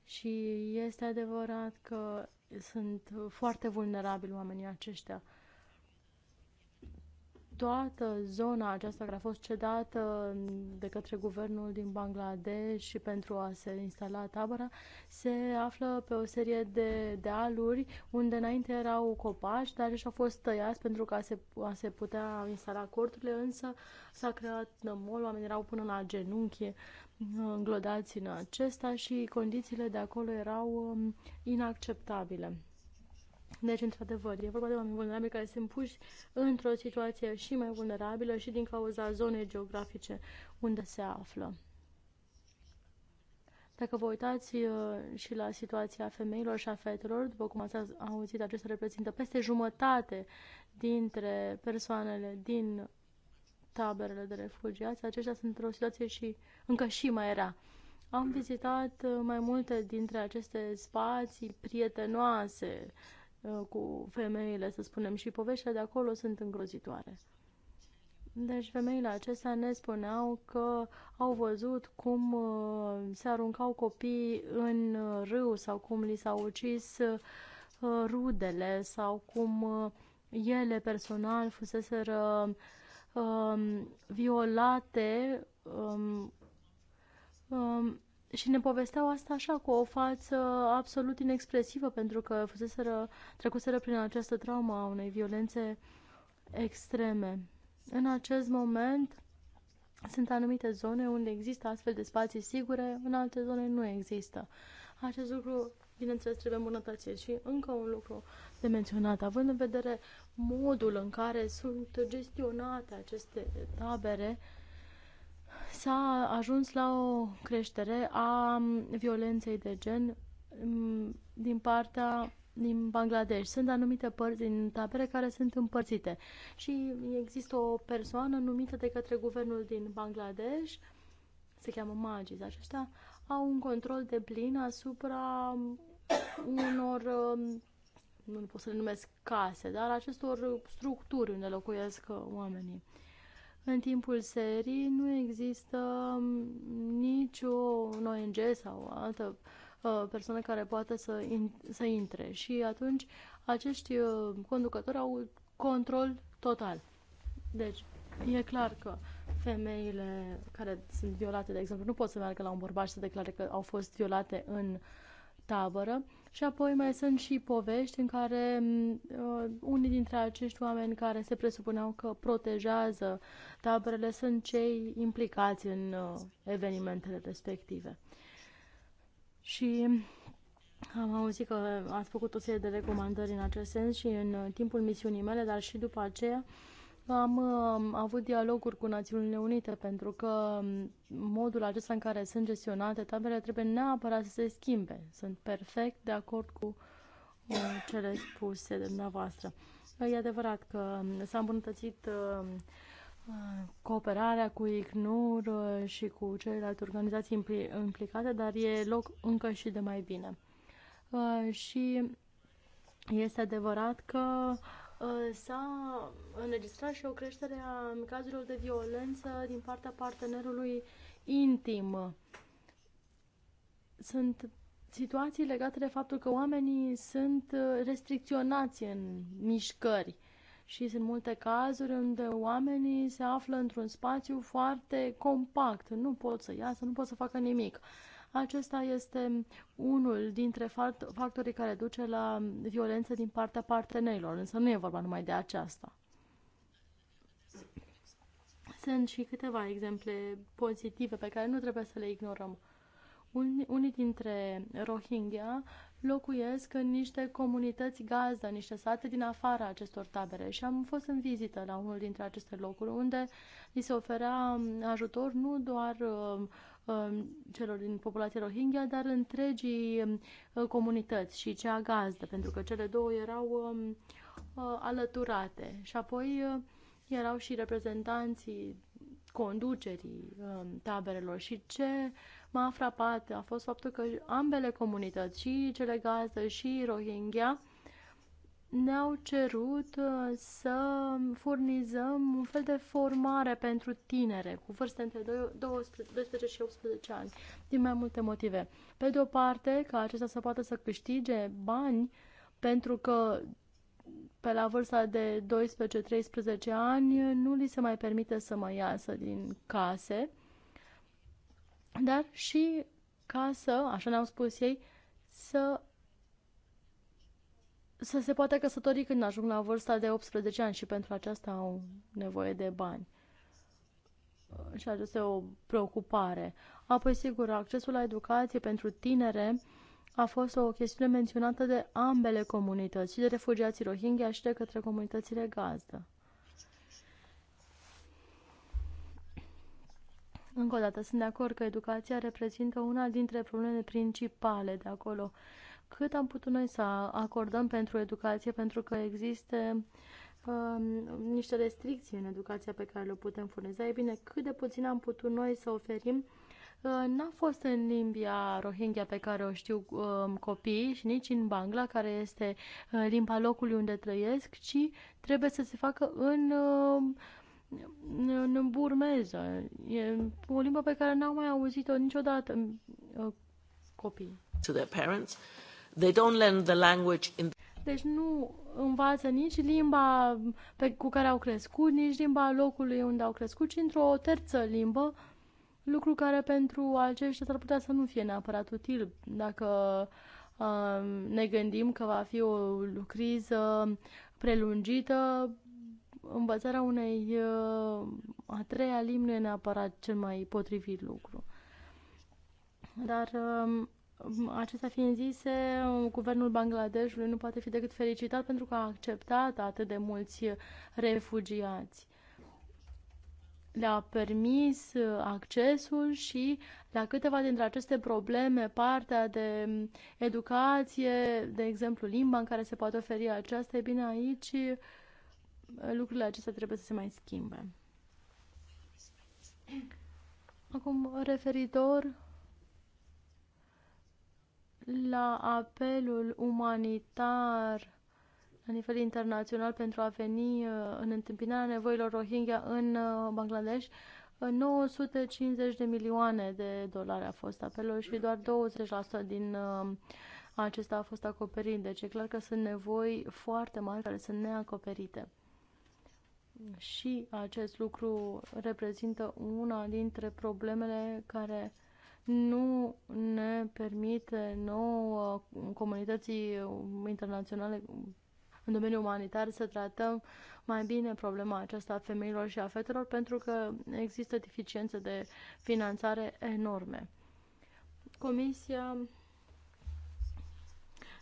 și este adevărat că sunt foarte vulnerabili oamenii aceștia toată zona aceasta care a fost cedată de către guvernul din Bangladesh și pentru a se instala tabăra se află pe o serie de dealuri unde înainte erau copaci, dar și au fost tăiați pentru că se, a se putea instala corturile, însă s-a creat nămol, oamenii erau până la genunchi uh, înglodați în acesta și condițiile de acolo erau um, inacceptabile. Deci, într-adevăr, e vorba de oameni vulnerabili care sunt puși într-o situație și mai vulnerabilă și din cauza zonei geografice unde se află. Dacă vă uitați uh, și la situația femeilor și a fetelor, după cum ați auzit, acestea reprezintă peste jumătate dintre persoanele din taberele de refugiați. Aceștia sunt într-o situație și încă și mai era. Am vizitat uh, mai multe dintre aceste spații prietenoase, Uh, cu femeile, să spunem, și poveștile de acolo sunt îngrozitoare. Deci femeile acestea ne spuneau că au văzut cum uh, se aruncau copii în uh, râu sau cum li s-au ucis rudele sau cum ele personal fuseseră um, violate um, um, și ne povesteau asta așa, cu o față absolut inexpresivă, pentru că fuseseră, trecuseră prin această traumă a unei violențe extreme. În acest moment sunt anumite zone unde există astfel de spații sigure, în alte zone nu există. Acest lucru, bineînțeles, trebuie îmbunătățit și încă un lucru de menționat, având în vedere modul în care sunt gestionate aceste tabere, uh, s-a ajuns la o creștere a violenței de gen mm, din partea din Bangladesh. Sunt anumite părți din tabere care sunt împărțite și există o persoană numită de către guvernul din Bangladesh, se cheamă Magis, aceștia au un control de plin asupra unor, um, nu pot să le numesc case, dar acestor structuri unde locuiesc uh, oamenii. În timpul serii nu există nicio ONG sau altă uh, persoană care poate să, in, să intre și atunci acești uh, conducători au control total. Deci, e clar că femeile care sunt violate, de exemplu, nu pot să meargă la un bărbat și să declare că au fost violate în tabără, și apoi mai sunt și povești în care mm, uh, unii dintre acești oameni care se presupuneau că protejează taberele sunt cei implicați în uh, evenimentele respective. Și mm, am auzit că ați făcut o serie de recomandări în acest sens și în uh, timpul misiunii mele, dar și după aceea uh, am um, avut dialoguri cu Națiunile Unite pentru că um, modul acesta în care sunt gestionate taberele trebuie neapărat să se schimbe. Sunt perfect de acord cu uh, cele spuse de dumneavoastră. E adevărat că um, s-a îmbunătățit uh, cooperarea cu ICNUR uh, și cu celelalte organizații implicate, dar e loc încă și de mai bine. Și este adevărat că uh, Uh, s-a înregistrat și o creștere a cazurilor de violență din partea partenerului intim. Sunt situații legate de faptul că oamenii sunt restricționați în mișcări și sunt multe cazuri unde oamenii se află într-un spațiu foarte compact, nu pot să iasă, nu pot să facă nimic. Acesta este unul dintre factorii care duce la violență din partea partenerilor, însă nu e vorba numai de aceasta. Sunt și câteva exemple pozitive pe care nu trebuie să le ignorăm. Unii dintre Rohingya locuiesc în niște comunități gazdă, niște sate din afara acestor tabere și am fost în vizită la unul dintre aceste locuri unde li se oferea ajutor nu doar uh, Um, celor din populația Rohingya, dar întregii um, comunități și cea gazdă, pentru că cele două erau um, uh, alăturate. Și apoi uh, erau și reprezentanții conducerii taberelor și ce m-a frapat a fost faptul că ambele comunități, și cele gazdă și Rohingya, ne-au cerut uh, să furnizăm un fel de formare pentru tinere cu vârste între 12 și 18 ani, din mai multe motive. Pe de o parte, ca acesta să poată să câștige bani, pentru că pe la vârsta de 12-13 ani nu li se mai permite să mai iasă din case, dar și ca să, așa ne-au spus ei, să să se poată căsători când ajung la vârsta de 18 ani și pentru aceasta au nevoie de bani. Și aceasta e o preocupare. Apoi, sigur, accesul la educație pentru tinere a fost o chestiune menționată de ambele comunități, și de refugiații Rohingya și de către comunitățile gazdă. Încă o dată, sunt de acord că educația reprezintă una dintre problemele principale de acolo. Uh, cât am putut noi să acordăm pentru educație, pentru că există um, niște restricții în educația pe care le putem furniza. E bine, cât de puțin am putut noi să oferim, uh, n-a fost în limbia Rohingya pe care o știu um, copiii și nici în Bangla, care este uh, limba locului unde trăiesc, ci trebuie să se facă uh, în în burmeză. E o limbă pe care n-au mai auzit-o niciodată copiii. To their parents They don't learn the language in deci nu învață nici limba pe, cu care au crescut, nici limba locului unde au crescut, ci într-o terță limbă, lucru care pentru aceștia s-ar putea să nu fie neapărat util dacă uh, ne gândim că va fi o criză prelungită. Învățarea unei uh, a treia limbi nu e neapărat cel mai potrivit lucru. Dar uh, Acestea fiind zise, guvernul Bangladeshului nu poate fi decât felicitat pentru că a acceptat atât de mulți refugiați. Le-a permis accesul și la câteva dintre aceste probleme, partea de educație, de exemplu limba în care se poate oferi aceasta, e bine aici lucrurile acestea trebuie să se mai schimbe. Acum, referitor la apelul umanitar la nivel internațional pentru a veni uh, în întâmpinarea nevoilor Rohingya în uh, Bangladesh, 950 uh, de milioane de dolari a fost apelul și doar 20% din acesta a fost acoperit. Deci e clar că sunt nevoi foarte mari care sunt neacoperite. Și acest lucru reprezintă una dintre problemele care nu ne permite nouă comunității internaționale în domeniul umanitar să tratăm mai bine problema aceasta a femeilor și a fetelor pentru că există deficiențe de finanțare enorme. Comisia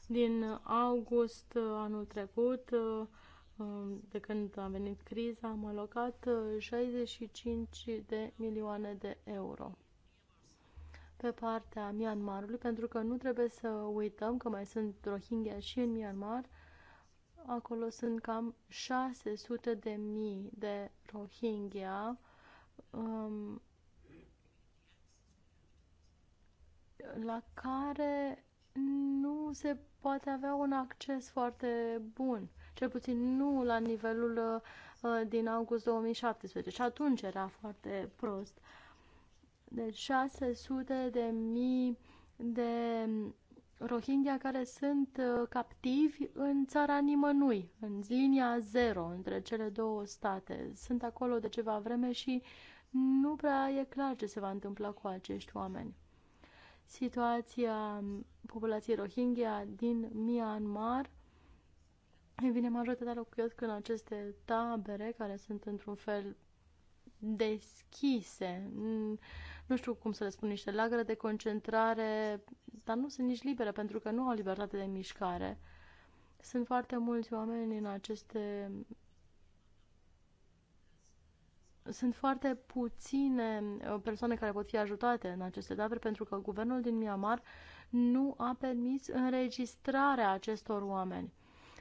din august anul trecut, de când a venit criza, am alocat 65 de milioane de euro pe partea Myanmarului, pentru că nu trebuie să uităm că mai sunt Rohingya și în Myanmar. Acolo sunt cam 600 de mii de Rohingya. Um, la care nu se poate avea un acces foarte bun, cel puțin nu la nivelul uh, din august 2017 și atunci era foarte prost. Uh, de 600 de mii de Rohingya care sunt uh, captivi în țara nimănui, în linia zero între cele două state. Sunt acolo de ceva vreme și nu prea e clar ce se va întâmpla cu acești oameni. Situația populației Rohingya din Myanmar Ei bine, majoritatea locuiesc în aceste tabere care sunt într-un fel deschise, nu știu cum să le spun, niște lagăre de concentrare, dar nu sunt nici libere pentru că nu au libertate de mișcare. Sunt foarte mulți oameni în aceste sunt foarte puține uh, persoane care pot fi ajutate în aceste tabere pentru că guvernul din Myanmar nu a permis înregistrarea acestor oameni.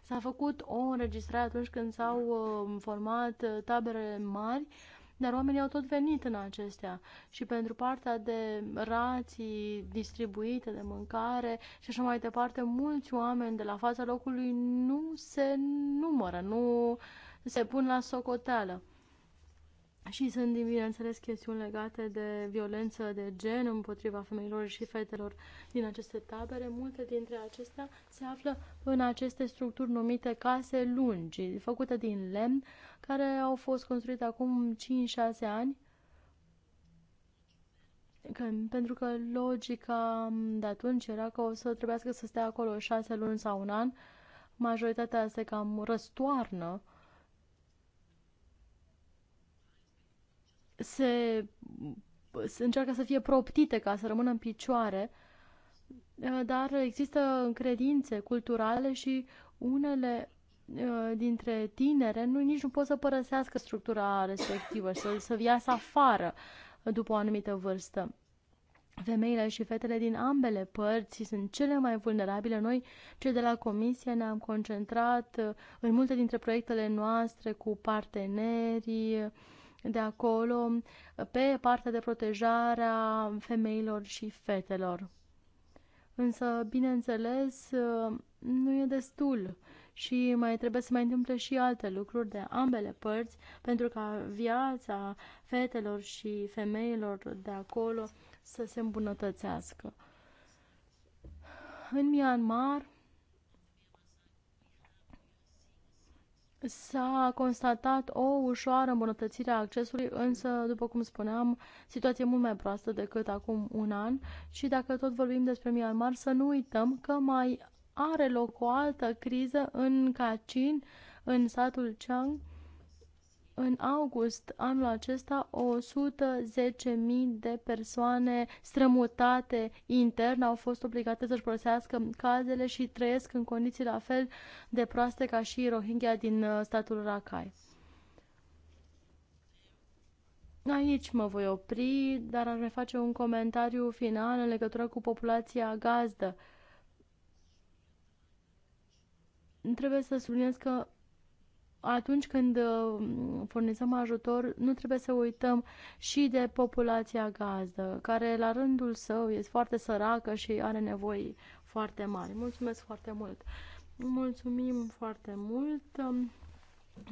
S-a făcut o înregistrare atunci când s-au uh, format uh, tabere mari dar oamenii au tot venit în acestea și pentru partea de rații distribuite de mâncare și așa mai departe, mulți oameni de la fața locului nu se numără, nu se pun la socoteală. Și sunt, bineînțeles, chestiuni legate de violență de gen împotriva femeilor și fetelor din aceste tabere. Multe dintre acestea se află în aceste structuri numite case lungi, făcute din lemn, care au fost construite acum 5-6 ani. Că, pentru că logica de atunci era că o să trebuiască să stea acolo 6 luni sau un an. Majoritatea se cam răstoarnă se, se încearcă să fie proptite ca să rămână în picioare, uh, dar există credințe culturale și unele uh, dintre tinere nu, nici nu pot să părăsească structura respectivă, să, să viasă afară după o anumită vârstă. Femeile și fetele din ambele părți sunt cele mai vulnerabile. Noi, cei de la comisie, ne-am concentrat uh, în multe dintre proiectele noastre cu partenerii, de acolo pe partea de protejare a femeilor și fetelor. Însă, bineînțeles, nu e destul și mai trebuie să mai întâmple și alte lucruri de ambele părți pentru ca viața fetelor și femeilor de acolo să se îmbunătățească. În Myanmar, S-a constatat o ușoară îmbunătățire a accesului, însă, după cum spuneam, situație mult mai proastă decât acum un an și dacă tot vorbim despre Myanmar, să nu uităm că mai are loc o altă criză în Kachin, în satul Chang, în august anul acesta 110.000 de persoane strămutate intern au fost obligate să-și folosească cazele și trăiesc în condiții la fel de proaste ca și Rohingya din uh, statul Rakhine. Aici mă voi opri, dar ar face un comentariu final în legătură cu populația gazdă. Trebuie să subliniez că atunci când uh, furnizăm ajutor, nu trebuie să uităm și de populația gazdă, care la rândul său este foarte săracă și are nevoi foarte mari. Mulțumesc foarte mult! Mulțumim foarte mult, um,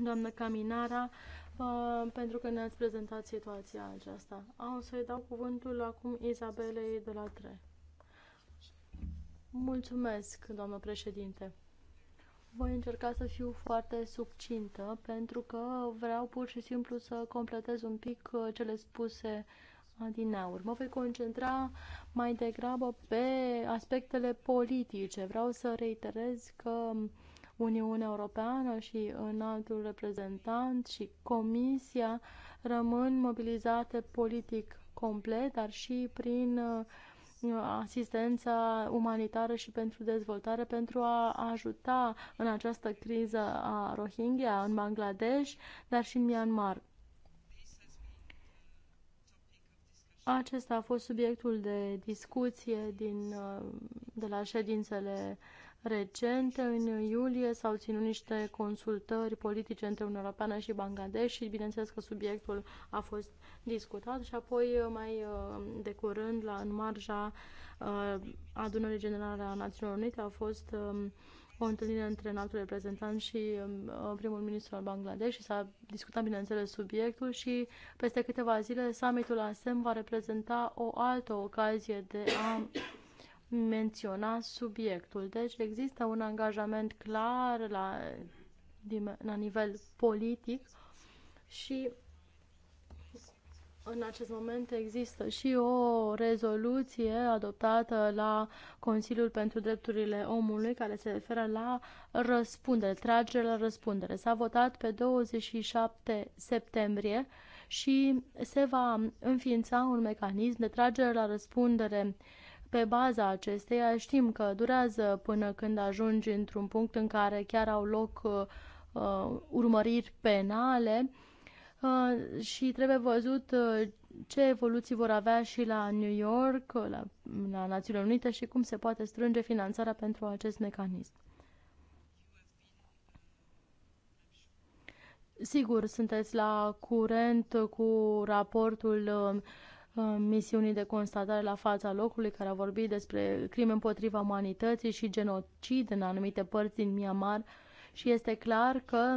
doamnă Caminara, uh, pentru că ne-ați prezentat situația aceasta. O să-i dau cuvântul acum Izabelei de la 3. Mulțumesc, doamnă președinte! voi încerca să fiu foarte subcintă pentru că vreau pur și simplu să completez un pic uh, cele spuse din aur. Mă voi concentra mai degrabă pe aspectele politice. Vreau să reiterez că Uniunea Europeană și înaltul reprezentant și Comisia rămân mobilizate politic complet, dar și prin uh, asistența umanitară și pentru dezvoltare pentru a ajuta în această criză a Rohingya în Bangladesh, dar și în Myanmar. Acesta a fost subiectul de discuție din, de la ședințele uh, recente. În iulie s-au ținut niște consultări politice între Uniunea Europeană și Bangladesh și bineînțeles că subiectul a fost discutat și apoi uh, mai uh, de curând la, în marja uh, adunării generale a Națiunilor Unite a fost um, o întâlnire între înaltul reprezentant și um, primul ministru al Bangladesh și s-a discutat, bineînțeles, subiectul și peste câteva zile summitul ASEM va reprezenta o altă ocazie de a menționa subiectul. Deci există un angajament clar la, la nivel politic și în acest moment există și o rezoluție adoptată la Consiliul pentru Drepturile Omului care se referă la răspundere, tragere la răspundere. S-a votat pe 27 septembrie și se va înființa un mecanism de tragere la răspundere uh, pe baza acesteia știm că durează până când ajungi într-un punct în care chiar au loc uh, uh, urmăriri penale uh, și trebuie văzut uh, ce evoluții vor avea și la New York, la, la Națiunile Unite și cum se poate strânge finanțarea pentru acest mecanism. Sigur, sunteți la curent cu raportul uh, Uh, misiunii de constatare la fața locului, care a vorbit despre crime împotriva umanității și genocid în anumite părți din Myanmar și este clar că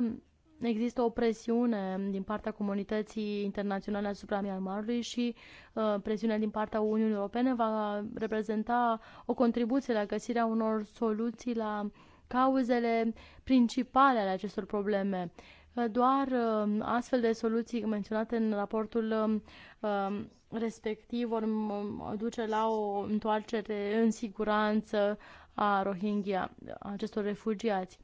există o presiune din partea comunității internaționale asupra Myanmarului și uh, presiunea din partea Uniunii Europene va reprezenta o contribuție la găsirea unor soluții la cauzele principale ale acestor probleme. Uh, doar uh, astfel de soluții menționate în raportul uh, respectiv vor duce la o întoarcere în siguranță a Rohingya, acestor refugiați.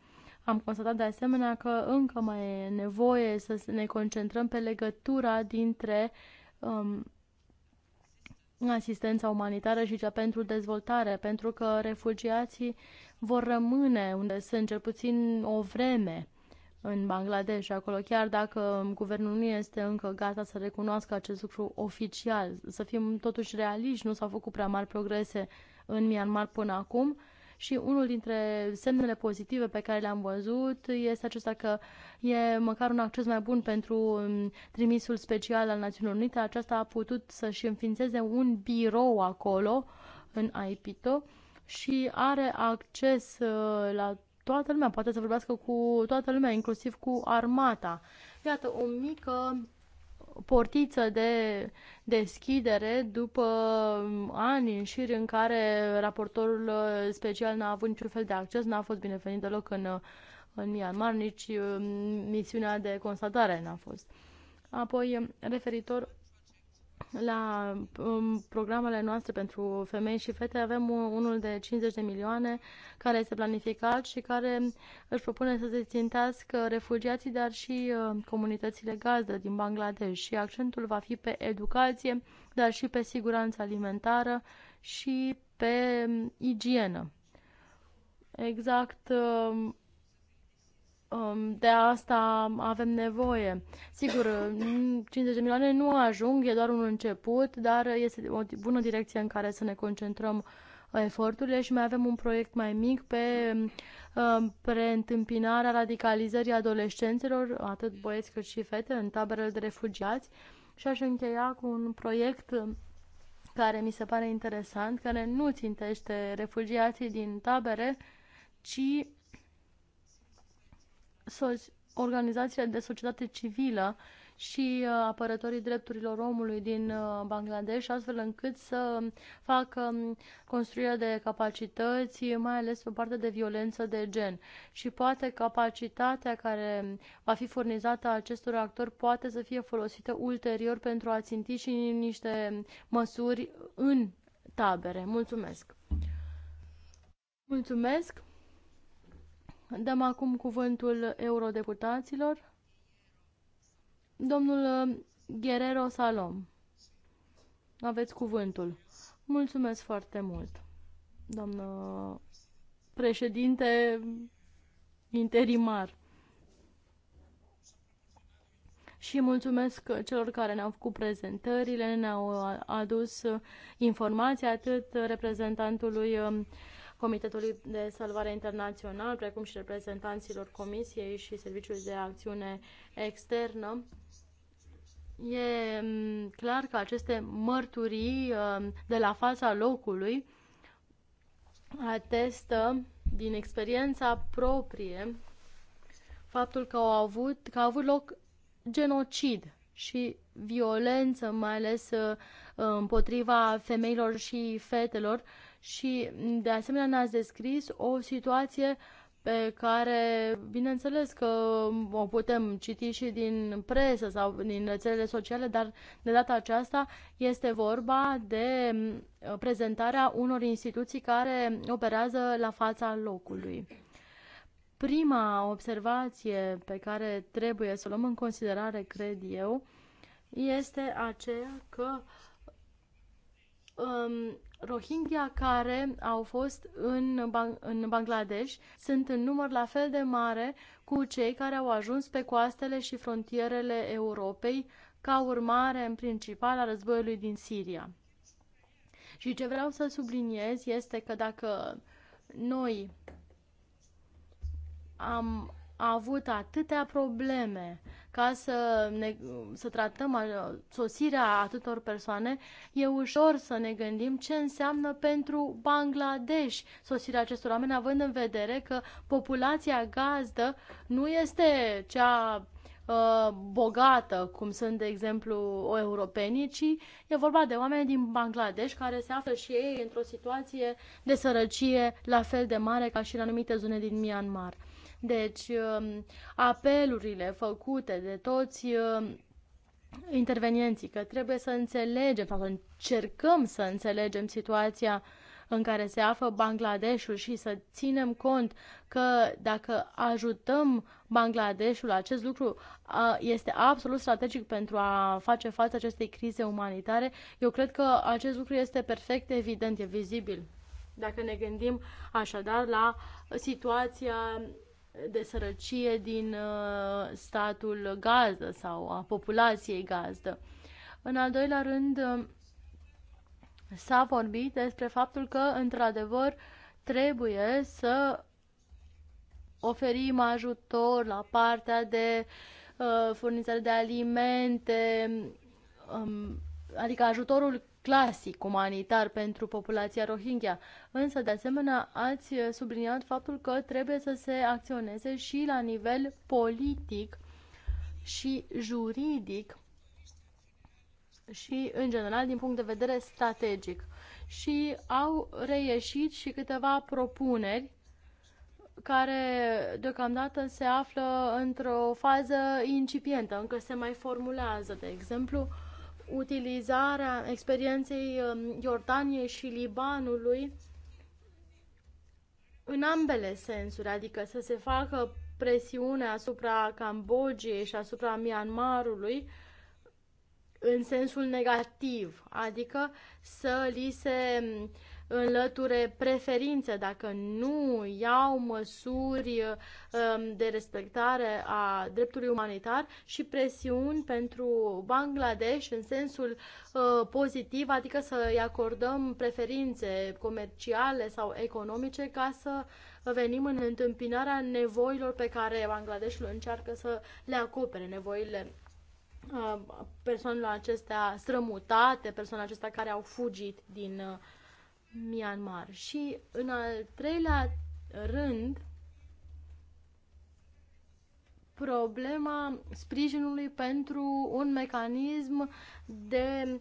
Am constatat de asemenea că încă mai e nevoie să ne concentrăm pe legătura dintre um, asistența umanitară și cea pentru dezvoltare, pentru că refugiații vor rămâne unde sunt, cel puțin o vreme în Bangladesh acolo, chiar dacă guvernul nu este încă gata să recunoască acest lucru oficial. Să fim totuși realiști, nu s-au făcut prea mari progrese în Myanmar până acum și unul dintre semnele pozitive pe care le-am văzut este acesta că e măcar un acces mai bun pentru um, trimisul special al Națiunilor Unite. Aceasta a putut să-și înființeze un birou acolo, în Aipito, și are acces uh, la toată lumea, poate să vorbească cu toată lumea, inclusiv cu armata. Iată, o mică portiță de deschidere după ani în șir în care raportorul special n-a avut niciun fel de acces, n-a fost binevenit deloc în, în Myanmar, nici um, misiunea de constatare n-a fost. Apoi, referitor la um, programele noastre pentru femei și fete avem unul de 50 de milioane care este planificat și care își propune să se țintească refugiații, dar și uh, comunitățile gazdă din Bangladesh. Și accentul va fi pe educație, dar și pe siguranță alimentară și pe mm, igienă. Exact uh, Um, de asta avem nevoie. Sigur, 50 mm, de milioane nu ajung, e doar un început, dar este o bună direcție în care să ne concentrăm uh, eforturile și mai avem un proiect mai mic pe um, preîntâmpinarea radicalizării adolescenților, atât băieți cât și fete, în taberele de refugiați. Și aș încheia cu un proiect care mi se pare interesant, care nu țintește refugiații din tabere, ci organizațiile de societate civilă și uh, apărătorii drepturilor omului din uh, Bangladesh, astfel încât să facă um, construirea de capacități, mai ales pe partea de violență de gen. Și poate capacitatea care um, va fi furnizată acestor actori poate să fie folosită ulterior pentru a ținti și niște um, măsuri în tabere. Mulțumesc! Mulțumesc! Dăm acum cuvântul eurodeputaților. Domnul Guerrero Salom, aveți cuvântul. Mulțumesc foarte mult, doamnă președinte interimar. Și mulțumesc celor care ne-au făcut prezentările, ne-au adus informații atât reprezentantului Comitetului de Salvare Internațional, precum și reprezentanților Comisiei și Serviciului de Acțiune Externă. E mm, clar că aceste mărturii mm, de la fața locului atestă din experiența proprie faptul că au avut, că a avut loc genocid și violență, mai ales mm, împotriva femeilor și fetelor, și de asemenea ne-ați descris o situație pe care, bineînțeles că o putem citi și din presă sau din rețelele sociale, dar de data aceasta este vorba de uh, prezentarea unor instituții care operează la fața locului. Prima observație pe care trebuie să o luăm în considerare, cred eu, este aceea că uh, um, Rohingya care au fost în, Bang- în Bangladesh sunt în număr la fel de mare cu cei care au ajuns pe coastele și frontierele Europei ca urmare în principal a războiului din Siria. Și ce vreau să subliniez este că dacă noi am avut atâtea probleme ca să, ne, să tratăm sosirea atâtor persoane, e ușor să ne gândim ce înseamnă pentru Bangladesh sosirea acestor oameni, având în vedere că populația gazdă nu este cea ă, bogată, cum sunt, de exemplu, europenii, ci e vorba de oameni din Bangladesh care se află și ei într-o situație de sărăcie la fel de mare ca și în anumite zone din Myanmar. Deci, um, apelurile făcute de toți um, intervenienții că trebuie să înțelegem sau să încercăm să înțelegem situația în care se află Bangladeshul și să ținem cont că dacă ajutăm Bangladeshul, acest lucru este absolut strategic pentru a face față acestei crize umanitare. Eu cred că acest lucru este perfect evident, e vizibil. Dacă ne gândim așadar la situația de sărăcie din uh, statul gazdă sau a populației gazdă. În al doilea rând, uh, s-a vorbit despre faptul că, într-adevăr, trebuie să oferim ajutor la partea de uh, furnizare de alimente, um, adică ajutorul clasic umanitar pentru populația Rohingya. Însă, de asemenea, ați subliniat faptul că trebuie să se acționeze și la nivel politic și juridic și, în general, din punct de vedere strategic. Și au reieșit și câteva propuneri care deocamdată se află într-o fază incipientă, încă se mai formulează, de exemplu, uh, utilizarea experienței um, Iordaniei și Libanului în ambele sensuri, adică să se facă presiune asupra Cambodgiei și asupra Myanmarului în sensul negativ, adică să li se uh, înlăture preferințe, dacă nu iau măsuri um, de respectare a dreptului umanitar și presiuni pentru Bangladesh în sensul uh, pozitiv, adică să-i acordăm preferințe comerciale sau economice ca să venim în întâmpinarea nevoilor pe care Bangladeshul încearcă să le acopere, nevoile uh, persoanelor acestea strămutate, persoanele acestea care au fugit din uh, Myanmar. Și în al treilea rând, problema sprijinului pentru un mecanism de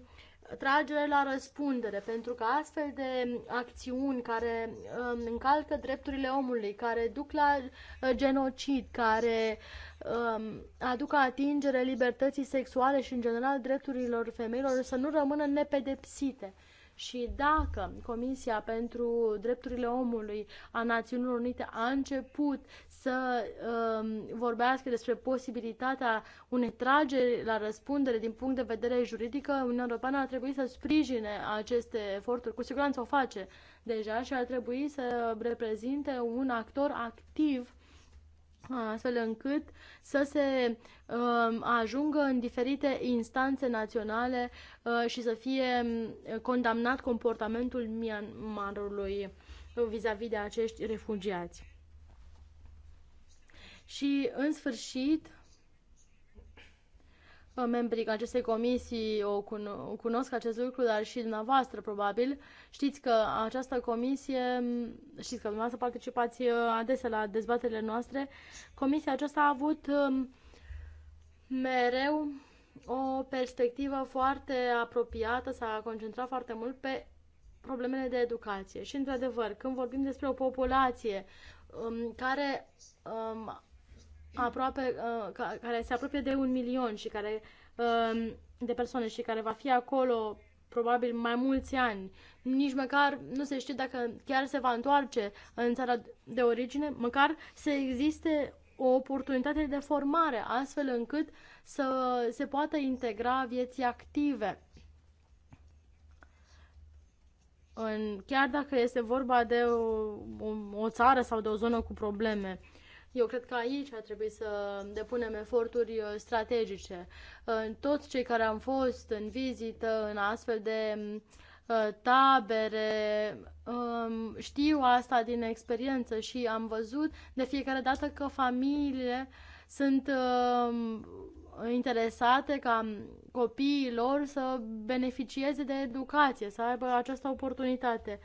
tragere la răspundere, pentru că astfel de acțiuni care um, încalcă drepturile omului, care duc la uh, genocid, care um, aduc atingere libertății sexuale și, în general, drepturilor femeilor, să nu rămână nepedepsite și dacă Comisia pentru Drepturile Omului a Națiunilor Unite a început să uh, vorbească despre posibilitatea unei trageri la răspundere din punct de vedere juridică, Uniunea Europeană ar trebui să sprijine aceste eforturi. Cu siguranță o face deja și ar trebui să reprezinte un actor activ astfel încât să se uh, ajungă în diferite instanțe naționale uh, și să fie um, condamnat comportamentul Myanmarului vis-a-vis -vis de acești refugiați. Și, în sfârșit, Uh, membrii acestei comisii o cunosc acest lucru, dar și dumneavoastră probabil. Știți că această comisie, știți că dumneavoastră participați uh, adesea la dezbaterile noastre, comisia aceasta a avut um, mereu o perspectivă foarte apropiată, s-a concentrat foarte mult pe problemele de educație. Și, într-adevăr, când vorbim despre o populație um, care um, aproape, uh, care se apropie de un milion și care uh, de persoane și care va fi acolo probabil mai mulți ani. Nici măcar nu se știe dacă chiar se va întoarce în țara de origine, măcar să existe o oportunitate de formare, astfel încât să se poată integra vieții active. În, chiar dacă este vorba de o, o, o țară sau de o zonă cu probleme. Eu cred că aici ar trebui să depunem eforturi uh, strategice. Uh, toți cei care am fost în vizită, în astfel de uh, tabere, um, știu asta din experiență și am văzut de fiecare dată că familiile sunt um, interesate ca copiii lor să beneficieze de educație, să aibă această oportunitate.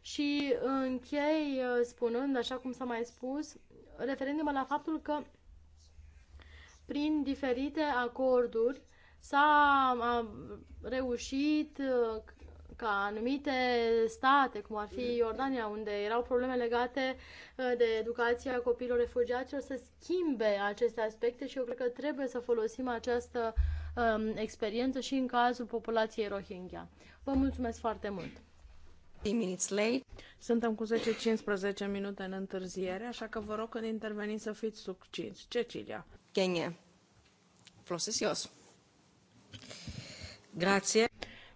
Și închei uh, spunând, așa cum s-a mai spus, referindu-mă la faptul că prin diferite acorduri s-a reușit uh, ca anumite state, cum ar fi Iordania, unde erau probleme legate uh, de educația copiilor refugiaților, să schimbe aceste aspecte și eu cred că trebuie să folosim această um, experiență și în cazul populației Rohingya. Vă mulțumesc foarte mult! Suntem cu 10-15 minute în întârziere, așa că vă rog când interveniți să fiți succinți. Cecilia. Kenya. Flosesios. Grație.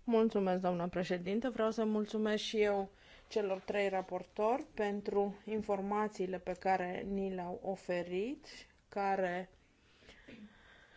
Mulțumesc, doamna președinte. Vreau să mulțumesc și eu celor trei raportori pentru informațiile pe care ni le-au oferit, care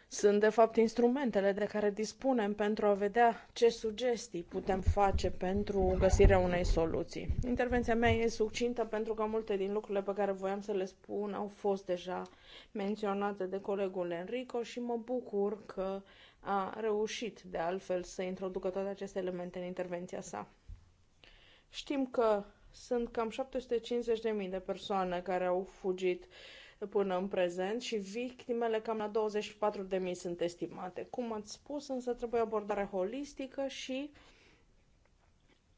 sunt de fapt instrumentele de care dispunem pentru a vedea ce sugestii putem face pentru găsirea unei soluții. Intervenția mea e succintă pentru că multe din lucrurile pe care voiam să le spun au fost deja menționate de colegul Enrico și mă bucur că a reușit de altfel să introducă toate aceste elemente în intervenția sa. Știm că sunt cam 750.000 de persoane care au fugit uh, până în prezent și victimele cam la 24.000 sunt estimate. Cum ați spus, însă trebuie abordare holistică și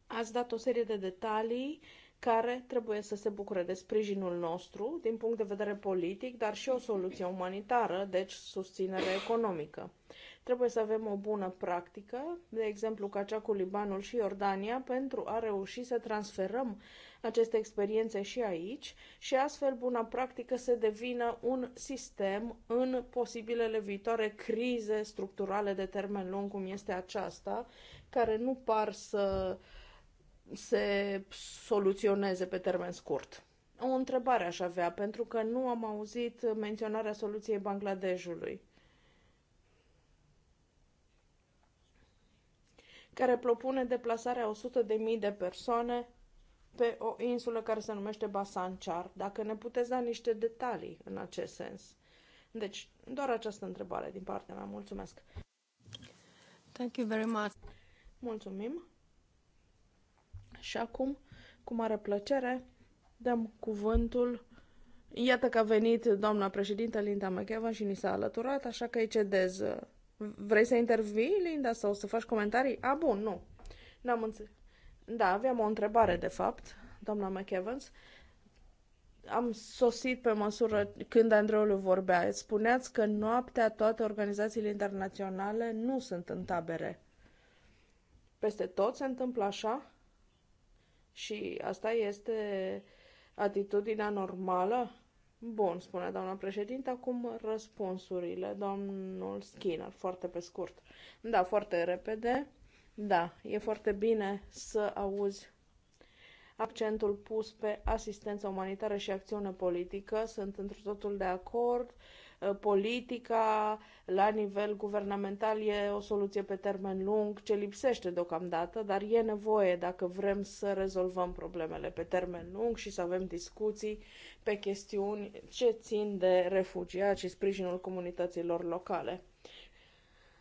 ați dat o serie de detalii care trebuie să se bucure de sprijinul nostru din punct de vedere politic, dar și o soluție umanitară, deci susținere economică. Trebuie să avem o bună practică, de exemplu ca cea cu Libanul și Iordania, pentru a reuși să transferăm aceste experiențe și aici și astfel buna practică să devină un sistem în posibilele viitoare crize structurale de termen lung, cum este aceasta, care nu par să se soluționeze pe termen scurt. O întrebare aș avea, pentru că nu am auzit menționarea soluției Bangladeshului. care propune deplasarea 100.000 de persoane pe o insulă care se numește Basanchar. Dacă ne puteți da niște detalii în acest sens. Deci, doar această întrebare din partea mea. Mulțumesc! Thank you very much! Mulțumim! Și acum, cu mare plăcere, dăm cuvântul. Iată că a venit doamna președintă Linda Mecheva și ni s-a alăturat, așa că îi cedez. Vrei să intervii, Linda, sau să faci comentarii? A, bun, nu. N-am înțeles. Da, aveam o întrebare, de fapt, doamna McEvans. Am sosit pe măsură când Andreul vorbea. Spuneați că noaptea toate organizațiile internaționale nu sunt în tabere. Peste tot se întâmplă așa? Și asta este atitudinea normală? Bun, spune doamna președinte, acum răspunsurile, domnul Skinner, foarte pe scurt. Da, foarte repede. Da, e foarte bine să auzi accentul pus pe asistența umanitară și acțiune politică. Sunt într totul de acord. Uh, politica la nivel guvernamental e o soluție pe termen lung ce lipsește deocamdată, dar e nevoie dacă vrem să rezolvăm problemele pe termen lung și să avem discuții pe chestiuni ce țin de refugiați și sprijinul comunităților locale.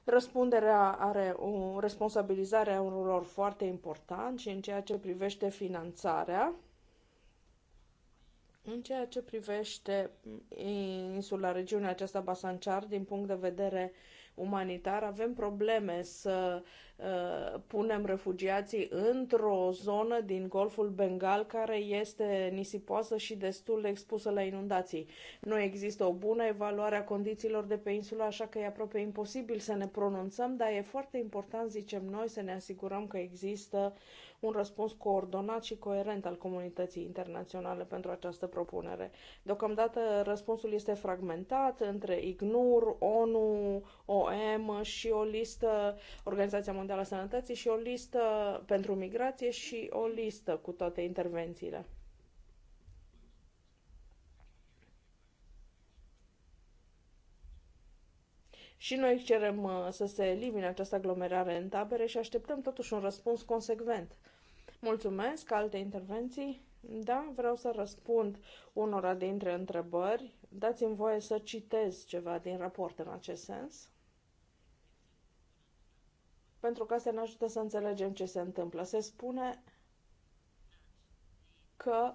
Răspunderea are o responsabilizare a un rol foarte important și în ceea ce privește finanțarea, în ceea ce privește insula, regiunea aceasta Basanciar, din punct de vedere umanitar, avem probleme să uh, punem refugiații într-o zonă din Golful Bengal care este nisipoasă și destul de expusă la inundații. Nu există o bună evaluare a condițiilor de pe insulă, așa că e aproape imposibil să ne pronunțăm, dar e foarte important, zicem noi, să ne asigurăm că există uh, un răspuns coordonat și coerent al comunității internaționale pentru această propunere. Deocamdată răspunsul este fragmentat între IGNUR, ONU, OM și o listă, Organizația Mondială a Sănătății și o listă pentru migrație și o listă cu toate intervențiile. Și noi cerem uh, să se elimine această aglomerare în tabere și așteptăm totuși un răspuns consecvent Mulțumesc, alte intervenții? Da, vreau să răspund unora dintre întrebări. Dați-mi voie să citez ceva din raport în acest sens. Pentru că asta ne ajută să înțelegem ce se întâmplă. Se spune că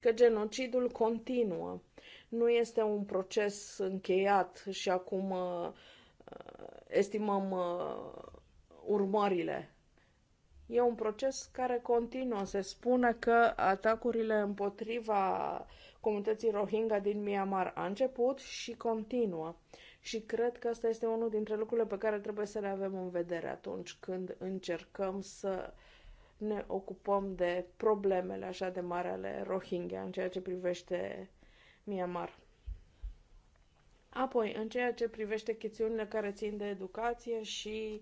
că genocidul continuă. Nu este un proces încheiat și acum uh, estimăm uh, urmările. E un proces care continuă. Se spune că atacurile împotriva comunității Rohingya din Myanmar a început și continuă. Și cred că asta este unul dintre lucrurile pe care trebuie să le avem în vedere atunci când încercăm să ne ocupăm de problemele așa de mari ale Rohingya în ceea ce privește Myanmar. Apoi, în ceea ce privește chestiunile care țin de educație și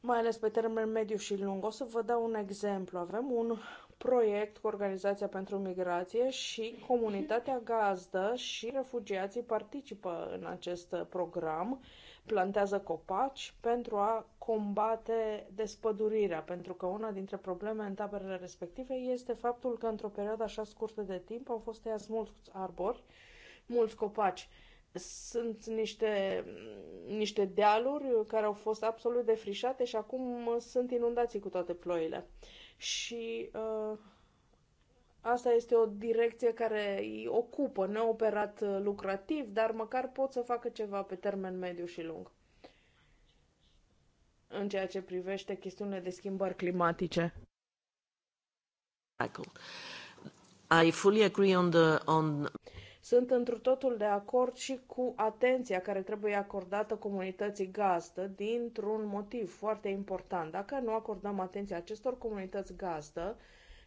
mai ales pe termen mediu și lung, o să vă dau un exemplu. Avem un proiect cu Organizația pentru Migrație și comunitatea gazdă și refugiații participă în acest program, plantează copaci pentru a combate despădurirea, pentru că una dintre probleme în taberele respective este faptul că într-o perioadă așa scurtă de timp au fost tăiați mulți arbori, mulți copaci sunt niște, niște dealuri care au fost absolut defrișate și acum sunt inundații cu toate ploile. Și uh, asta este o direcție care îi ocupă, neoperat uh, lucrativ, dar măcar pot să facă ceva pe termen mediu și lung în ceea ce privește chestiunile de schimbări climatice. I fully agree on the on sunt întru totul de acord și cu atenția care trebuie acordată comunității gazdă dintr-un motiv foarte important. Dacă nu acordăm atenția acestor comunități gazdă,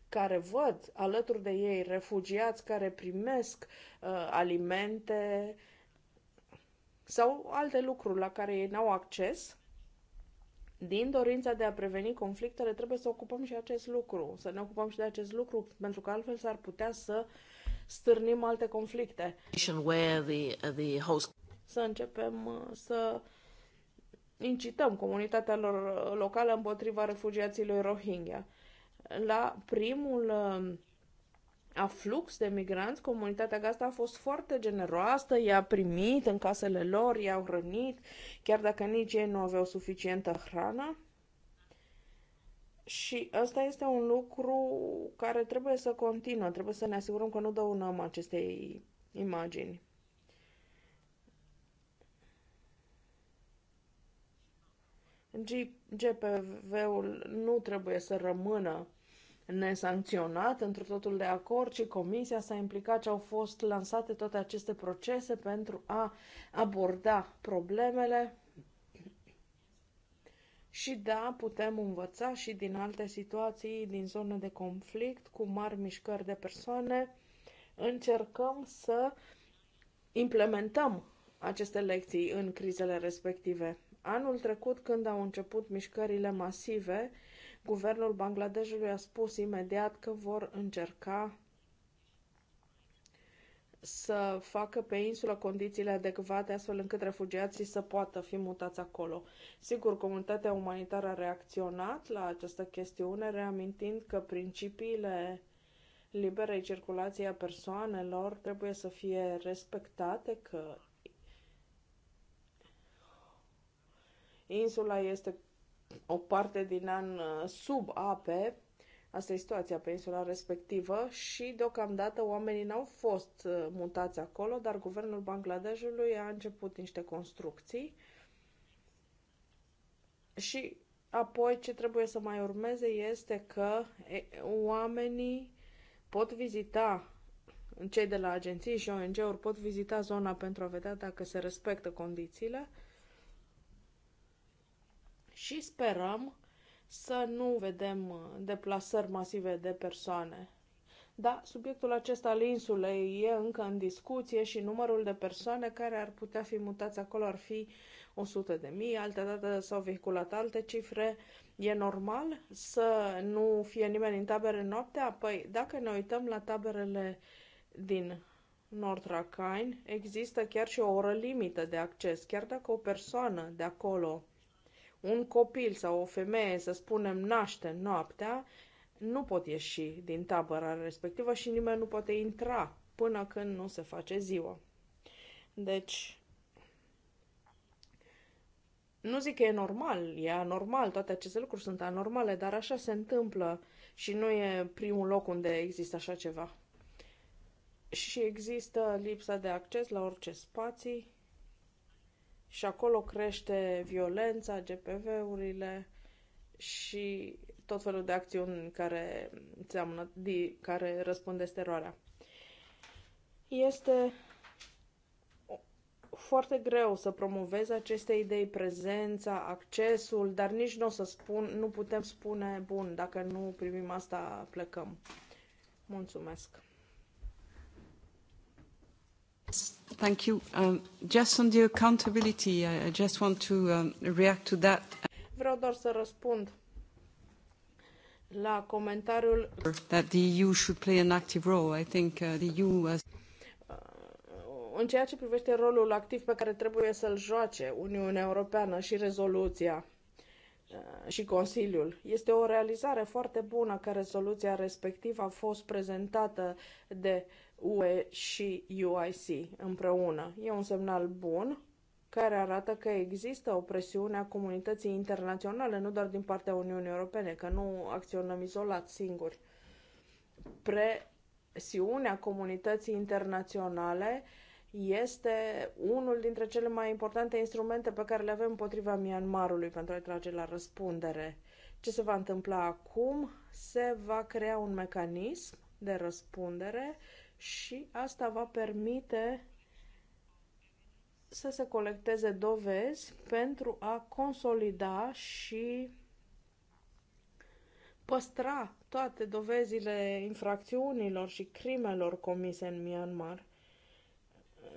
care văd alături de ei refugiați care primesc uh, alimente sau alte lucruri la care ei n-au acces, din dorința de a preveni conflictele, trebuie să ocupăm și acest lucru, să ne ocupăm și de acest lucru, pentru că altfel s-ar putea să uh, stârnim alte conflicte. Să începem uh, să incităm comunitatea lor uh, locală împotriva refugiaților Rohingya. La primul um, aflux de migranți, comunitatea Gazda a fost foarte generoasă, i-a primit în casele lor, i-au hrănit, chiar dacă nici ei nu aveau suficientă hrană. Și ăsta este un lucru care trebuie să continuă, trebuie să ne asigurăm că nu dăunăm acestei imagini. GPV-ul nu trebuie să rămână nesancționat, într totul de acord, ci comisia s-a implicat și au fost lansate toate aceste procese pentru a aborda problemele și da, putem învăța și din alte situații, din zone de conflict, cu mari mișcări de persoane. Încercăm să implementăm aceste lecții în crizele respective. Anul trecut, când au început mișcările masive, guvernul Bangladeshului a spus imediat că vor încerca să facă pe insulă condițiile adecvate astfel încât refugiații să poată fi mutați acolo. Sigur, comunitatea umanitară a reacționat la această chestiune, reamintind că principiile liberei circulației a persoanelor trebuie să fie respectate, că insula este o parte din an sub ape Asta e situația pe insula respectivă și deocamdată oamenii n-au fost uh, mutați acolo, dar guvernul Bangladeshului a început niște construcții și apoi ce trebuie să mai urmeze este că oamenii pot vizita cei de la agenții și ONG-uri pot vizita zona pentru a vedea dacă se respectă condițiile și sperăm să nu vedem uh, deplasări masive de persoane. Da, subiectul acesta al insulei e încă în discuție și numărul de persoane care ar putea fi mutați acolo ar fi 100 de mii, Alte dată s-au vehiculat alte cifre. E normal să nu fie nimeni în tabere noaptea? Păi, dacă ne uităm la taberele din Nord Rakhine, există chiar și o oră limită de acces. Chiar dacă o persoană de acolo un copil sau o femeie, să spunem, naște noaptea, nu pot ieși din tabăra respectivă și nimeni nu poate intra până când nu se face ziua. Deci, nu zic că e normal, e anormal, toate aceste lucruri sunt anormale, dar așa se întâmplă și nu e primul loc unde există așa ceva. Și există lipsa de acces la orice spații, și acolo crește violența, GPV-urile și tot felul de acțiuni care, seamănă, care răspunde teroarea. Este foarte greu să promovezi aceste idei, prezența, accesul, dar nici nu o să spun, nu putem spune, bun, dacă nu primim asta, plecăm. Mulțumesc! Thank you. Um, just on the accountability, I, I just want to um, react to that. Vreau doar să răspund la comentariul that the EU should play an active role. I think uh, the EU has uh, în ceea ce privește rolul activ pe care trebuie să-l joace Uniunea Europeană și rezoluția uh, și Consiliul. Este o realizare foarte bună că rezoluția respectivă a fost prezentată de UE și UIC împreună. E un semnal bun care arată că există o presiune a comunității internaționale, nu doar din partea Uniunii Europene, că nu acționăm izolat singuri. Presiunea comunității internaționale este unul dintre cele mai importante instrumente pe care le avem împotriva Myanmarului pentru a trage la răspundere. Ce se va întâmpla acum? Se va crea un mecanism de răspundere și asta va permite să se colecteze dovezi pentru a consolida și păstra toate dovezile infracțiunilor și crimelor comise în Myanmar,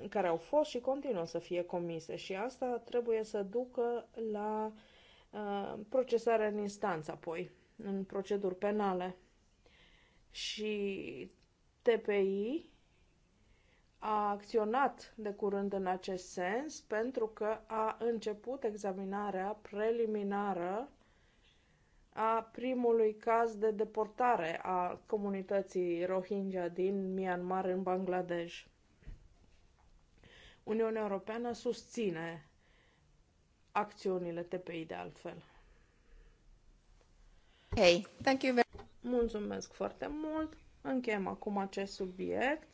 care au fost și continuă să fie comise și asta trebuie să ducă la procesare uh, procesarea în instanță apoi, în proceduri penale. Și TPI a acționat de curând în acest sens pentru că a început examinarea preliminară a primului caz de deportare a comunității Rohingya din Myanmar în Bangladesh. Uniunea Europeană susține acțiunile TPI de altfel. Hey, thank you very Mulțumesc foarte mult! Încheiem acum acest subiect.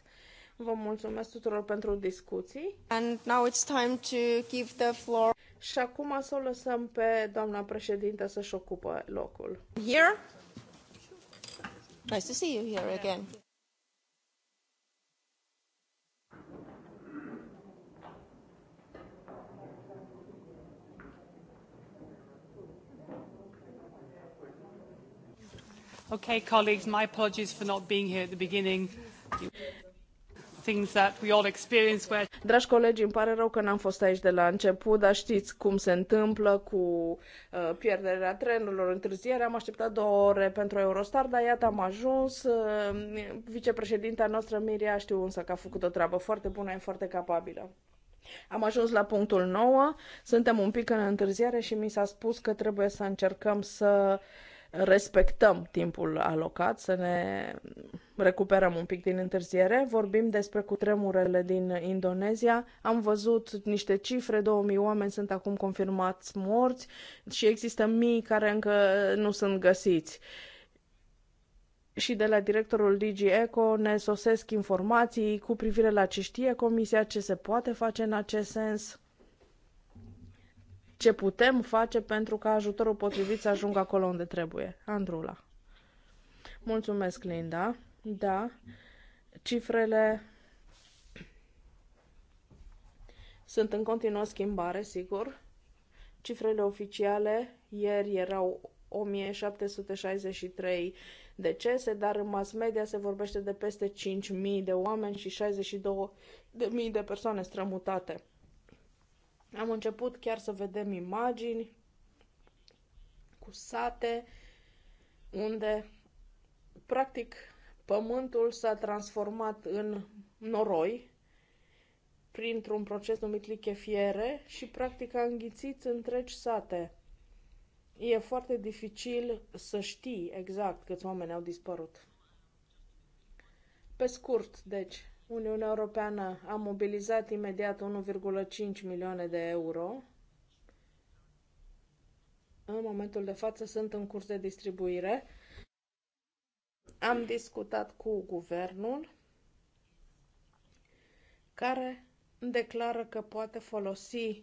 Vă mulțumesc tuturor pentru discuții. And now it's time to give the floor. Și acum să o lăsăm pe doamna președintă să-și ocupe locul. Here? Nice to see you here again. Okay, colleagues, my apologies for not being here at the beginning. Things that we all experience where... Dragi colegi, îmi pare rău că n-am fost aici de la început, dar știți cum se întâmplă cu uh, pierderea trenurilor, întârzierea. Am așteptat două ore pentru Eurostar, dar iată am ajuns. Uh, vicepreședinta noastră, Miria, știu însă că a făcut o treabă foarte bună, e foarte capabilă. Am ajuns la punctul 9, suntem un pic în întârziere și mi s-a spus că trebuie să încercăm să uh, respectăm timpul alocat, să ne recuperăm un pic din întârziere. Vorbim despre cutremurele din Indonezia. Am văzut niște cifre, 2000 oameni sunt acum confirmați morți și există mii care încă nu sunt găsiți. Și de la directorul Digi Eco ne sosesc informații cu privire la ce știe comisia, ce se poate face în acest sens ce putem face pentru ca ajutorul potrivit să ajungă acolo unde trebuie. Andrula. Mulțumesc, Linda. Da, cifrele sunt în continuă schimbare, sigur. Cifrele oficiale ieri erau 1763 decese, dar în mass media se vorbește de peste 5.000 de oameni și 62.000 de persoane strămutate. Am început chiar să vedem imagini cu sate unde practic pământul s-a transformat în noroi printr-un proces numit lichefiere și practic a înghițit întregi sate. E foarte dificil să știi exact câți oameni au dispărut. Pe scurt, deci, Uniunea Europeană a mobilizat imediat 1,5 milioane de euro. În momentul de față sunt în curs de distribuire. Am discutat cu guvernul care declară că poate folosi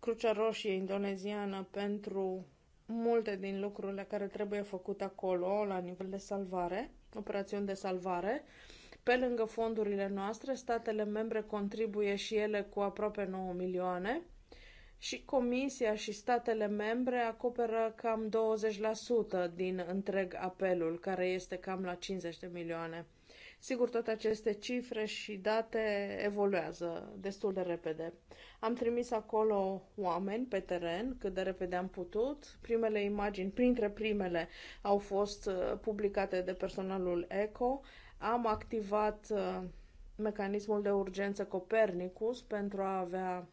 Crucea Roșie Indoneziană pentru multe din lucrurile care trebuie făcute acolo la nivel de salvare, operațiuni de salvare. Uh, pe lângă fondurile noastre, statele membre contribuie și ele cu aproape 9 milioane și Comisia și statele membre acoperă cam 20% din întreg apelul, care este cam la 50 de milioane. Sigur, toate aceste cifre și date evoluează destul de repede. Am trimis acolo oameni pe teren cât de repede am putut. Primele imagini, printre primele, au fost uh, publicate de personalul ECO. Am activat uh, mecanismul de urgență Copernicus pentru a avea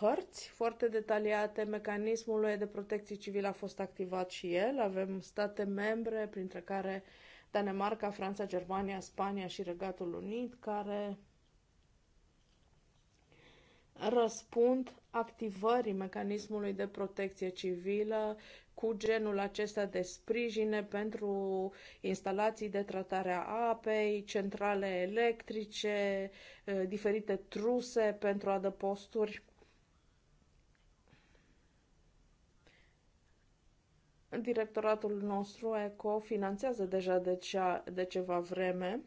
hărți foarte detaliate. Mecanismul de protecție civilă a fost activat și el. Avem state membre, printre care Danemarca, Franța, Germania, Spania și Regatul Unit, care răspund activării mecanismului de protecție civilă cu genul acesta de sprijine pentru instalații de tratare a apei, centrale electrice, eh, diferite truse pentru adăposturi. Directoratul nostru ECO finanțează deja de, cea, de ceva vreme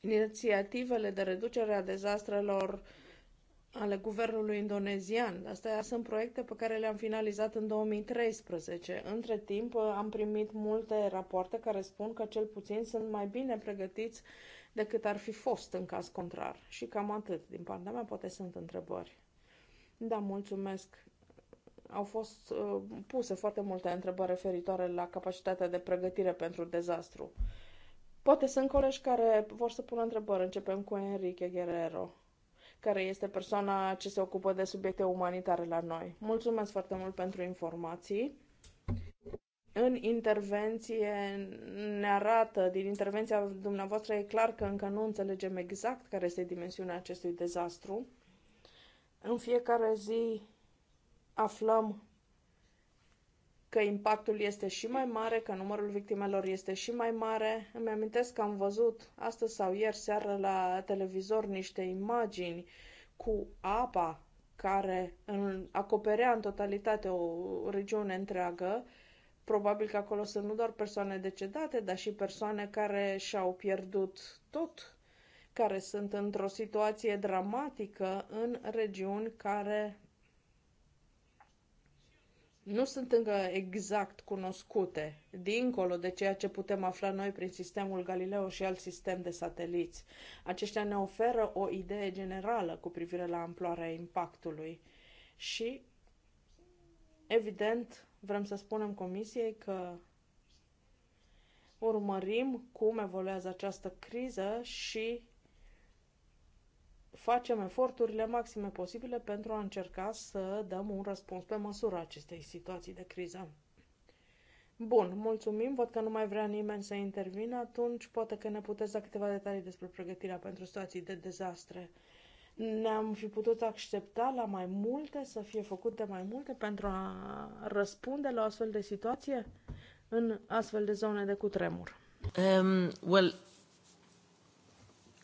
inițiativele de reducere a dezastrelor uh, ale guvernului indonezian. Astea sunt proiecte pe care le-am finalizat în 2013. Între timp am primit multe rapoarte care spun că cel puțin sunt mai bine pregătiți decât ar fi fost în caz contrar. Și cam atât. Din partea mea poate sunt întrebări. Da, mulțumesc. Au fost uh, puse foarte multe întrebări referitoare la capacitatea de pregătire pentru dezastru. Poate sunt colegi care vor să pună întrebări. Începem cu Enrique Guerrero care este persoana ce se ocupă de subiecte umanitare la noi. Mulțumesc foarte mult pentru informații. În intervenție ne arată, din intervenția dumneavoastră e clar că încă nu înțelegem exact care este dimensiunea acestui dezastru. În fiecare zi aflăm că impactul este și mai mare, că numărul victimelor este și mai mare. Îmi amintesc că am văzut astăzi sau ieri seară la televizor niște imagini cu apa care acoperea în totalitate o regiune întreagă. Probabil că acolo sunt nu doar persoane decedate, dar și persoane care și-au pierdut tot, care sunt într-o situație dramatică în regiuni care nu sunt încă exact cunoscute, dincolo de ceea ce putem afla noi prin sistemul Galileo și alt sistem de sateliți. Aceștia ne oferă o idee generală cu privire la amploarea impactului și, evident, vrem să spunem Comisiei că urmărim cum evoluează această criză și facem eforturile maxime posibile pentru a încerca să dăm un răspuns pe măsură acestei situații de criză. Bun, mulțumim. Văd că nu mai vrea nimeni să intervină, atunci poate că ne puteți da câteva detalii despre pregătirea pentru situații de dezastre. Ne-am fi putut aștepta la mai multe, să fie făcute mai multe pentru a răspunde la o astfel de situație în astfel de zone de cutremur. Um, well,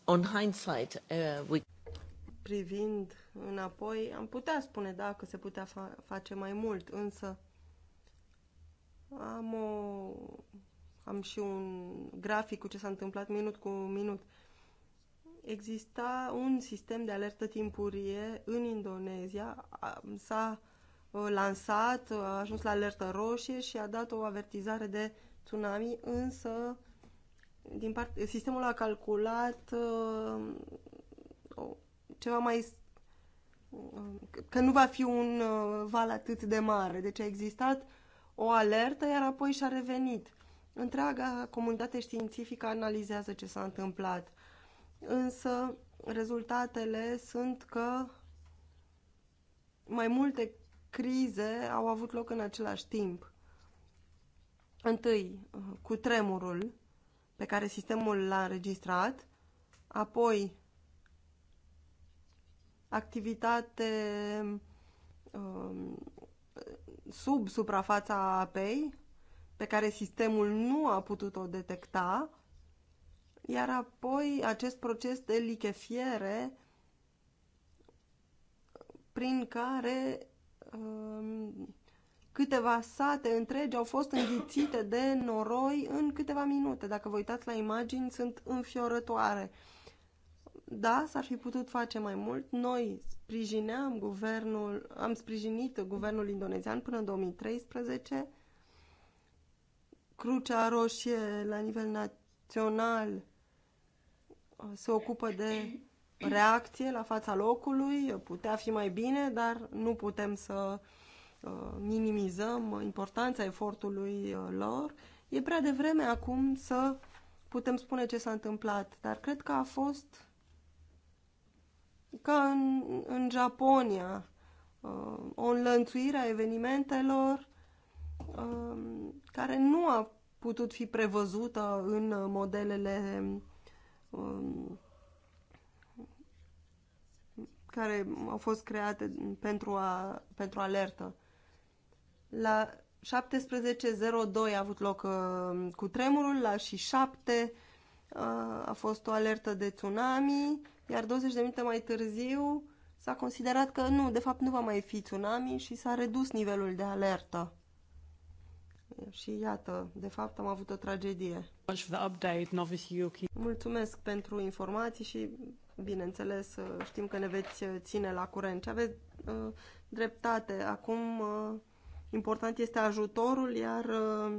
on hindsight, uh, we privind înapoi, am putea spune da că se putea fa face mai mult, însă am, o, am și un grafic cu ce s-a întâmplat minut cu minut. Exista un sistem de alertă timpurie în Indonezia, s-a uh, lansat, a ajuns la alertă roșie și a dat o avertizare de tsunami, însă din part, sistemul a calculat uh, ceva mai um, că nu va fi un uh, val atât de mare. Deci a existat o alertă, iar apoi și-a revenit. Întreaga comunitate științifică analizează ce s-a întâmplat. Însă rezultatele sunt că mai multe crize au avut loc în același timp. Întâi, uh, cu tremurul pe care sistemul l-a înregistrat, apoi activitate um, sub suprafața apei pe care sistemul nu a putut-o detecta, iar apoi acest proces de lichefiere prin care um, câteva sate întregi au fost înghițite de noroi în câteva minute. Dacă vă uitați la imagini, sunt înfiorătoare. Da, s-ar fi putut face mai mult. Noi sprijineam guvernul, am sprijinit guvernul indonezian până în 2013. Crucea Roșie la nivel național se ocupă de reacție la fața locului. Putea fi mai bine, dar nu putem să uh, minimizăm importanța efortului uh, lor. E prea devreme acum să putem spune ce s-a întâmplat, dar cred că a fost ca în, în Japonia uh, o înlănțuire a evenimentelor um, care nu a putut fi prevăzută în uh, modelele um, care au fost create pentru, a, pentru alertă. La 17.02 a avut loc uh, cu tremurul, la și 7 a fost o alertă de tsunami, iar 20 de minute mai târziu s-a considerat că nu, de fapt nu va mai fi tsunami și s-a redus nivelul de alertă. Și iată, de fapt am avut o tragedie. Mulțumesc pentru informații și, bineînțeles, știm că ne veți ține la curent. Ce aveți uh, dreptate. Acum uh, important este ajutorul, iar uh,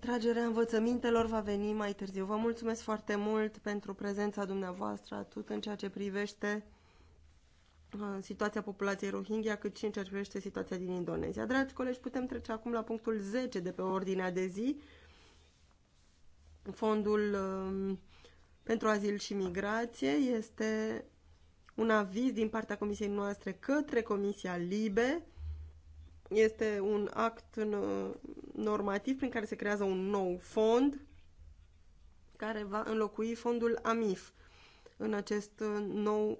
Tragerea învățămintelor va veni mai târziu. Vă mulțumesc foarte mult pentru prezența dumneavoastră, atât în ceea ce privește uh, situația populației Rohingya, cât și în ceea ce privește situația din Indonezia. Dragi colegi, putem trece acum la punctul 10 de pe ordinea de zi, Fondul um, pentru Azil și Migrație este un aviz din partea comisiei noastre către Comisia LIBE este un act normativ prin care se creează un nou fond care va înlocui fondul AMIF în acest uh, nou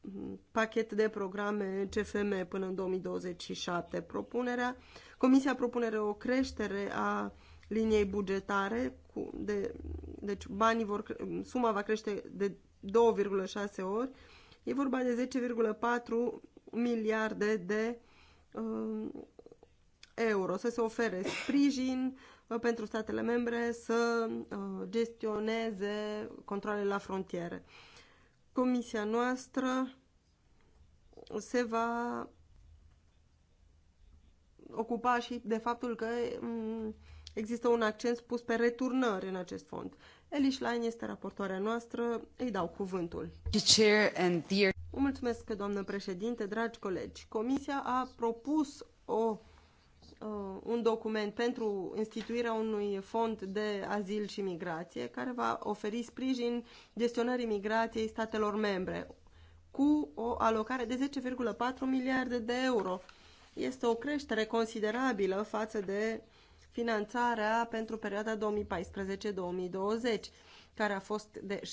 mm, pachet de programe CFM până în 2027. Propunerea, Comisia propune o creștere a liniei bugetare, cu, de, deci banii vor, mm, suma va crește de 2,6 ori. E vorba de 10,4 miliarde de Um, euro, să se ofere sprijin uh, pentru statele membre să uh, gestioneze controlele la frontiere. Comisia noastră se va ocupa și de faptul că um, există un accent pus pe returnări în acest fond. Eli Schlein este raportoarea noastră, îi dau cuvântul. Mulțumesc, doamnă președinte, dragi colegi. Comisia a propus o, uh, un document pentru instituirea unui fond de azil și migrație care va oferi sprijin gestionării migrației statelor membre cu o alocare de 10,4 miliarde de euro. Este o creștere considerabilă față de finanțarea pentru perioada 2014-2020 care a fost de 6,6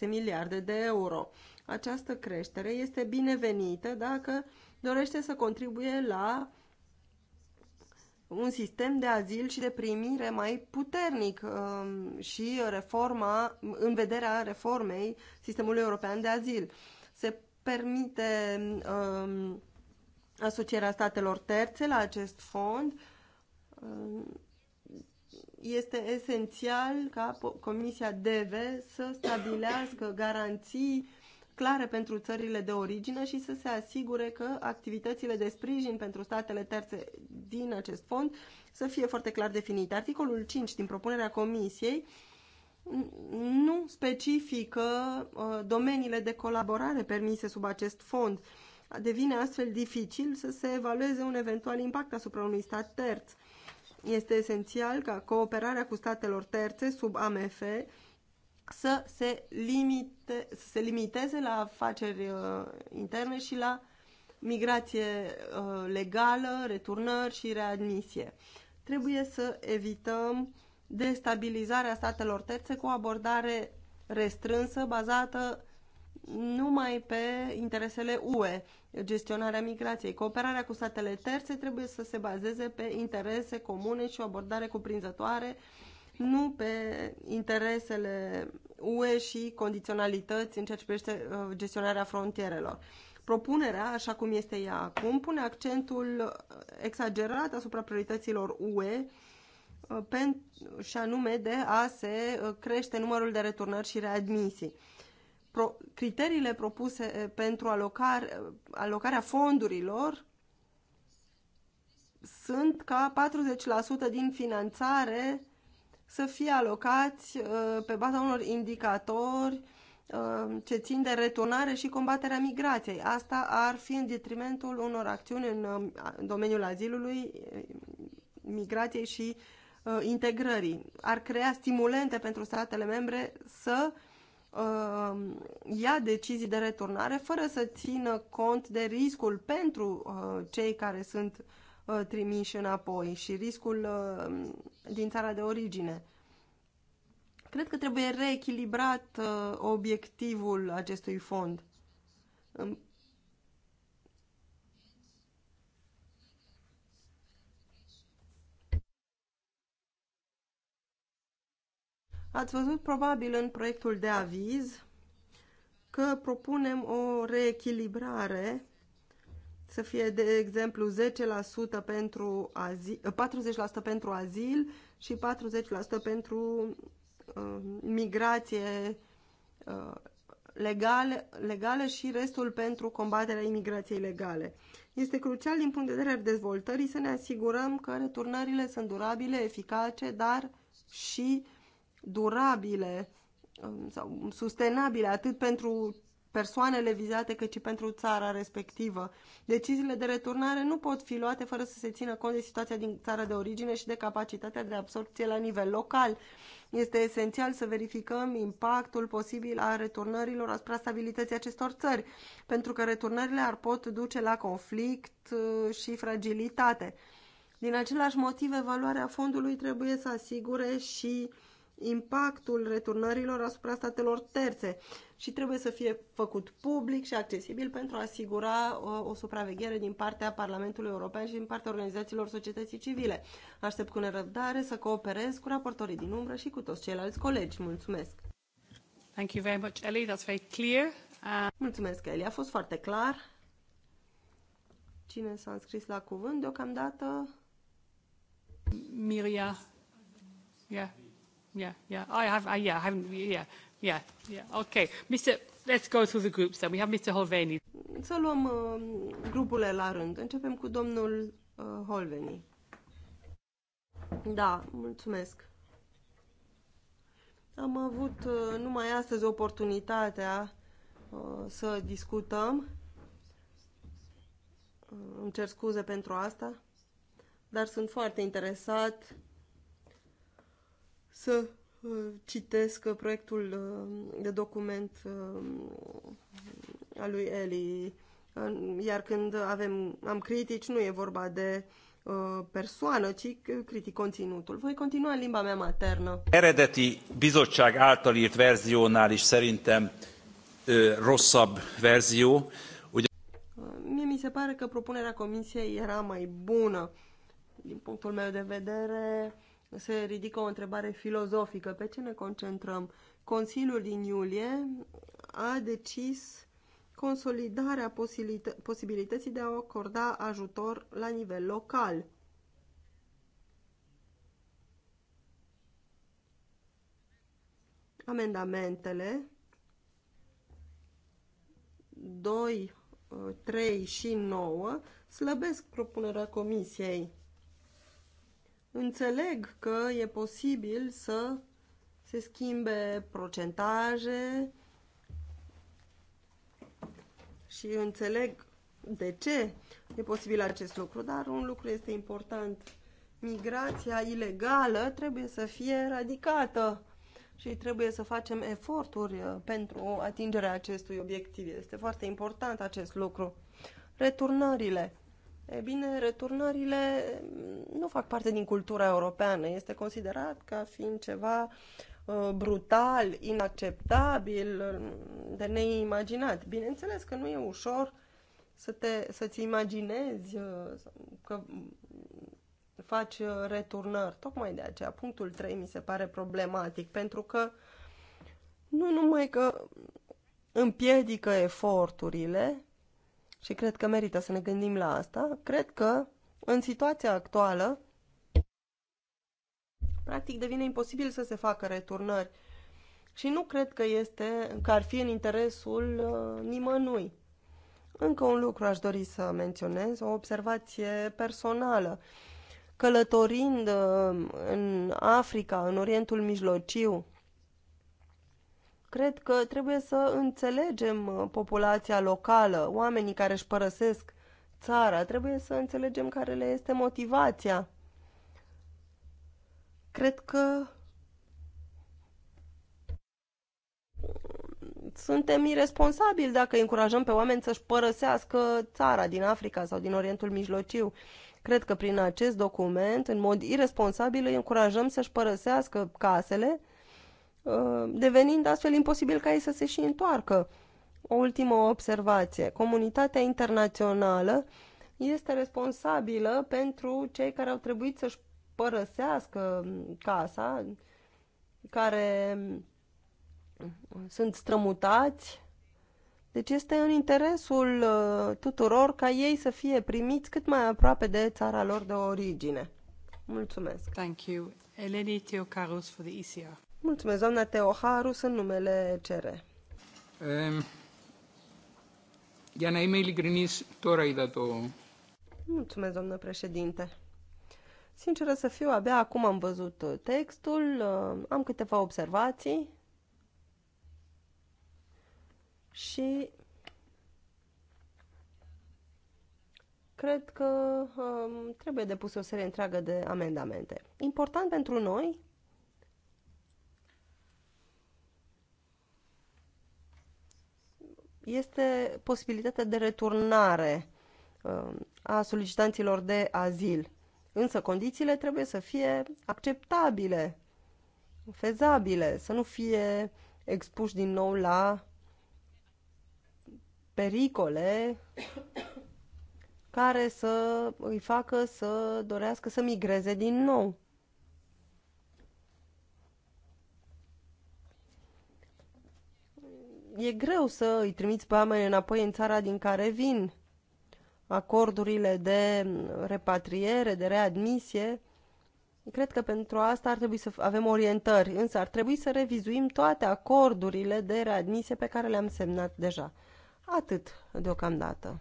miliarde de euro. Această creștere este binevenită dacă dorește să contribuie la un sistem de azil și de primire mai puternic um, și reforma, în vederea reformei sistemului european de azil. Se permite um, asocierea statelor terțe la acest fond um, este esențial ca Comisia DV să stabilească garanții clare pentru țările de origine și să se asigure că activitățile de sprijin pentru statele terțe din acest fond să fie foarte clar definite. Articolul 5 din propunerea Comisiei nu specifică uh, domeniile de colaborare permise sub acest fond. Devine astfel dificil să se evalueze un eventual impact asupra unui stat terț. Este esențial ca cooperarea cu statelor terțe sub AMF să se, limite, să se limiteze la afaceri uh, interne și la migrație uh, legală, returnări și readmisie. Trebuie să evităm destabilizarea statelor terțe cu o abordare restrânsă, bazată numai pe interesele UE, gestionarea migrației. Cooperarea cu statele terțe trebuie să se bazeze pe interese comune și o abordare cuprinzătoare, nu pe interesele UE și condiționalități în ceea ce privește uh, gestionarea frontierelor. Propunerea, așa cum este ea acum, pune accentul uh, exagerat asupra priorităților UE uh, și anume de a se crește numărul de returnări și readmisii pro, criteriile propuse eh, pentru alocare, alocarea fondurilor sunt ca 40% din finanțare să fie alocați eh, pe baza unor indicatori eh, ce țin de returnare și combaterea migrației. Asta ar fi în detrimentul unor acțiuni în, domeniul azilului, migrației și integrării. Ar crea stimulente pentru statele membre să uh, uh, ia decizii de returnare fără să țină cont de riscul pentru uh, cei care sunt uh, trimiși înapoi și riscul uh, din țara de origine. Cred că trebuie reechilibrat uh, obiectivul acestui fond. Ați văzut probabil în proiectul de aviz că propunem o reechilibrare să fie, de exemplu, 10% pentru azil, 40% pentru azil și 40% pentru uh, migrație uh, legal, legală și restul pentru combaterea imigrației legale. Este crucial din punct de vedere al dezvoltării să ne asigurăm că returnările sunt durabile, eficace, dar și durabile um, sau sustenabile atât pentru persoanele vizate cât și pentru țara respectivă. Deciziile de returnare nu pot fi luate fără să se țină cont de situația din țara de origine și de capacitatea de absorpție la nivel local. Este esențial să verificăm impactul posibil a returnărilor asupra stabilității acestor țări, pentru că returnările ar pot duce la conflict uh, și fragilitate. Din același motiv, evaluarea fondului trebuie să asigure și uh, impactul returnărilor asupra statelor terțe și trebuie să fie făcut public și accesibil pentru a asigura o, uh, o supraveghere din partea Parlamentului European și din partea organizațiilor societății civile. Aștept cu nerăbdare să cooperez cu raportorii din umbră și cu toți ceilalți colegi. Mulțumesc! Thank you very much, Ellie. That's very clear. Uh... Mulțumesc, Ellie. A fost foarte clar. Cine s-a înscris la cuvânt deocamdată? Miria. Yeah yeah, yeah. I have, I, yeah, I haven't, yeah, yeah, yeah. Okay, Mr. Let's go through the groups then. We have Mr. Holveni. Să luăm uh, grupurile la rând. Începem cu domnul uh, Holveni. Da, mulțumesc. Am avut uh, numai astăzi oportunitatea uh, să discutăm. Uh, îmi cer scuze pentru asta, dar sunt foarte interesat să uh, citesc uh, proiectul uh, de document al lui Eli. Iar când avem, am critici, nu e vorba de persoană, ci critic conținutul. Voi continua în limba mea maternă. Eredeti bizottság által írt verziónál is szerintem rosszabb verzió. Mie mi se pare că propunerea comisiei era mai bună. Din punctul meu de vedere, se ridică o întrebare filozofică. Pe ce ne concentrăm? Consiliul din iulie a decis consolidarea posibilității de a acorda ajutor la nivel local. Amendamentele 2, 3 și 9 slăbesc propunerea comisiei Înțeleg că e posibil să se schimbe procentaje și înțeleg de ce e posibil acest lucru, dar un lucru este important. Migrația ilegală trebuie să fie eradicată și trebuie să facem eforturi uh, pentru atingerea acestui obiectiv. Este foarte important acest lucru. Returnările. E bine, returnările nu fac parte din cultura europeană. Este considerat ca fiind ceva uh, brutal, inacceptabil, de neimaginat. Bineînțeles că nu e ușor să te, să-ți imaginezi uh, că faci uh, returnări. Tocmai de aceea, punctul 3 mi se pare problematic, pentru că nu numai că împiedică eforturile, și cred că merită să ne gândim la asta, cred că în situația actuală practic devine imposibil să se facă returnări și nu cred că este, că ar fi în interesul uh, nimănui. Încă un lucru aș dori să menționez, o observație personală. Călătorind uh, în Africa, în Orientul Mijlociu, Cred că trebuie să înțelegem uh, populația locală, oamenii care își părăsesc țara, trebuie să înțelegem care le este motivația. Cred că suntem irresponsabili dacă încurajăm pe oameni să-și părăsească țara din Africa sau din Orientul Mijlociu. Cred că prin acest document, în mod irresponsabil, îi încurajăm să-și părăsească casele Uh, devenind astfel imposibil ca ei să se și întoarcă. O ultimă observație. Comunitatea internațională este responsabilă pentru cei care au trebuit să-și părăsească um, casa, care um, sunt strămutați. Deci este în interesul uh, tuturor ca ei să fie primiți cât mai aproape de țara lor de origine. Mulțumesc. Thank you. Eleni Teocarus for the ECR. Mulțumesc, doamna Teoharu, sunt numele CR. Um, ehm, Iana Emily Grinis, tora i dat o... Mulțumesc, doamnă președinte. Sinceră să fiu, abia acum am văzut textul, am câteva observații și cred că um, trebuie depus o serie întreagă de amendamente. Important pentru noi este posibilitatea de returnare um, a solicitanților de azil. Însă condițiile trebuie să fie acceptabile, fezabile, să nu fie expuși din nou la pericole care să îi facă să dorească să migreze din nou. e greu să îi trimiți pe oameni înapoi în țara din care vin. Acordurile de repatriere, de readmisie, cred că pentru asta ar trebui să avem orientări, însă ar trebui să revizuim toate acordurile de readmisie pe care le-am semnat deja. Atât deocamdată.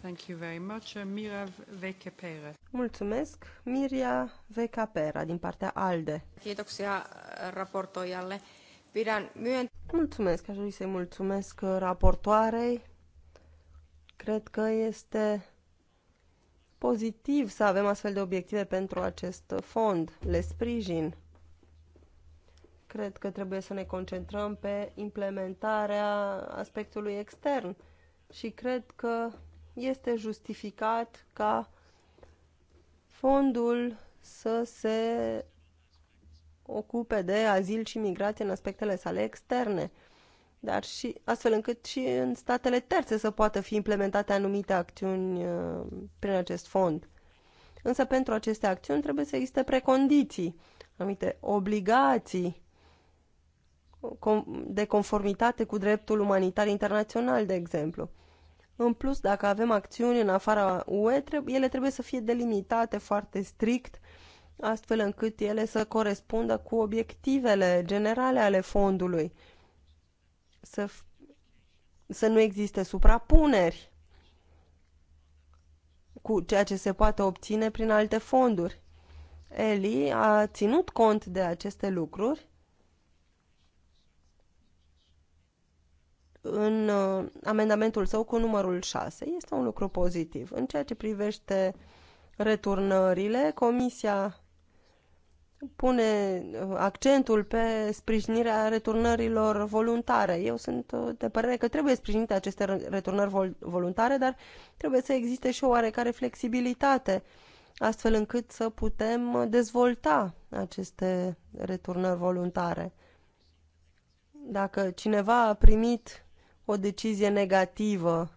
Thank you very much. Uh, Mira Vecapera. Mulțumesc, Miria Vecapera, din partea ALDE. Kiitoksia uh, raportoijalle. Mulțumesc, aș vrea să-i mulțumesc raportoarei. Cred că este pozitiv să avem astfel de obiective pentru acest fond. Le sprijin. Cred că trebuie să ne concentrăm pe implementarea aspectului extern și cred că este justificat ca fondul să se ocupe de azil și migrație în aspectele sale externe, dar și astfel încât și în statele terțe să poată fi implementate anumite acțiuni uh, prin acest fond. Însă pentru aceste acțiuni trebuie să existe precondiții, anumite obligații de conformitate cu dreptul umanitar internațional, de exemplu. În plus, dacă avem acțiuni în afara UE, ele trebuie să fie delimitate foarte strict astfel încât ele să corespundă cu obiectivele generale ale fondului, să, să nu existe suprapuneri cu ceea ce se poate obține prin alte fonduri. Eli a ținut cont de aceste lucruri în uh, amendamentul său cu numărul 6. Este un lucru pozitiv. În ceea ce privește returnările, Comisia pune uh, accentul pe sprijinirea returnărilor voluntare. Eu sunt uh, de părere că trebuie sprijinite aceste returnări vol voluntare, dar trebuie să existe și o oarecare flexibilitate, astfel încât să putem uh, dezvolta aceste returnări voluntare. Dacă cineva a primit o decizie negativă,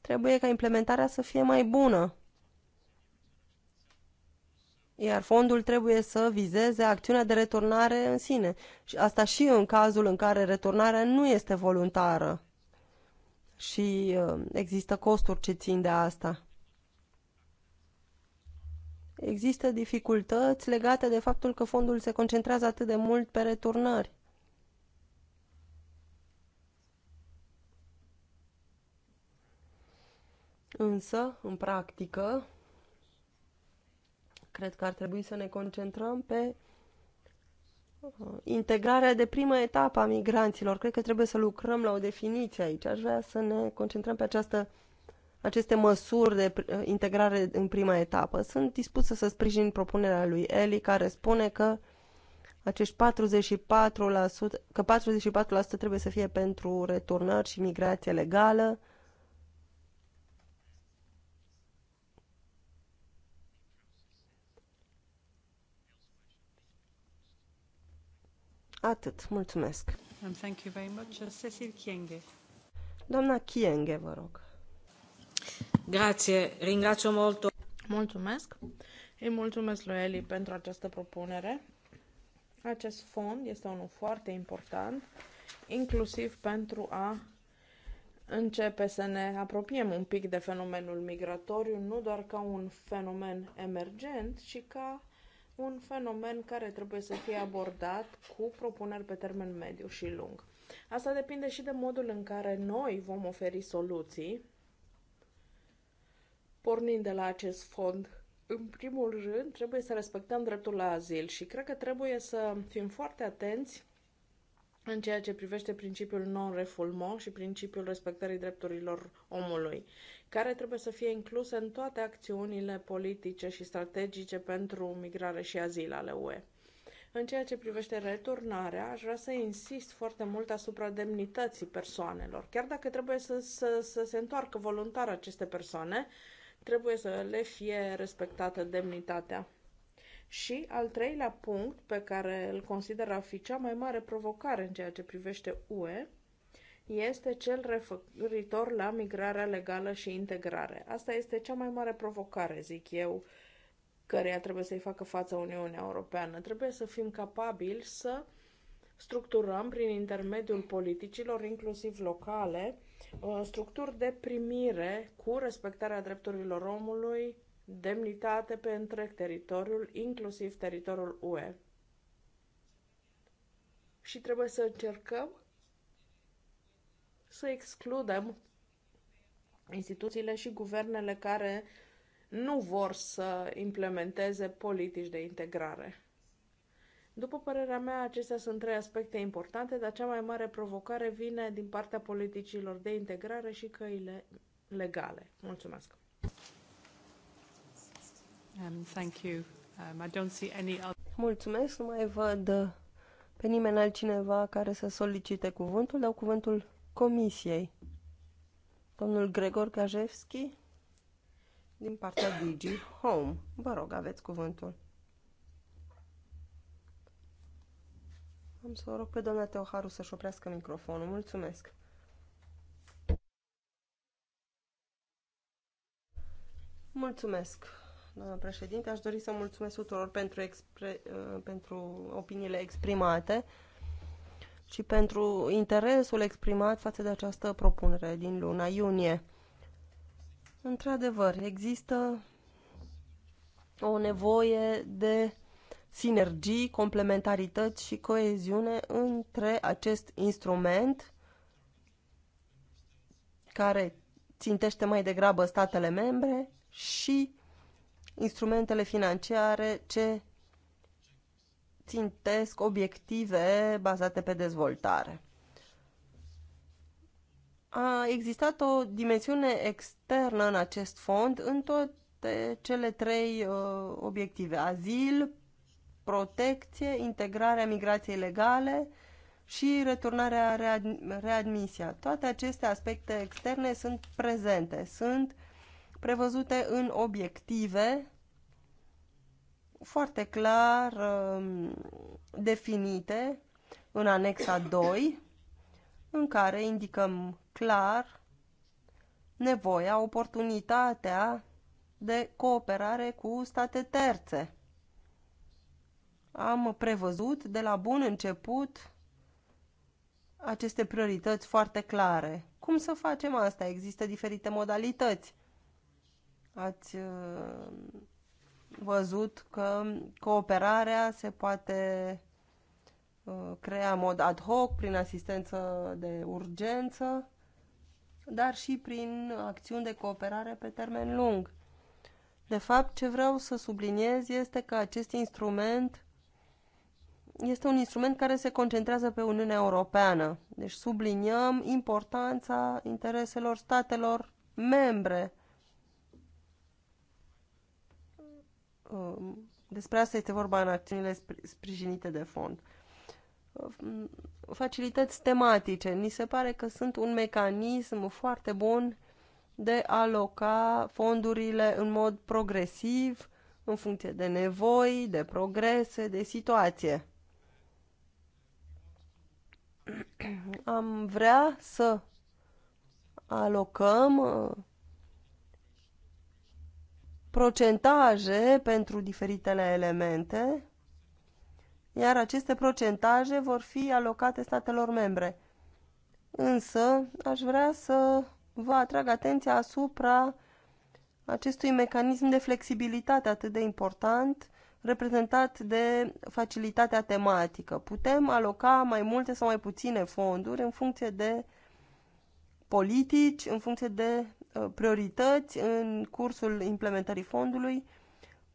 trebuie ca implementarea să fie mai bună iar fondul trebuie să vizeze acțiunea de returnare în sine. Și asta și în cazul în care returnarea nu este voluntară și uh, există costuri ce țin de asta. Există dificultăți legate de faptul că fondul se concentrează atât de mult pe returnări. Însă, în practică, Cred că ar trebui să ne concentrăm pe uh, integrarea de primă etapă a migranților. Cred că trebuie să lucrăm la o definiție aici. Aș vrea să ne concentrăm pe această, aceste măsuri de uh, integrare în prima etapă. Sunt dispusă să sprijin propunerea lui Eli, care spune că acești 44%, că 44% trebuie să fie pentru returnări și migrație legală, Atât. Mulțumesc. And thank you very much. Uh, Cecil Kienge. Doamna Kienge, vă rog. Grazie, ringrazio molto. Mulțumesc. Îi mulțumesc lui Eli pentru această propunere. Acest fond este unul foarte important, inclusiv pentru a începe să ne apropiem un pic de fenomenul migratoriu, nu doar ca un fenomen emergent, ci ca un fenomen care trebuie să fie abordat cu propuneri pe termen mediu și lung. Asta depinde și de modul în care noi vom oferi soluții, pornind de la acest fond în primul rând, trebuie să respectăm dreptul la azil și cred că trebuie să fim foarte atenți în ceea ce privește principiul non-refulmo și principiul respectării drepturilor omului care trebuie să fie incluse în toate acțiunile politice și strategice pentru migrare și azil ale UE. În ceea ce privește returnarea, aș vrea să insist foarte mult asupra demnității persoanelor. Chiar dacă trebuie să, să, să se întoarcă voluntar aceste persoane, trebuie să le fie respectată demnitatea. Și al treilea punct, pe care îl consider a fi cea mai mare provocare în ceea ce privește UE, este cel referitor la migrarea legală și integrare. Asta este cea mai mare provocare, zic eu, căreia trebuie să-i facă față Uniunea Europeană. Trebuie să fim capabili să structurăm prin intermediul politicilor, inclusiv locale, uh, structuri de primire cu respectarea drepturilor omului, demnitate pe întreg teritoriul, inclusiv teritoriul UE. Și trebuie să încercăm să excludem instituțiile și guvernele care nu vor să implementeze politici de integrare. După părerea mea, acestea sunt trei aspecte importante, dar cea mai mare provocare vine din partea politicilor de integrare și căile legale. Mulțumesc! Um, thank you. Um, I don't see any other... Mulțumesc, nu mai văd pe nimeni altcineva care să solicite cuvântul. Dau cuvântul Comisiei. Domnul Gregor Gajewski din partea Digi Home. Vă rog, aveți cuvântul. Am să o rog pe doamna Teoharu să-și oprească microfonul. Mulțumesc! Mulțumesc, doamna președinte. Aș dori să mulțumesc tuturor pentru, expre... pentru opiniile exprimate și pentru interesul exprimat față de această propunere din luna iunie. Într-adevăr, există o nevoie de sinergii, complementarități și coeziune între acest instrument care țintește mai degrabă statele membre și instrumentele financiare ce țintesc obiective bazate pe dezvoltare. A existat o dimensiune externă în acest fond în toate cele trei uh, obiective. Azil, protecție, integrarea migrației legale și returnarea, read readmisia. Toate aceste aspecte externe sunt prezente, sunt prevăzute în obiective foarte clar um, definite în anexa 2, în care indicăm clar nevoia, oportunitatea de cooperare cu state terțe. Am prevăzut de la bun început aceste priorități foarte clare. Cum să facem asta? Există diferite modalități. Ați uh, văzut că cooperarea se poate uh, crea în mod ad hoc, prin asistență de urgență, dar și prin acțiuni de cooperare pe termen lung. De fapt, ce vreau să subliniez este că acest instrument este un instrument care se concentrează pe Uniunea Europeană. Deci subliniem importanța intereselor statelor membre Um, despre asta este vorba în acțiunile sprijinite de fond. Facilități tematice. Ni se pare că sunt un mecanism foarte bun de a aloca fondurile în mod progresiv, în funcție de nevoi, de progrese, de situație. Am vrea să alocăm uh, procentaje pentru diferitele elemente, iar aceste procentaje vor fi alocate statelor membre. Însă, aș vrea să vă atrag atenția asupra acestui mecanism de flexibilitate atât de important, reprezentat de facilitatea tematică. Putem aloca mai multe sau mai puține fonduri în funcție de politici, în funcție de Uh, priorități în cursul implementării fondului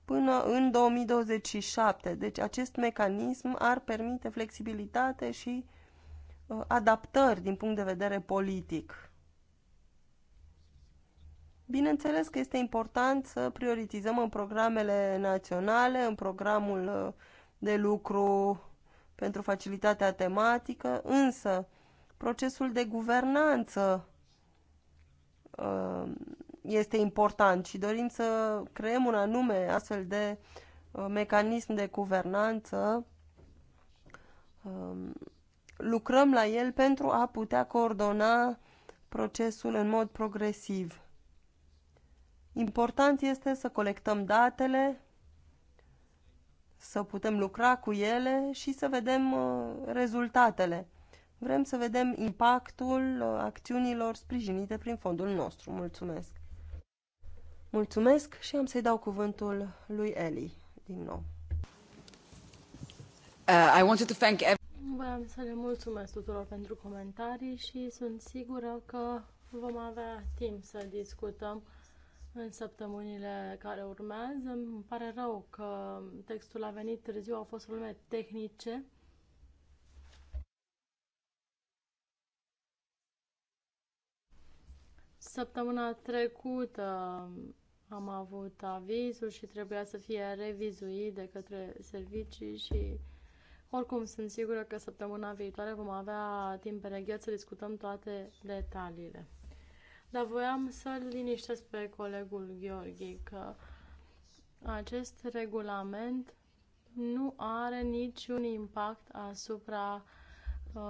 până în 2027. Deci acest mecanism ar permite flexibilitate și uh, adaptări din punct de vedere politic. Bineînțeles că este important să prioritizăm în programele naționale, în programul uh, de lucru pentru facilitatea tematică, însă procesul de guvernanță Uh, este important și dorim să creăm un anume astfel de uh, mecanism de guvernanță. Um, lucrăm la el pentru a putea coordona procesul în mod progresiv. Important este să colectăm datele, să putem lucra cu ele și să vedem uh, rezultatele. Vrem să vedem impactul uh, acțiunilor sprijinite prin fondul nostru. Mulțumesc! Mulțumesc și am să-i dau cuvântul lui Eli din nou. Uh, I wanted to thank Vreau să le mulțumesc tuturor pentru comentarii și sunt sigură că vom avea timp să discutăm în săptămânile care urmează. Îmi pare rău că textul a venit târziu, au fost probleme tehnice Săptămâna trecută am avut avizul și trebuia să fie revizuit de către servicii și oricum sunt sigură că săptămâna viitoare vom avea timp pe să discutăm toate detaliile. Dar voiam să-l liniștesc pe colegul Gheorghe că acest regulament nu are niciun impact asupra Uh,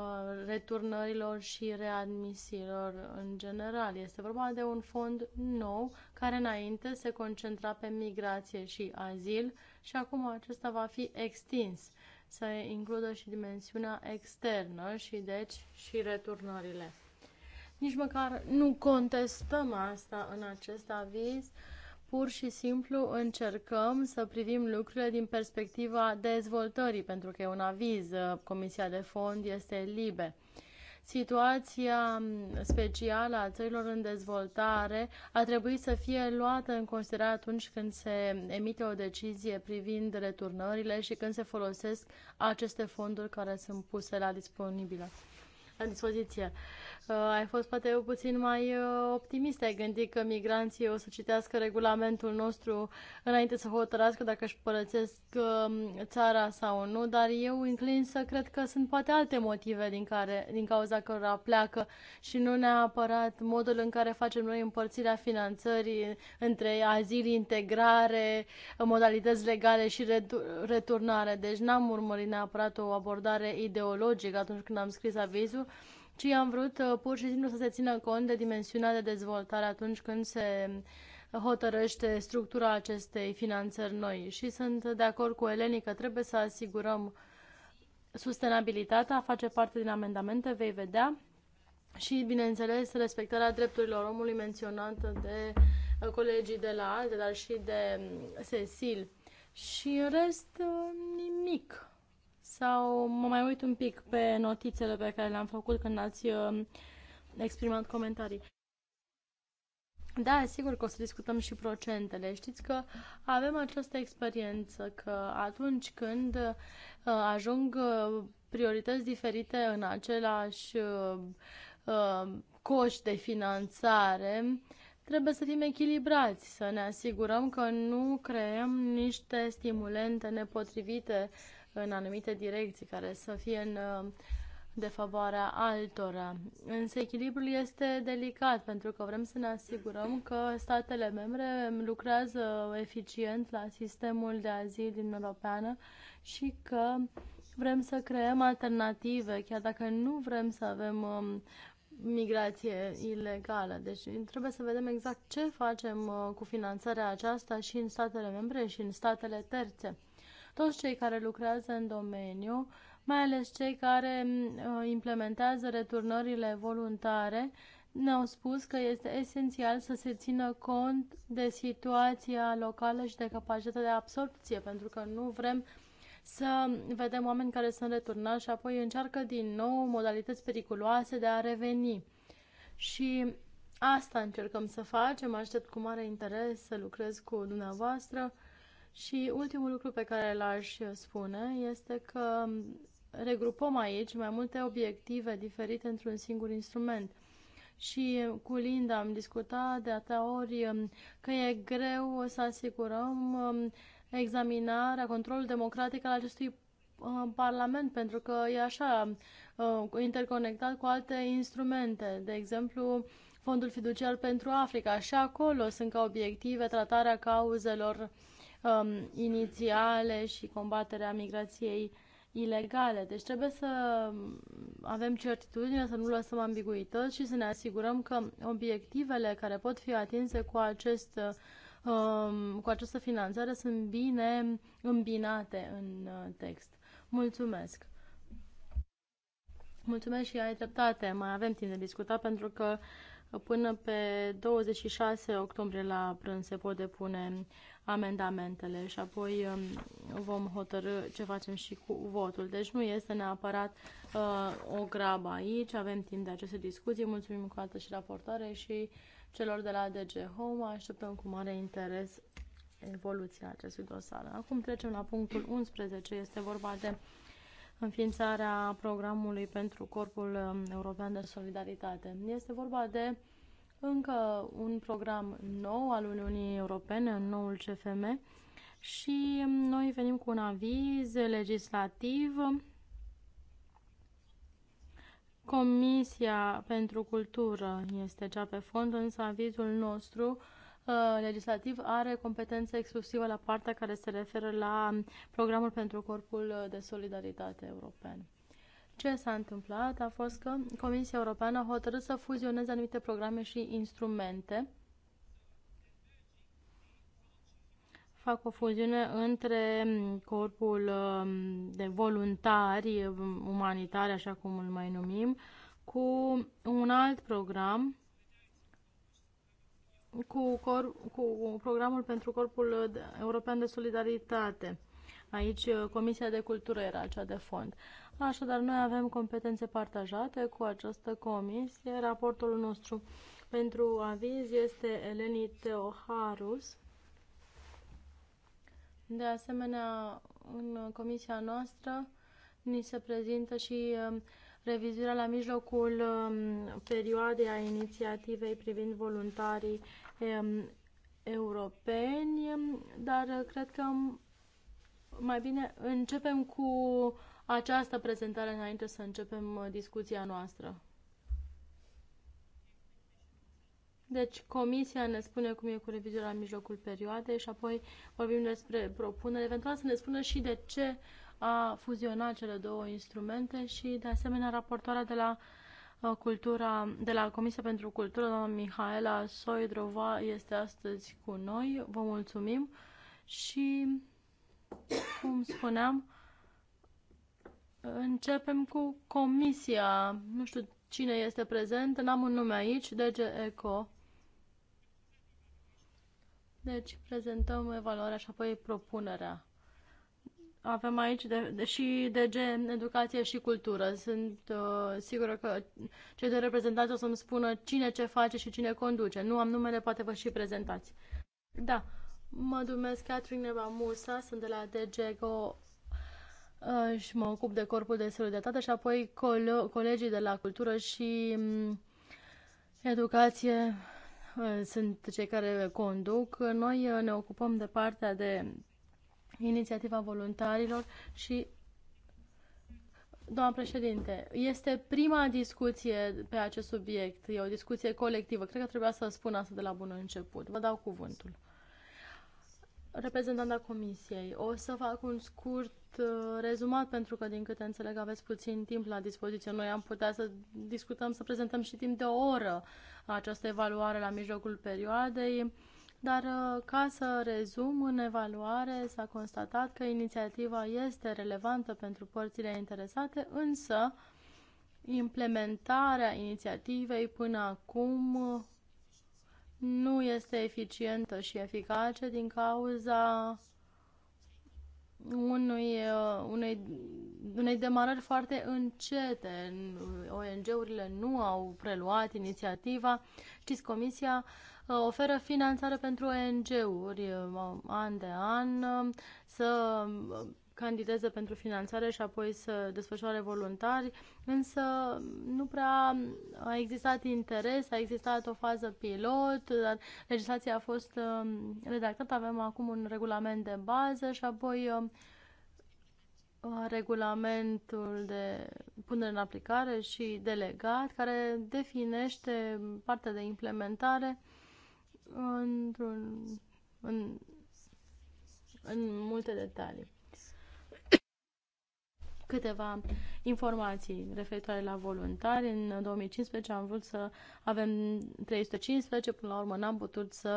returnărilor și readmisiilor în general. Este vorba de un fond nou care înainte se concentra pe migrație și azil și acum acesta va fi extins să includă și dimensiunea externă și deci și returnările. Nici măcar nu contestăm asta în acest aviz, Pur și simplu încercăm să privim lucrurile din perspectiva dezvoltării, pentru că e un aviz, uh, Comisia de Fond este libe. Situația um, specială a țărilor în dezvoltare a trebuit să fie luată în considerare atunci când se emite o decizie privind returnările și când se folosesc aceste fonduri care sunt puse la disponibile, la dispoziție. Uh, ai fost poate eu puțin mai uh, optimist. Ai gândit că migranții o să citească regulamentul nostru înainte să hotărască dacă își părăsesc um, țara sau nu, dar eu înclin să cred că sunt poate alte motive din, care, din cauza cărora pleacă și nu neapărat modul în care facem noi împărțirea finanțării între azil, integrare, modalități legale și returnare. Deci n-am urmărit neapărat o abordare ideologică atunci când am scris avizul, ci am vrut uh, pur și simplu să se țină cont de dimensiunea de dezvoltare atunci când se uh, hotărăște structura acestei finanțări noi. Și sunt de acord cu Eleni că trebuie să asigurăm sustenabilitatea, face parte din amendamente, vei vedea, și, bineînțeles, respectarea drepturilor omului menționată de uh, colegii de la ALDE, dar și de um, Cecil. Și în rest, nimic sau mă mai uit un pic pe notițele pe care le-am făcut când ați uh, exprimat comentarii. Da, sigur că o să discutăm și procentele. Știți că avem această experiență că atunci când uh, ajung uh, priorități diferite în același coș de finanțare, trebuie să fim echilibrați, să ne asigurăm că nu creăm niște stimulente nepotrivite uh, în anumite direcții care să fie în defavoarea altora. Însă echilibrul este delicat pentru că vrem să ne asigurăm că statele membre lucrează eficient la sistemul de azil din Europeană și că vrem să creăm alternative, chiar dacă nu vrem să avem um, migrație ilegală. Deci trebuie să vedem exact ce facem uh, cu finanțarea aceasta și în statele membre și în statele terțe toți cei care lucrează în domeniu, mai ales cei care mm, uh, implementează returnările voluntare, ne-au spus că este esențial să se țină cont de situația locală și de capacitatea de absorpție, pentru că nu vrem să vedem oameni care sunt returnați și apoi încearcă din nou modalități periculoase de a reveni. Și asta încercăm să facem, aștept cu mare interes să lucrez cu dumneavoastră și ultimul lucru pe care l-aș spune este că regrupăm aici mai multe obiective diferite într-un singur instrument. Și cu Linda am discutat de atâtea ori um, că e greu să asigurăm um, examinarea, controlul democratic al acestui uh, Parlament, pentru că e așa uh, interconectat cu alte instrumente, de exemplu Fondul Fiduciar pentru Africa. Și acolo sunt ca obiective tratarea cauzelor uh, um, inițiale și combaterea migrației ilegale. Deci trebuie să um, avem certitudine, să nu lăsăm ambiguități și să ne asigurăm că obiectivele care pot fi atinse cu acest um, cu această finanțare sunt bine îmbinate în uh, text. Mulțumesc! Mulțumesc și ai dreptate. Mai avem timp de discutat pentru că până pe 26 octombrie la prânz se pot depune amendamentele și apoi um, vom hotărâ ce facem și cu votul. Deci nu este neapărat uh, o grabă aici, avem timp de aceste discuții. Mulțumim cu atât și raportoare și celor de la DG Home. Așteptăm cu mare interes evoluția acestui dosar. Acum trecem la punctul 11. Este vorba de înființarea programului pentru Corpul um, European de Solidaritate. Este vorba de încă un program nou al Uniunii Europene, în noul CFM, și noi venim cu un aviz legislativ. Comisia pentru Cultură este cea pe fond, însă avizul nostru uh, legislativ are competență exclusivă la partea care se referă la programul pentru Corpul de Solidaritate European. Ce s-a întâmplat a fost că Comisia Europeană a hotărât să fuzioneze anumite programe și instrumente. Fac o fuziune între mm, corpul mm, de voluntari mm, umanitari, așa cum îl mai numim, cu un alt program, cu, cor, cu programul pentru Corpul European de Solidaritate Aici uh, Comisia de Cultură era cea de fond. Așadar, noi avem competențe partajate cu această comisie. Raportul nostru pentru aviz este Eleni Teoharus. De asemenea, în comisia noastră ni se prezintă și um, revizuirea la mijlocul um, perioadei a inițiativei privind voluntarii um, europeni, dar cred că mai bine începem cu această prezentare înainte să începem uh, discuția noastră. Deci comisia ne spune cum e cu revizia la mijlocul perioadei și apoi vorbim despre propunere, eventual să ne spună și de ce a fuzionat cele două instrumente și de asemenea raportoarea de la uh, cultura, de la Comisia pentru Cultură, doamna Mihaela Soidrova este astăzi cu noi. Vă mulțumim și cum spuneam, începem cu comisia. Nu știu cine este prezent, n-am un nume aici, DG ECO. Deci prezentăm evaluarea și apoi propunerea. Avem aici de, de, și DG Educație și Cultură. Sunt uh, sigură că cei de reprezentanți o să-mi spună cine ce face și cine conduce. Nu am numele, poate vă și prezentați. Da. Mă numesc Catherine Neva Musa, sunt de la DGECO uh, și mă ocup de corpul de solidaritate și apoi colegii de la cultură și mm, educație uh, sunt cei care conduc. Noi uh, ne ocupăm de partea de inițiativa voluntarilor și Doamna președinte, este prima discuție pe acest subiect. E o discuție colectivă. Cred că trebuia să spun asta de la bun început. Vă dau cuvântul reprezentanta Comisiei. O să fac un scurt uh, rezumat, pentru că, din câte înțeleg, aveți puțin timp la dispoziție. Noi am putea să discutăm, să prezentăm și timp de o oră această evaluare la mijlocul perioadei. Dar uh, ca să rezum, în evaluare s-a constatat că inițiativa este relevantă pentru părțile interesate, însă implementarea inițiativei până acum nu este eficientă și eficace din cauza unui, uh, unei, unei demarări foarte încete. ONG-urile nu au preluat inițiativa. Știți, Comisia uh, oferă finanțare pentru ONG-uri uh, an de an să candideze pentru finanțare și apoi să desfășoare voluntari, însă nu prea a existat interes, a existat o fază pilot, dar legislația a fost um, redactată, avem acum un regulament de bază și apoi um, regulamentul de punere în aplicare și delegat, care definește partea de implementare într-un, în, în multe detalii câteva informații referitoare la voluntari. În 2015 am vrut să avem 315, până la urmă n-am putut să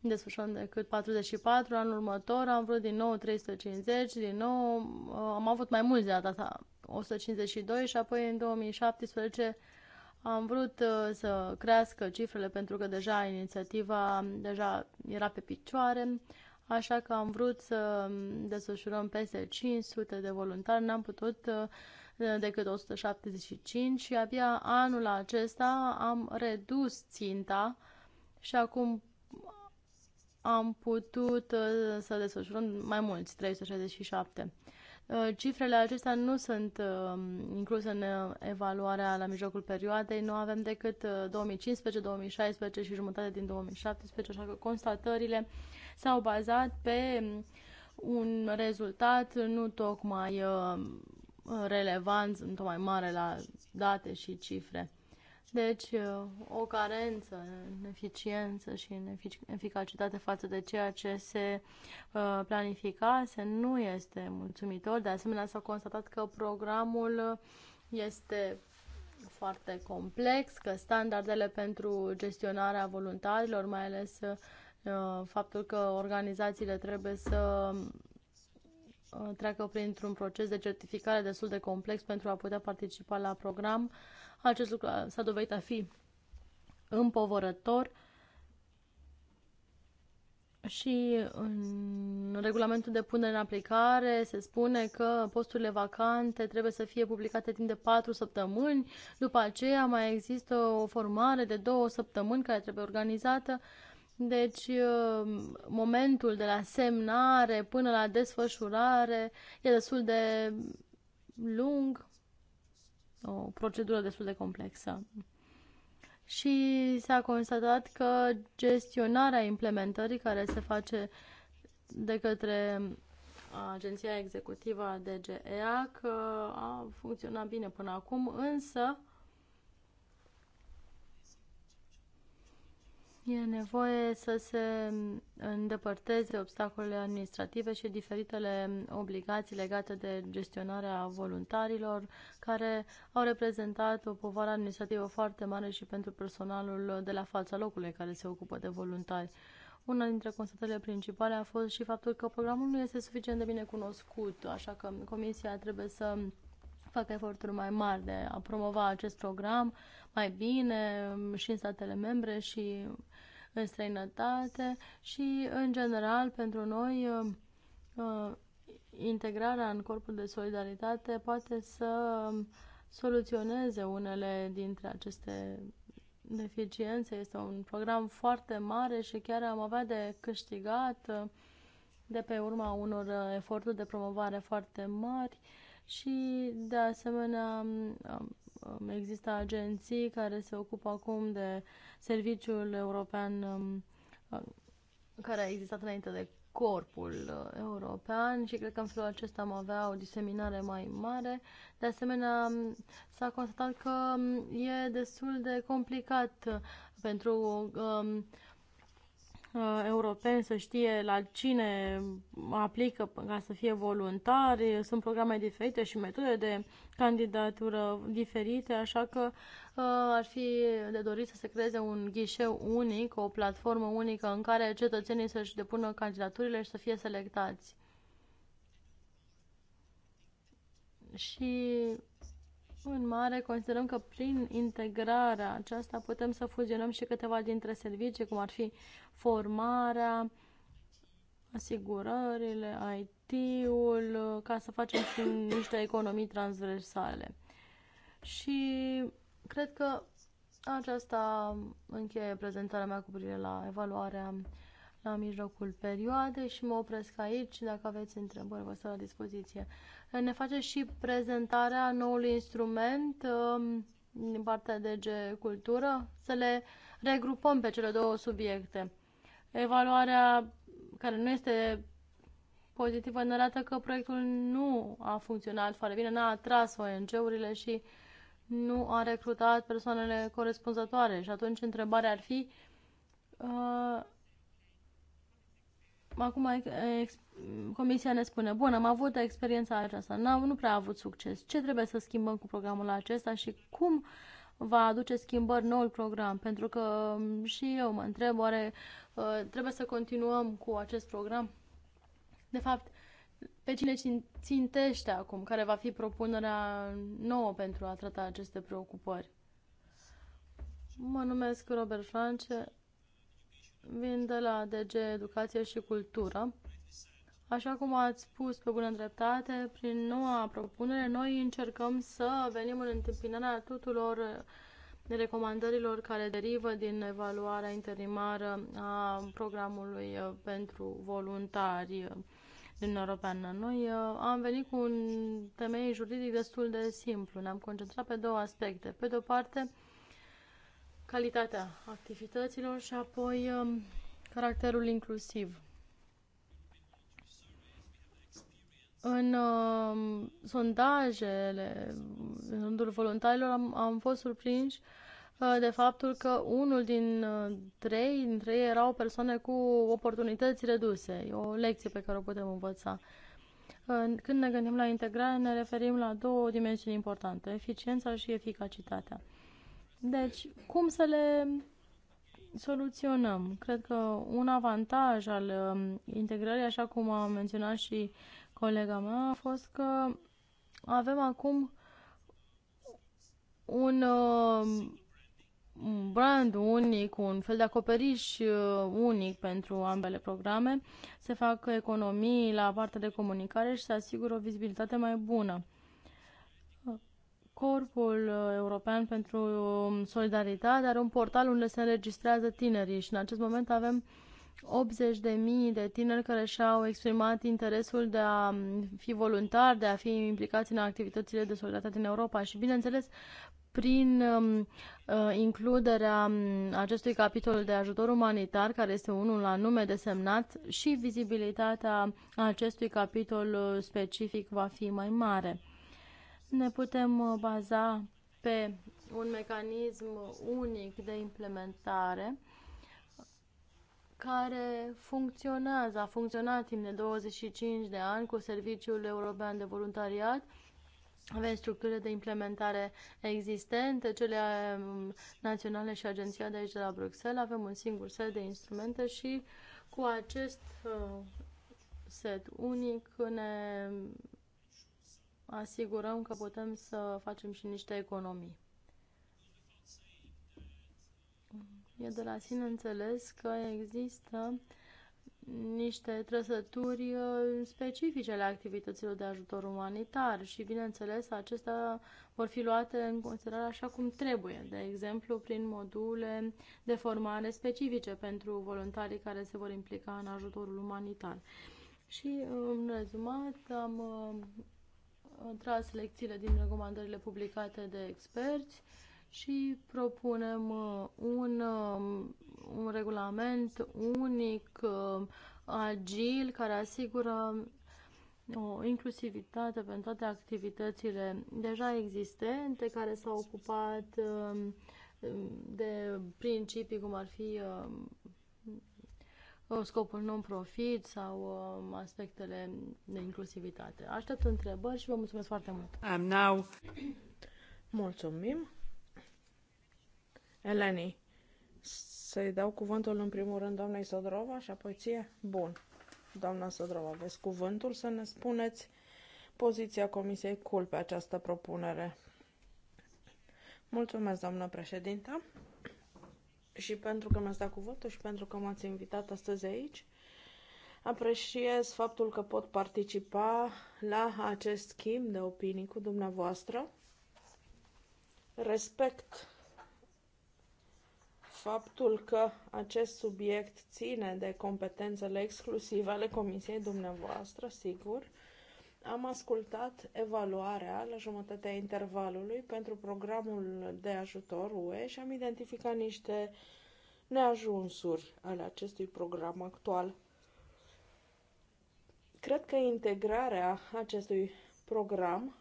desfășurăm decât 44. Anul următor am vrut din nou 350, din nou uh, am avut mai mulți de data asta, 152 și apoi în 2017 am vrut uh, să crească cifrele pentru că deja inițiativa deja era pe picioare așa că am vrut să desfășurăm peste 500 de voluntari, n-am putut uh, decât 175 și abia anul acesta am redus ținta și acum am putut uh, să desfășurăm mai mulți, 367. Uh, cifrele acestea nu sunt incluse în evaluarea la mijlocul perioadei, nu avem decât 2015, 2016 și jumătate din 2017, așa că constatările uh, s-au bazat pe mm, un rezultat nu tocmai uh, relevant, nu tocmai mare la date și cifre. Deci, uh, o carență în eficiență și în eficacitate față de ceea ce se uh, planificase nu este mulțumitor. De asemenea, s-a constatat că programul este foarte complex, că standardele pentru gestionarea voluntarilor, mai ales Uh, faptul că organizațiile trebuie să uh, treacă printr-un proces de certificare destul de complex pentru a putea participa la program. Acest lucru s-a dovedit a fi împovărător și în regulamentul de punere în aplicare se spune că posturile vacante trebuie să fie publicate timp de 4 săptămâni, după aceea mai există o formare de 2 săptămâni care trebuie organizată deci, uh, momentul de la semnare până la desfășurare e destul de lung, o procedură destul de complexă. Și s-a constatat că gestionarea implementării care se face de către agenția executivă a DGEA că uh, a funcționat bine până acum, însă E nevoie să se îndepărteze obstacolele administrative și diferitele obligații legate de gestionarea voluntarilor, care au reprezentat o povară administrativă foarte mare și pentru personalul de la fața locului care se ocupă de voluntari. Una dintre constatările principale a fost și faptul că programul nu este suficient de bine cunoscut, așa că Comisia trebuie să facă eforturi mai mari de a promova acest program mai bine um, și în statele membre și în străinătate și, în general, pentru noi, uh, uh, integrarea în corpul de solidaritate poate să soluționeze unele dintre aceste deficiențe. Este un program foarte mare și chiar am avea de câștigat uh, de pe urma unor eforturi de promovare foarte mari și, de asemenea, um, um, există agenții care se ocupă acum de uh, Serviciul European um, uh, care a existat înainte de corpul uh, european și cred că în felul acesta am avea o diseminare mai mare. De asemenea, um, s-a constatat că um, e destul de complicat uh, pentru um, Uh, europeni să știe la cine aplică ca să fie voluntari. Sunt programe diferite și metode de candidatură diferite, așa că uh, ar fi de dorit să se creeze un ghișeu unic, o platformă unică în care cetățenii să-și depună candidaturile și să fie selectați. Și în mare, considerăm că prin integrarea aceasta putem să fuzionăm și câteva dintre servicii, cum ar fi formarea, asigurările, IT-ul, ca să facem și niște economii transversale. Și cred că aceasta încheie prezentarea mea cu privire la evaluarea la mijlocul perioadei și mă opresc aici. Dacă aveți întrebări, vă stau la dispoziție. Ne face și prezentarea noului instrument um, din partea DG Cultură, să le regrupăm pe cele două subiecte. Evaluarea care nu este pozitivă ne arată că proiectul nu a funcționat foarte bine, n-a atras ONG-urile și nu a recrutat persoanele corespunzătoare. Și atunci întrebarea ar fi uh, Acum comisia ne spune, bun, am avut experiența aceasta, am nu prea a avut succes. Ce trebuie să schimbăm cu programul acesta și cum va aduce schimbări noul program? Pentru că mm, și eu mă întreb, oare ă, trebuie să continuăm cu acest program? De fapt, pe cine țintește acum? Care va fi propunerea nouă pentru a trata aceste preocupări? Mă numesc Robert France Vin de la DG Educație și Cultură. Așa cum ați spus pe bună dreptate, prin noua propunere noi încercăm să venim în întâmpinarea tuturor recomandărilor care derivă din evaluarea interimară a programului uh, pentru voluntari uh, din Europeană. Noi uh, am venit cu un temei juridic destul de simplu. Ne-am concentrat pe două aspecte. Pe de o parte, calitatea activităților și apoi um, caracterul inclusiv. În uh, sondajele în rândul voluntarilor am, am fost surprinși uh, de faptul că unul din uh, trei dintre ei erau persoane cu oportunități reduse. E o lecție pe care o putem învăța. Uh, când ne gândim la integrare, ne referim la două dimensiuni importante, eficiența și eficacitatea. Deci, cum să le soluționăm? Cred că un avantaj al um, integrării, așa cum a menționat și colega mea, a fost că avem acum un um, brand unic, un fel de acoperiș uh, unic pentru ambele programe, se fac economii la partea de comunicare și se asigură o vizibilitate mai bună. Corpul uh, European pentru um, Solidaritate are un portal unde se înregistrează tinerii și în acest moment avem 80.000 de tineri care și-au exprimat interesul de a um, fi voluntari, de a fi implicați în activitățile de solidaritate în Europa și, bineînțeles, prin um, uh, includerea acestui capitol de ajutor umanitar, care este unul la nume desemnat, și vizibilitatea acestui capitol uh, specific va fi mai mare ne putem uh, baza pe un mecanism unic de implementare care funcționează, a funcționat timp de 25 de ani cu Serviciul European de Voluntariat. Avem structurile de implementare existente, cele um, naționale și agenția de aici de la Bruxelles. Avem un singur set de instrumente și cu acest uh, set unic ne asigurăm că putem să facem și niște economii. E de la sine înțeles că există niște trăsături uh, specifice ale activităților de ajutor umanitar și, bineînțeles, acestea vor fi luate în considerare așa cum trebuie, de exemplu, prin module de formare specifice pentru voluntarii care se vor implica în ajutorul umanitar. Și, uh, în rezumat, am uh, tras lecțiile din recomandările publicate de experți și propunem uh, un, um, un regulament unic, uh, agil, care asigură o inclusivitate pentru toate activitățile deja existente care s-au ocupat um, de principii cum ar fi um, scopul non-profit sau um, aspectele de inclusivitate. Aștept întrebări și vă mulțumesc foarte mult. Am now. Mulțumim. Eleni, să-i dau cuvântul în primul rând doamnei Sodrova și apoi ție? Bun. Doamna Sodrova, aveți cuvântul să ne spuneți poziția Comisiei CUL pe această propunere. Mulțumesc, doamnă președintă și pentru că mi-ați dat cuvântul și pentru că m-ați invitat astăzi aici. Apreciez faptul că pot participa la acest schimb de opinii cu dumneavoastră. Respect faptul că acest subiect ține de competențele exclusive ale comisiei dumneavoastră, sigur, am ascultat evaluarea la jumătatea intervalului pentru programul de ajutor UE și am identificat niște neajunsuri ale acestui program actual. Cred că integrarea acestui program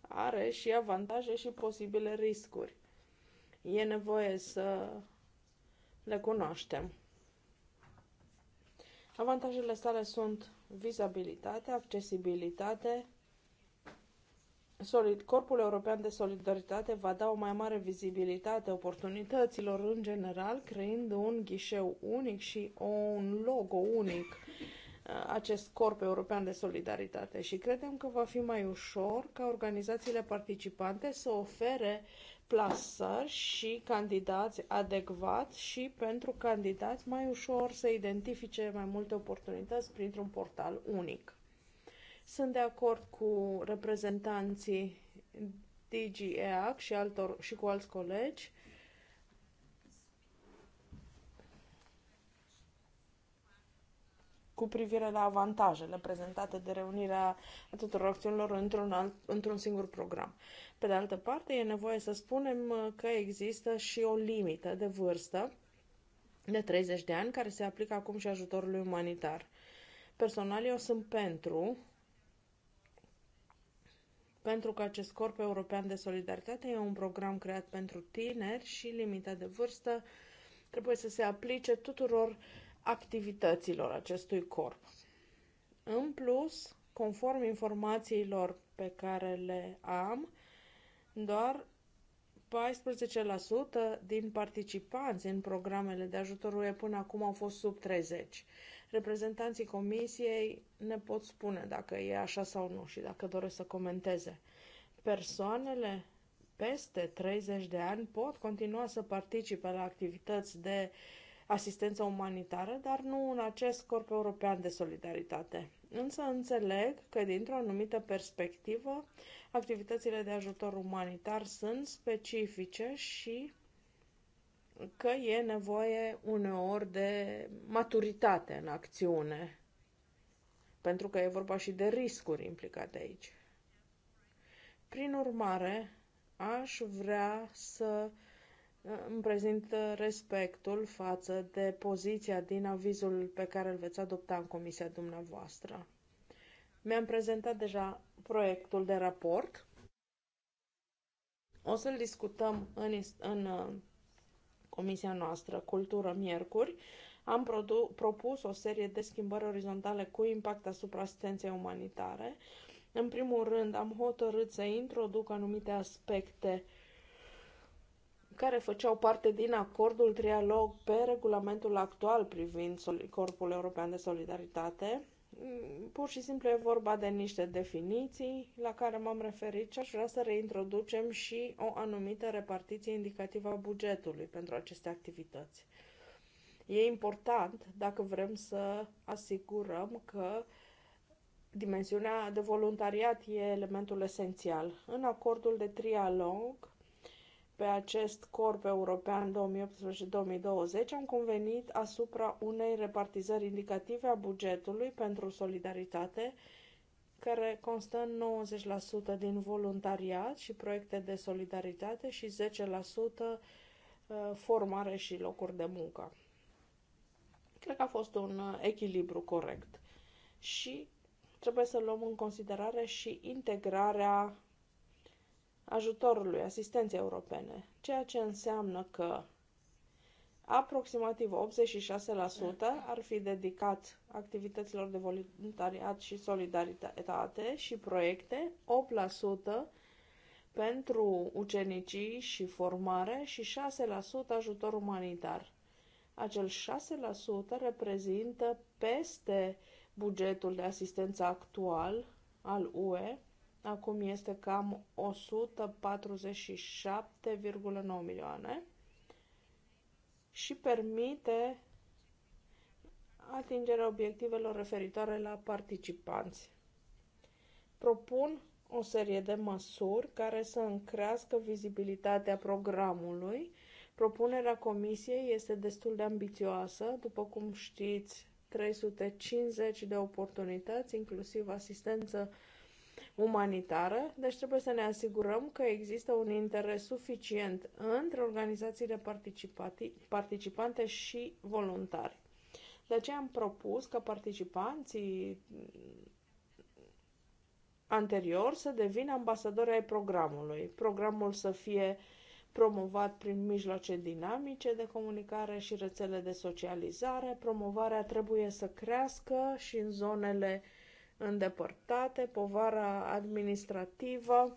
are și avantaje și posibile riscuri. E nevoie să le cunoaștem. Avantajele sale sunt vizabilitate, accesibilitate. Solid, Corpul European de Solidaritate va da o mai mare vizibilitate oportunităților în general, creând un ghișeu unic și un logo unic uh, acest corp european de solidaritate și credem că va fi mai ușor ca organizațiile participante să ofere plasări și candidați adecvați și pentru candidați mai ușor să identifice mai multe oportunități printr-un portal unic. Sunt de acord cu reprezentanții DGEAC și, altor, și cu alți colegi cu privire la avantajele prezentate de reunirea tuturor acțiunilor într-un, alt, într-un singur program. Pe de altă parte, e nevoie să spunem uh, că există și o limită de vârstă de 30 de ani care se aplică acum și ajutorului umanitar. Personal, eu sunt pentru pentru că acest Corp European de Solidaritate e un program creat pentru tineri și limita de vârstă trebuie să se aplice tuturor uh, activităților acestui corp. În plus, conform informațiilor pe care le am, doar 14% din participanți în programele de ajutor UE până acum au fost sub 30. Reprezentanții comisiei ne pot spune dacă e așa sau nu și dacă doresc să comenteze. Persoanele peste 30 de ani pot continua să participe la activități de uh, asistență umanitară, dar nu în acest corp european de solidaritate. Însă înțeleg că, dintr-o anumită perspectivă, activitățile de ajutor umanitar sunt specifice și că e nevoie uneori de maturitate în acțiune, pentru că e vorba și de riscuri implicate aici. Prin urmare, aș vrea să îmi prezint uh, respectul față de poziția din avizul pe care îl veți adopta în comisia dumneavoastră. Mi-am prezentat deja proiectul de raport. O să-l discutăm în, în uh, comisia noastră Cultură Miercuri. Am propus o serie de schimbări orizontale cu impact asupra asistenței umanitare. În primul rând, am hotărât să introduc anumite aspecte care făceau parte din acordul trialog pe regulamentul actual privind Corpul European de Solidaritate. Mm, pur și simplu e vorba de niște definiții la care m-am referit și aș vrea să reintroducem și o anumită repartiție indicativă a bugetului pentru aceste activități. E important dacă vrem să asigurăm că dimensiunea de voluntariat e elementul esențial. În acordul de trialog pe acest corp european 2018-2020, am convenit asupra unei repartizări indicative a bugetului pentru solidaritate, care constă în 90% din voluntariat și proiecte de solidaritate și 10% uh, formare și locuri de muncă. Cred că a fost un uh, echilibru corect. Și trebuie să luăm în considerare și integrarea ajutorului, asistenței europene, ceea ce înseamnă că aproximativ 86% ar fi dedicat activităților de voluntariat și solidaritate și proiecte, 8% pentru ucenicii și formare și 6% ajutor umanitar. Acel 6% reprezintă peste bugetul de asistență actual al UE acum este cam 147,9 milioane și permite atingerea obiectivelor referitoare la participanți. Propun o serie de măsuri care să încrească vizibilitatea programului. Propunerea comisiei este destul de ambițioasă, după cum știți, 350 de oportunități, inclusiv asistență umanitară, deci trebuie să ne asigurăm că există un interes suficient între organizațiile participante și voluntari. De aceea am propus ca participanții anterior să devină ambasadori ai programului. Programul să fie promovat prin mijloace dinamice de comunicare și rețele de socializare. Promovarea trebuie să crească și în zonele uh, îndepărtate, povara administrativă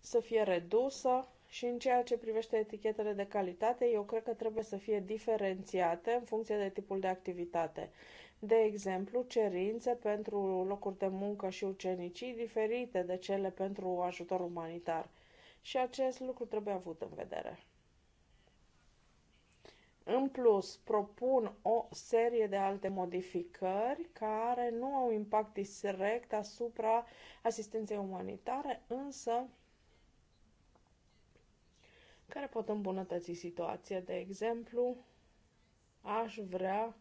să fie redusă și în ceea ce privește etichetele de calitate, eu cred că trebuie să fie diferențiate în funcție de tipul de activitate. De exemplu, cerințe pentru locuri de muncă și ucenicii diferite de cele pentru ajutor umanitar. Și acest lucru trebuie avut în vedere. În plus, propun o serie de alte modificări care nu au impact direct asupra asistenței umanitare, însă care pot îmbunătăți situația. De exemplu, aș vrea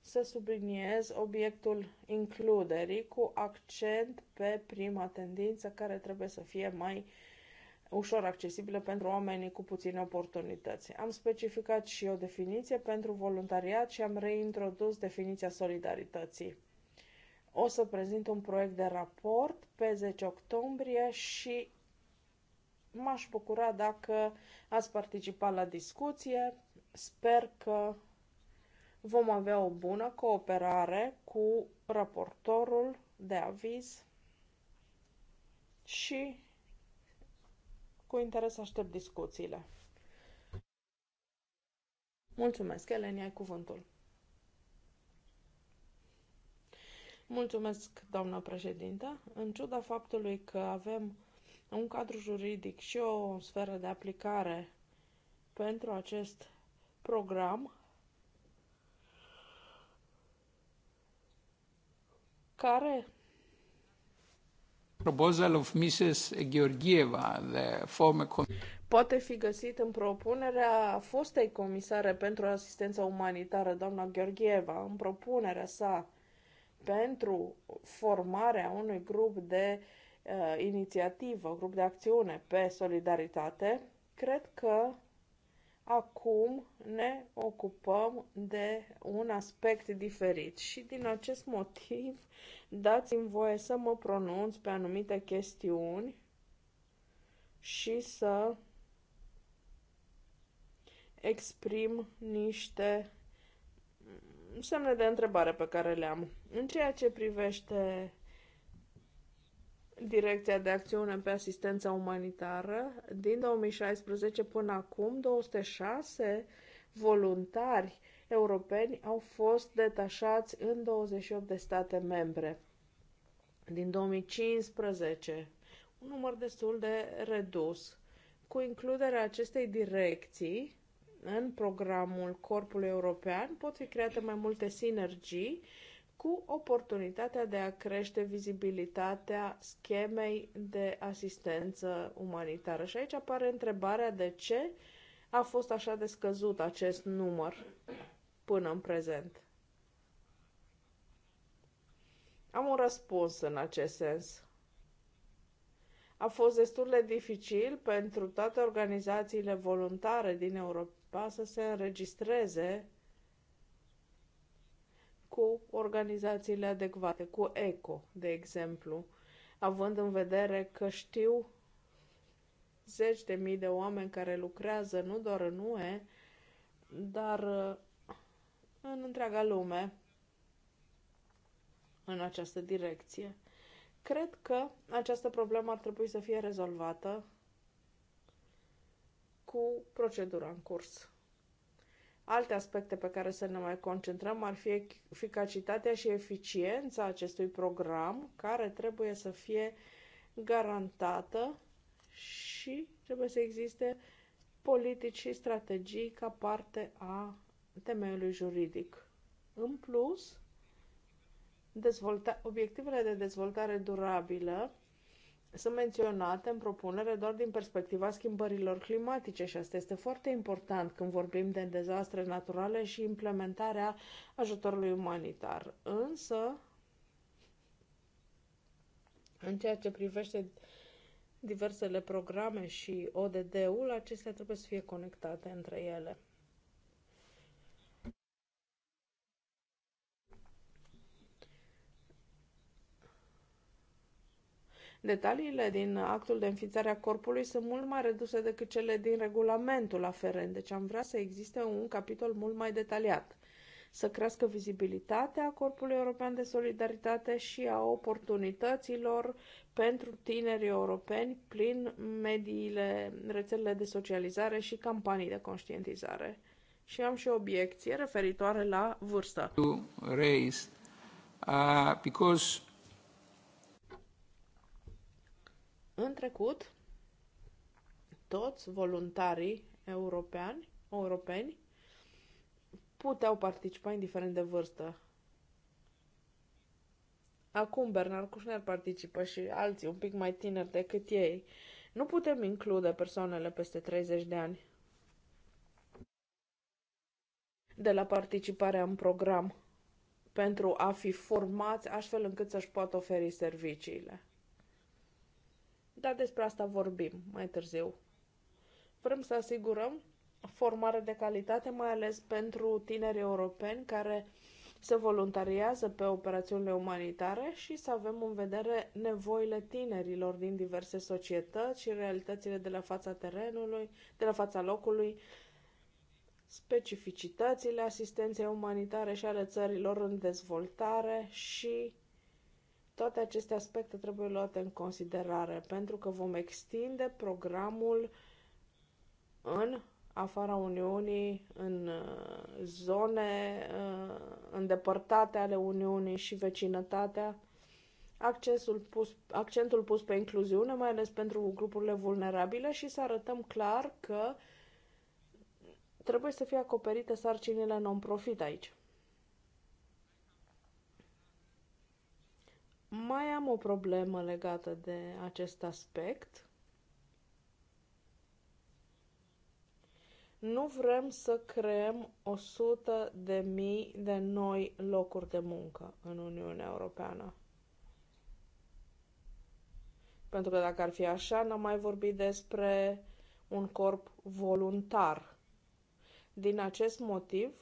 să subliniez obiectul includerii cu accent pe prima tendință care trebuie să fie mai ușor accesibile pentru oamenii cu puține oportunități. Am specificat și o definiție pentru voluntariat și am reintrodus definiția solidarității. O să prezint un proiect de raport pe 10 octombrie și m-aș bucura dacă ați participat la discuție. Sper că vom avea o bună cooperare cu raportorul de aviz și cu interes aștept discuțiile. Mulțumesc, Eleni, ai cuvântul. Mulțumesc, doamnă președintă. În ciuda faptului că avem un cadru juridic și o sferă de aplicare pentru acest program, care proposal of Mrs. Georgieva, the former poate fi găsit în propunerea fostei comisare pentru asistența umanitară, doamna Georgieva în propunerea sa pentru formarea unui grup de uh, inițiativă, grup de acțiune pe solidaritate, cred că Acum ne ocupăm de un aspect diferit și din acest motiv dați-mi voie să mă pronunț pe anumite chestiuni și să exprim niște semne de întrebare pe care le am. În ceea ce privește Direcția de Acțiune pe Asistența Umanitară, din 2016 până acum, 206 voluntari europeni au fost detașați în 28 de state membre. Din 2015, un număr destul de redus. Cu includerea acestei direcții în programul Corpului European pot fi create mai multe sinergii cu oportunitatea de a crește vizibilitatea schemei de asistență umanitară. Și aici apare întrebarea de ce a fost așa de scăzut acest număr până în prezent. Am un răspuns în acest sens. A fost destul de dificil pentru toate organizațiile voluntare din Europa să se înregistreze cu organizațiile adecvate, cu ECO, de exemplu, având în vedere că știu zeci de mii de oameni care lucrează nu doar în UE, dar uh, în întreaga lume în această direcție. Cred că această problemă ar trebui să fie rezolvată cu procedura în curs. Alte aspecte pe care să ne mai concentrăm ar fi eficacitatea și eficiența acestui program, care trebuie să fie garantată și trebuie să existe politici și strategii ca parte a temeiului juridic. În plus, dezvolta- obiectivele de dezvoltare durabilă sunt menționate în propunere doar din perspectiva schimbărilor climatice și asta este foarte important când vorbim de dezastre naturale și implementarea ajutorului umanitar. Însă, în ceea ce privește diversele programe și ODD-ul, acestea trebuie să fie conectate între ele. Detaliile din actul de înființare a corpului sunt mult mai reduse decât cele din regulamentul aferent, deci am vrea să existe un capitol mult mai detaliat să crească vizibilitatea Corpului European de Solidaritate și a oportunităților pentru tinerii europeni prin mediile, rețelele de socializare și campanii de conștientizare. Și am și o obiecție referitoare la vârstă. uh, because În trecut, toți voluntarii europeani, europeni puteau participa indiferent de vârstă. Acum Bernard Cușner participă și alții un pic mai tineri decât ei. Nu putem include persoanele peste 30 de ani de la participarea în program pentru a fi formați astfel încât să-și poată oferi serviciile dar despre asta vorbim mai târziu. Vrem să asigurăm formare de calitate, mai ales pentru tineri europeni care se voluntariază pe operațiunile umanitare și să avem în vedere nevoile tinerilor din diverse societăți și realitățile de la fața terenului, de la fața locului, specificitățile asistenței umanitare și ale țărilor în dezvoltare și toate aceste aspecte trebuie luate în considerare pentru că vom extinde programul în afara Uniunii, în uh, zone uh, îndepărtate ale Uniunii și vecinătatea. Accesul pus, accentul pus pe incluziune, mai ales pentru grupurile vulnerabile și să arătăm clar că trebuie să fie acoperite sarcinile non-profit aici. Mai am o problemă legată de acest aspect. Nu vrem să creăm 100 de mii de noi locuri de muncă în Uniunea Europeană. Pentru că dacă ar fi așa, n-am mai vorbit despre un corp voluntar. Din acest motiv,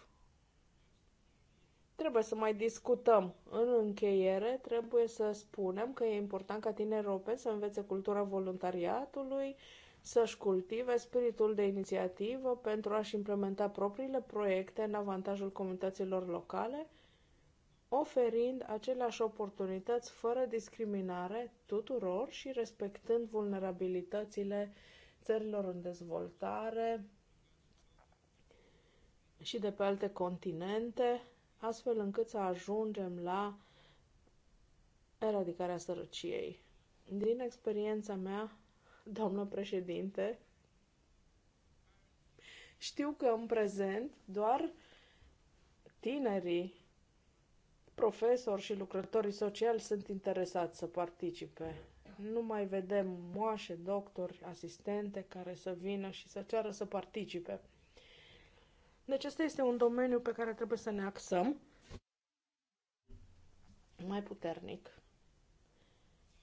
Trebuie să mai discutăm. În încheiere, trebuie să spunem că e important ca tinerii europeni să învețe cultura voluntariatului, să-și cultive spiritul de inițiativă pentru a-și implementa propriile proiecte în avantajul comunităților locale, oferind aceleași oportunități fără discriminare tuturor și respectând vulnerabilitățile țărilor în dezvoltare și de pe alte continente, astfel încât să ajungem la eradicarea sărăciei. Din experiența mea, doamnă președinte, știu că în prezent doar tinerii profesori și lucrătorii sociali sunt interesați să participe. Nu mai vedem moașe, doctori, asistente care să vină și să ceară să participe. Deci ăsta este un domeniu pe care trebuie să ne axăm mai puternic.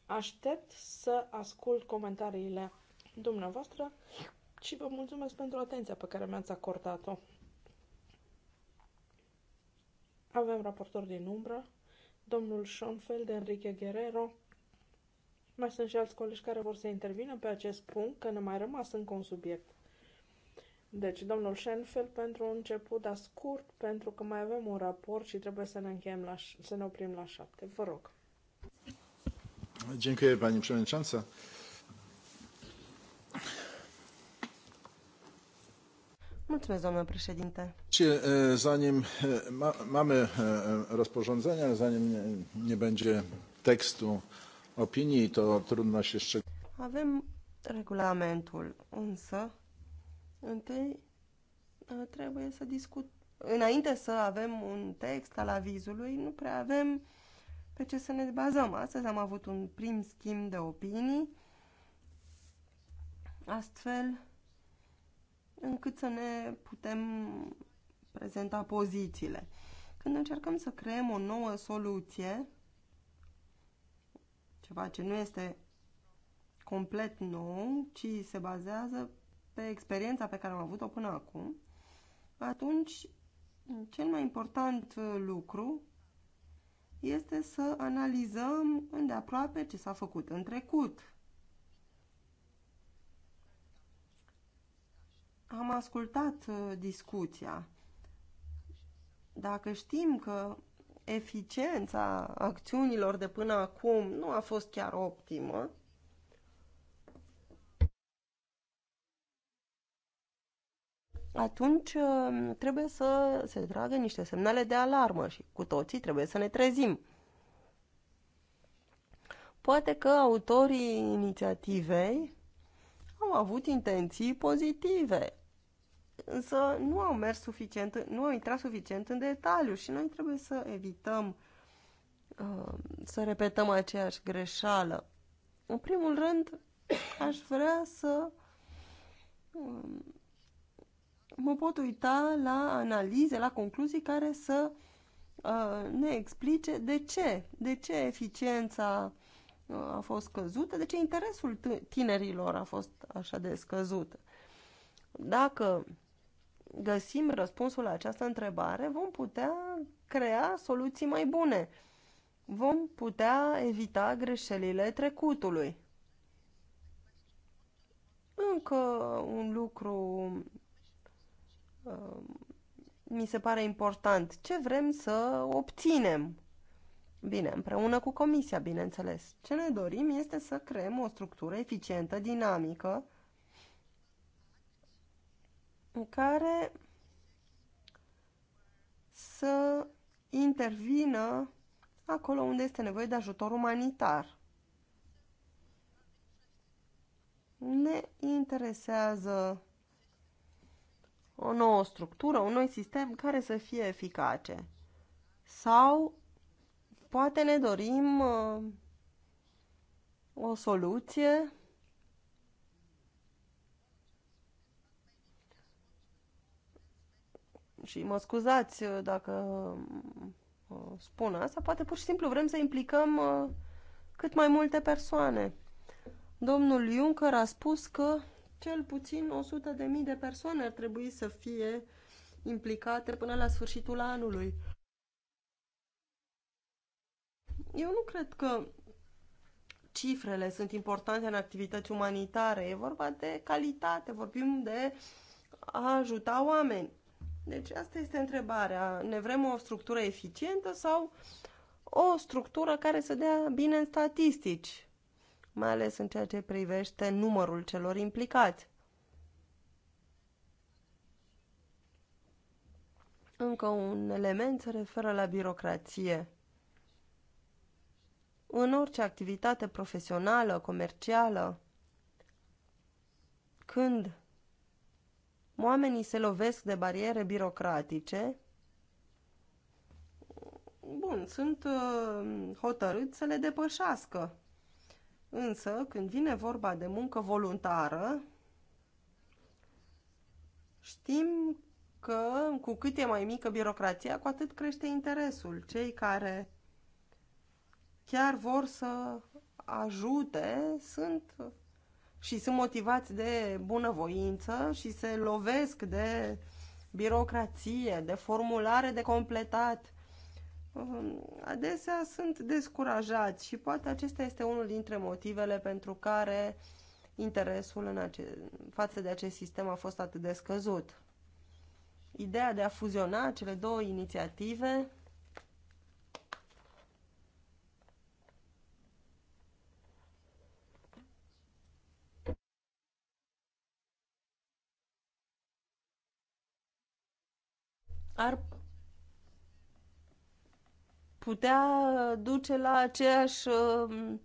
Aștept să ascult comentariile dumneavoastră și vă mulțumesc pentru atenția pe care mi-ați acordat-o. Avem raportor din umbră, domnul Schoenfeld, Enrique Guerrero. Mai sunt și alți colegi care vor să intervină pe acest punct, că ne mai rămas încă un subiect. Deci, domnul Schenfeld, pentru un început, dar scurt, pentru că mai avem un raport și trebuie să ne, încheiem la, să ne oprim la șapte. Vă rog. Dziękuję Pani Przewodnicząca. Mulțumesc, domnule președinte. Și Zanim ma, mamy rozporządzenia, zanim nie, będzie textu opinii, to trudno się szczegółowo. Avem regulamentul, însă Întâi ă, trebuie să discut. Înainte să avem un text al avizului, nu prea avem pe ce să ne bazăm. Astăzi am avut un prim schimb de opinii, astfel încât să ne putem prezenta pozițiile. Când încercăm să creăm o nouă soluție, ceva ce nu este complet nou, ci se bazează pe experiența pe care am avut-o până acum, atunci cel mai important uh, lucru este să analizăm îndeaproape ce s-a făcut în trecut. Am ascultat uh, discuția. Dacă știm că eficiența acțiunilor de până acum nu a fost chiar optimă, atunci uh, trebuie să se tragă niște semnale de alarmă și cu toții trebuie să ne trezim. Poate că autorii inițiativei au avut intenții pozitive, însă nu au mers suficient, nu au intrat suficient în detaliu și noi trebuie să evităm uh, să repetăm aceeași greșeală. În primul rând, aș vrea să um, mă pot uita la analize, la concluzii care să uh, ne explice de ce, de ce eficiența uh, a fost scăzută, de ce interesul tinerilor a fost așa de scăzut. Dacă găsim răspunsul la această întrebare, vom putea crea soluții mai bune. Vom putea evita greșelile trecutului. Încă un lucru Um, mi se pare important. Ce vrem să obținem? Bine, împreună cu Comisia, bineînțeles. Ce ne dorim este să creăm o structură eficientă, dinamică, în care să intervină acolo unde este nevoie de ajutor umanitar. Ne interesează o nouă structură, un noi sistem care să fie eficace. Sau poate ne dorim uh, o soluție și mă scuzați dacă uh, spun asta, poate pur și simplu vrem să implicăm uh, cât mai multe persoane. Domnul Juncker a spus că cel puțin 100.000 de, de persoane ar trebui să fie implicate până la sfârșitul anului. Eu nu cred că cifrele sunt importante în activități umanitare, e vorba de calitate, vorbim de a ajuta oameni. Deci asta este întrebarea. Ne vrem o structură eficientă sau o structură care să dea bine în statistici? mai ales în ceea ce privește numărul celor implicați. Încă un element se referă la birocrație. În orice activitate profesională, comercială, când oamenii se lovesc de bariere birocratice, bun, sunt uh, hotărâți să le depășească. Însă, când vine vorba de muncă voluntară, știm că cu cât e mai mică birocrația, cu atât crește interesul. Cei care chiar vor să ajute sunt și sunt motivați de bunăvoință și se lovesc de birocrație, de formulare de completat, Um, adesea sunt descurajați și poate acesta este unul dintre motivele pentru care interesul în ace- față de acest sistem a fost atât de scăzut. Ideea de a fuziona cele două inițiative ar putea duce la aceeași um,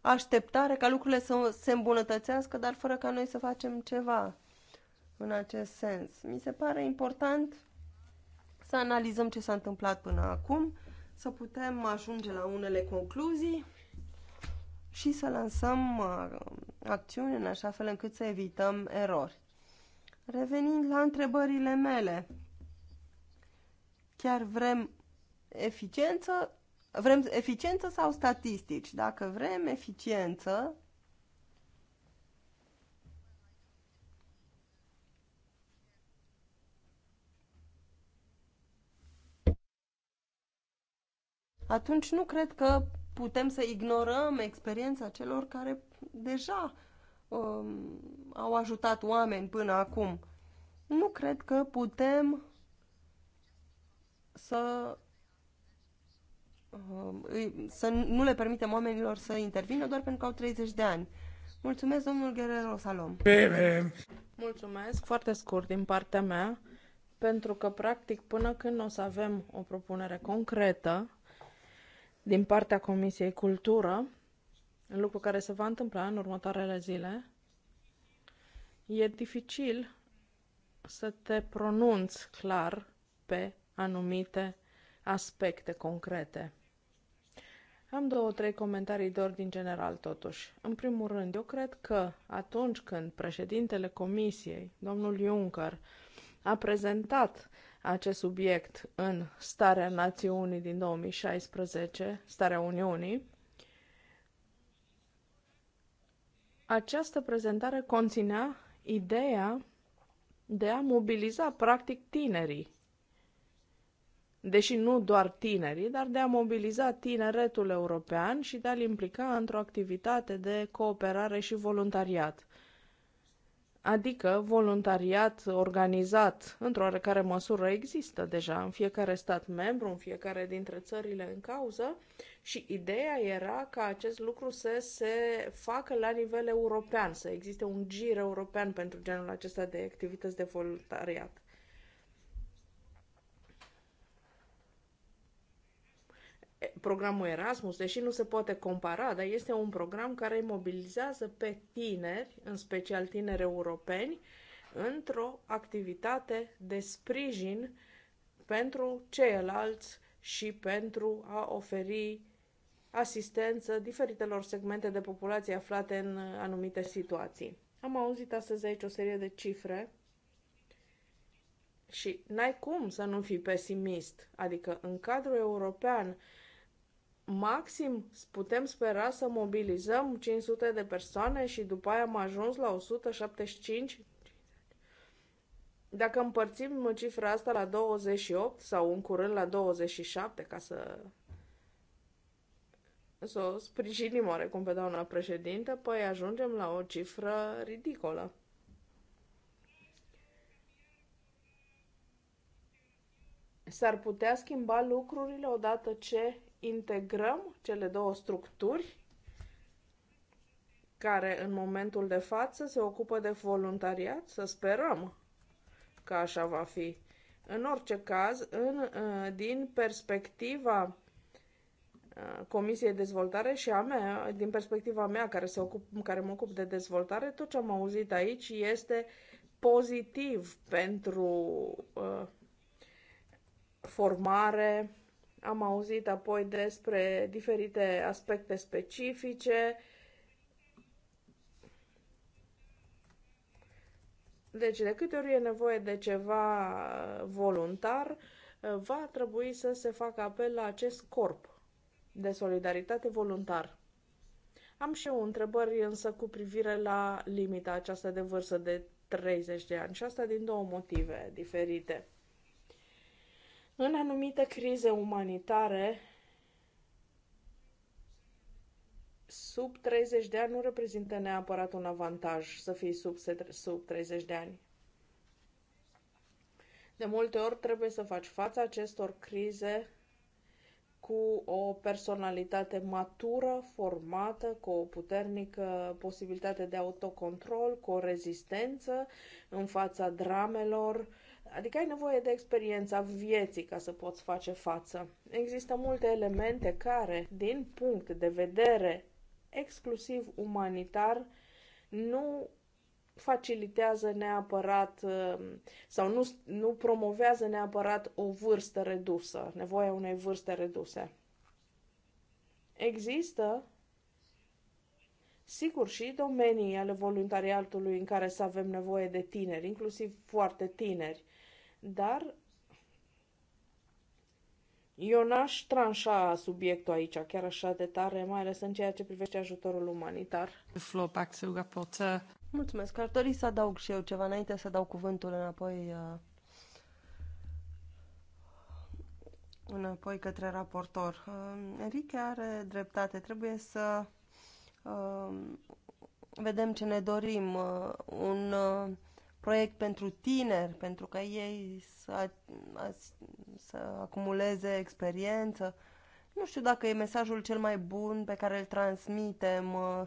așteptare ca lucrurile să se îmbunătățească, dar fără ca noi să facem ceva în acest sens. Mi se pare important să analizăm ce s-a întâmplat până acum, să putem ajunge la unele concluzii și să lansăm uh, acțiuni în așa fel încât să evităm erori. Revenind la întrebările mele, chiar vrem eficiență, vrem eficiență sau statistici? Dacă vrem eficiență, atunci nu cred că putem să ignorăm experiența celor care deja um, au ajutat oameni până acum. Nu cred că putem să Um, să nu le permitem oamenilor să intervină doar pentru că au 30 de ani. Mulțumesc, domnul Guerrero Salom. Bebe. Mulțumesc, foarte scurt din partea mea, pentru că, practic, până când o să avem o propunere concretă din partea Comisiei Cultură, lucru care se va întâmpla în următoarele zile, e dificil să te pronunți clar pe anumite aspecte concrete. Am două, trei comentarii de ordin general, totuși. În primul rând, eu cred că atunci când președintele Comisiei, domnul Juncker, a prezentat acest subiect în Starea Națiunii din 2016, Starea Uniunii, această prezentare conținea ideea de a mobiliza, practic, tinerii deși nu doar tinerii, dar de a mobiliza tineretul european și de a-l implica într-o activitate de cooperare și voluntariat. Adică voluntariat organizat, într-o oarecare măsură există deja în fiecare stat membru, în fiecare dintre țările în cauză și ideea era ca acest lucru să se facă la nivel european, să existe un gir european pentru genul acesta de activități de voluntariat. programul Erasmus, deși nu se poate compara, dar este un program care mobilizează pe tineri, în special tineri europeni, într-o activitate de sprijin pentru ceilalți și pentru a oferi asistență diferitelor segmente de populație aflate în anumite situații. Am auzit astăzi aici o serie de cifre și n-ai cum să nu fii pesimist. Adică, în cadrul european, maxim putem spera să mobilizăm 500 de persoane și după aia am ajuns la 175. Dacă împărțim cifra asta la 28 sau în curând la 27 ca să să o sprijinim oarecum pe doamna președintă, păi ajungem la o cifră ridicolă. S-ar putea schimba lucrurile odată ce integrăm cele două structuri care în momentul de față se ocupă de voluntariat, să sperăm că așa va fi. În orice caz, în, uh, din perspectiva uh, Comisiei Dezvoltare și a mea, din perspectiva mea care, se ocup, care mă ocup de dezvoltare, tot ce am auzit aici este pozitiv pentru uh, formare, am auzit apoi despre diferite aspecte specifice. Deci, de câte ori e nevoie de ceva voluntar, va trebui să se facă apel la acest corp de solidaritate voluntar. Am și eu întrebări însă cu privire la limita aceasta de vârstă de 30 de ani și asta din două motive diferite. În anumite crize umanitare, sub 30 de ani nu reprezintă neapărat un avantaj să fii sub, sub 30 de ani. De multe ori trebuie să faci față acestor crize cu o personalitate matură, formată, cu o puternică posibilitate de autocontrol, cu o rezistență în fața dramelor Adică ai nevoie de experiența vieții ca să poți face față. Există multe elemente care, din punct de vedere exclusiv umanitar, nu facilitează neapărat um, sau nu, nu promovează neapărat o vârstă redusă, nevoia unei vârste reduse. Există, sigur, și domenii ale voluntariatului în care să avem nevoie de tineri, inclusiv foarte tineri. Dar eu n-aș tranșa subiectul aici chiar așa de tare, mai ales în ceea ce privește ajutorul umanitar. Mulțumesc. Ar dori să adaug și eu ceva înainte să dau cuvântul înapoi, uh, înapoi către raportor. Uh, Enrique are dreptate. Trebuie să uh, vedem ce ne dorim. Un proiect pentru tineri, pentru ca ei să, să acumuleze experiență. Nu știu dacă e mesajul cel mai bun pe care îl transmitem uh,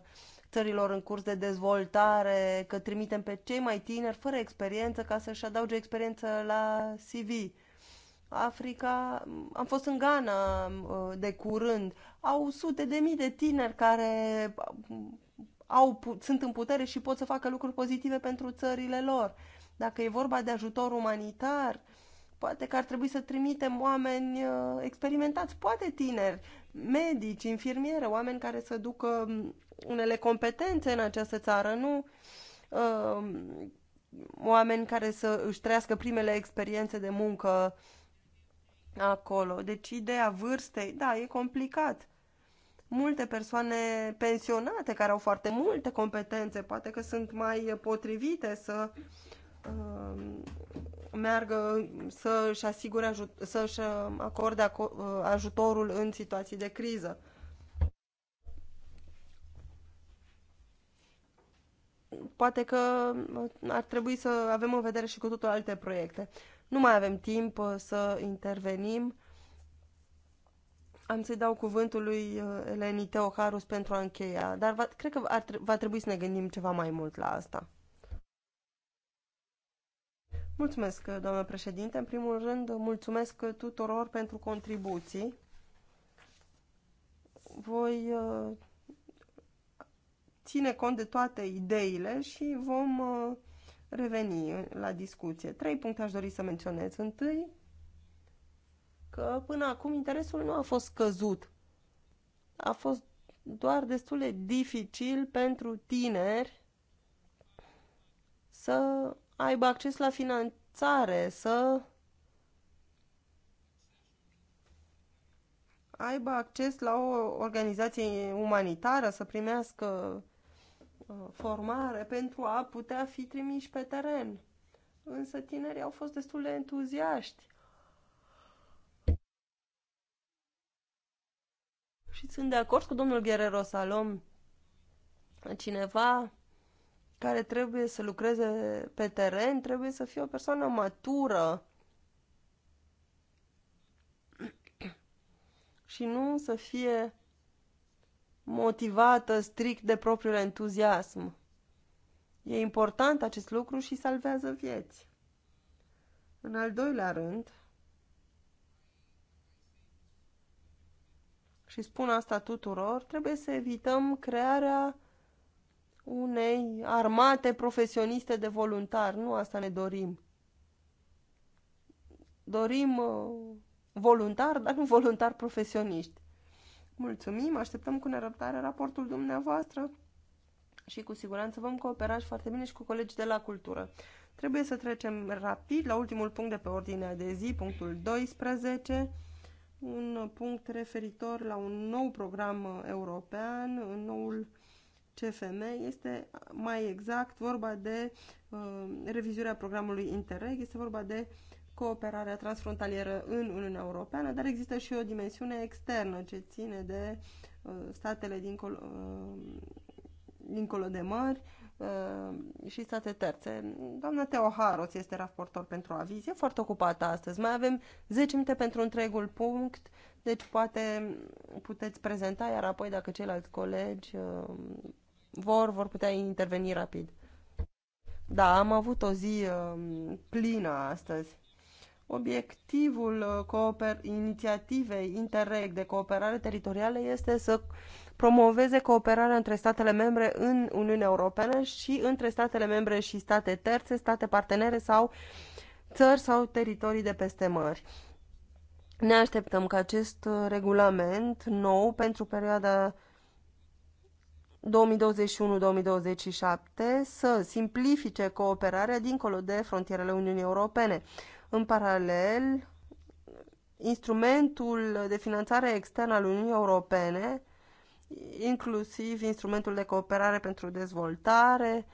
țărilor în curs de dezvoltare, că trimitem pe cei mai tineri fără experiență ca să-și adauge experiență la CV. Africa, am fost în Ghana uh, de curând, au sute de mii de tineri care au, sunt în putere și pot să facă lucruri pozitive pentru țările lor. Dacă e vorba de ajutor umanitar, poate că ar trebui să trimitem oameni uh, experimentați, poate tineri, medici, infirmiere, oameni care să ducă um, unele competențe în această țară, nu uh, oameni care să își trăiască primele experiențe de muncă acolo. Deci ideea vârstei, da, e complicat multe persoane pensionate care au foarte multe competențe, poate că sunt mai potrivite să uh, meargă să-și asigure, să-și uh, acorde uh, ajutorul în situații de criză. Poate că uh, ar trebui să avem în vedere și cu totul alte proiecte. Nu mai avem timp să intervenim am să-i dau cuvântul lui uh, Eleni Teoharus pentru a încheia, dar va, cred că ar, va trebui să ne gândim ceva mai mult la asta. Mulțumesc, uh, doamnă președinte. În primul rând, uh, mulțumesc tuturor pentru contribuții. Voi ține cont de toate ideile și vom reveni la discuție. Trei puncte aș dori să menționez. Întâi, că până acum interesul nu a fost scăzut. A fost doar destul de dificil pentru tineri să aibă acces la finanțare, să aibă acces la o organizație umanitară, să primească uh, formare pentru a putea fi trimiși pe teren. Însă tinerii au fost destul de entuziaști Și sunt de acord cu domnul Guerrero Salom, cineva care trebuie să lucreze pe teren, trebuie să fie o persoană matură și nu să fie motivată strict de propriul entuziasm. E important acest lucru și salvează vieți. În al doilea rând, și spun asta tuturor, trebuie să evităm crearea unei armate profesioniste de voluntari. Nu asta ne dorim. Dorim uh, voluntari, dar nu voluntari profesioniști. Mulțumim, așteptăm cu nerăbdare raportul dumneavoastră și cu siguranță vom coopera și foarte bine și cu colegii de la cultură. Trebuie să trecem rapid la ultimul punct de pe ordinea de zi, punctul 12, un punct referitor la un nou program european, în noul CFM, este mai exact vorba de uh, revizuirea programului Interreg, este vorba de cooperarea transfrontalieră în Uniunea Europeană, dar există și o dimensiune externă ce ține de uh, statele dincolo, uh, dincolo de mări, Uh, și state terțe. Doamna Teo Haros este raportor pentru aviz, e foarte ocupată astăzi. Mai avem 10 minute pentru întregul punct, deci poate puteți prezenta, iar apoi dacă ceilalți colegi uh, vor, vor putea interveni rapid. Da, am avut o zi uh, plină astăzi. Obiectivul cooper- inițiativei Interreg de cooperare teritorială este să promoveze cooperarea între statele membre în Uniunea Europeană și între statele membre și state terțe, state partenere sau țări sau teritorii de peste mări. Ne așteptăm ca acest uh, regulament nou pentru perioada 2021-2027 să simplifice cooperarea dincolo de frontierele Uniunii Europene. În paralel, instrumentul de finanțare externă al Uniunii Europene inclusiv instrumentul de cooperare pentru dezvoltare,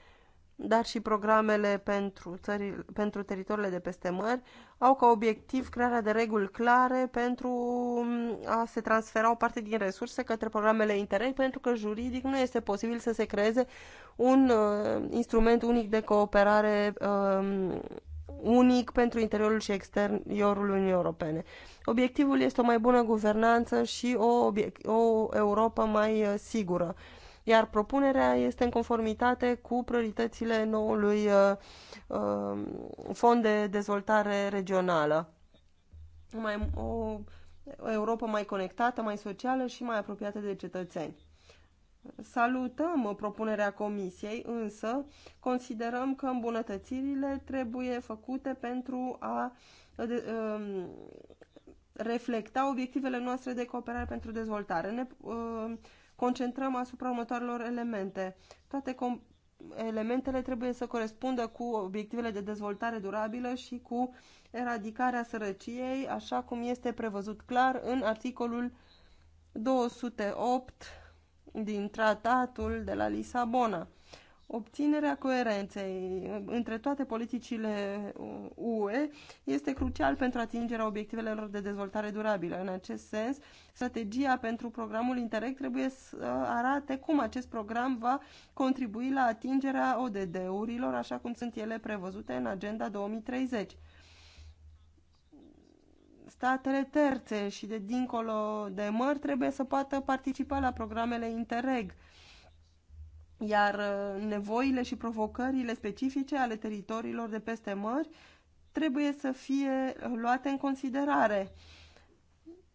dar și programele pentru, țări, pentru teritoriile de peste mări, au ca obiectiv crearea de reguli clare pentru mm, a se transfera o parte din resurse către programele Interreg, pentru că juridic nu este posibil să se creeze un uh, instrument unic de cooperare uh, unic pentru interiorul și exteriorul Uniunii Europene. Obiectivul este o mai bună guvernanță și o, o Europa mai uh, sigură. Iar propunerea este în conformitate cu prioritățile noului uh, uh, fond de dezvoltare regională. Mai, o Europa mai conectată, mai socială și mai apropiată de cetățeni. Salutăm propunerea comisiei, însă considerăm că îmbunătățirile trebuie făcute pentru a um, reflecta obiectivele noastre de cooperare pentru dezvoltare. Ne um, concentrăm asupra următoarelor elemente. Toate elementele trebuie să corespundă cu obiectivele de dezvoltare durabilă și cu eradicarea sărăciei, așa cum este prevăzut clar în articolul 208 din tratatul de la Lisabona. Obținerea coerenței între toate politicile UE uh, este crucial pentru atingerea obiectivelor de dezvoltare durabilă. În acest sens, strategia pentru programul Interreg trebuie să arate cum acest program va contribui la atingerea ODD-urilor, așa cum sunt ele prevăzute în Agenda 2030 statele terțe și de dincolo de mări trebuie să poată participa la programele Interreg. Iar uh, nevoile și provocările specifice ale teritoriilor de peste mări trebuie să fie luate în considerare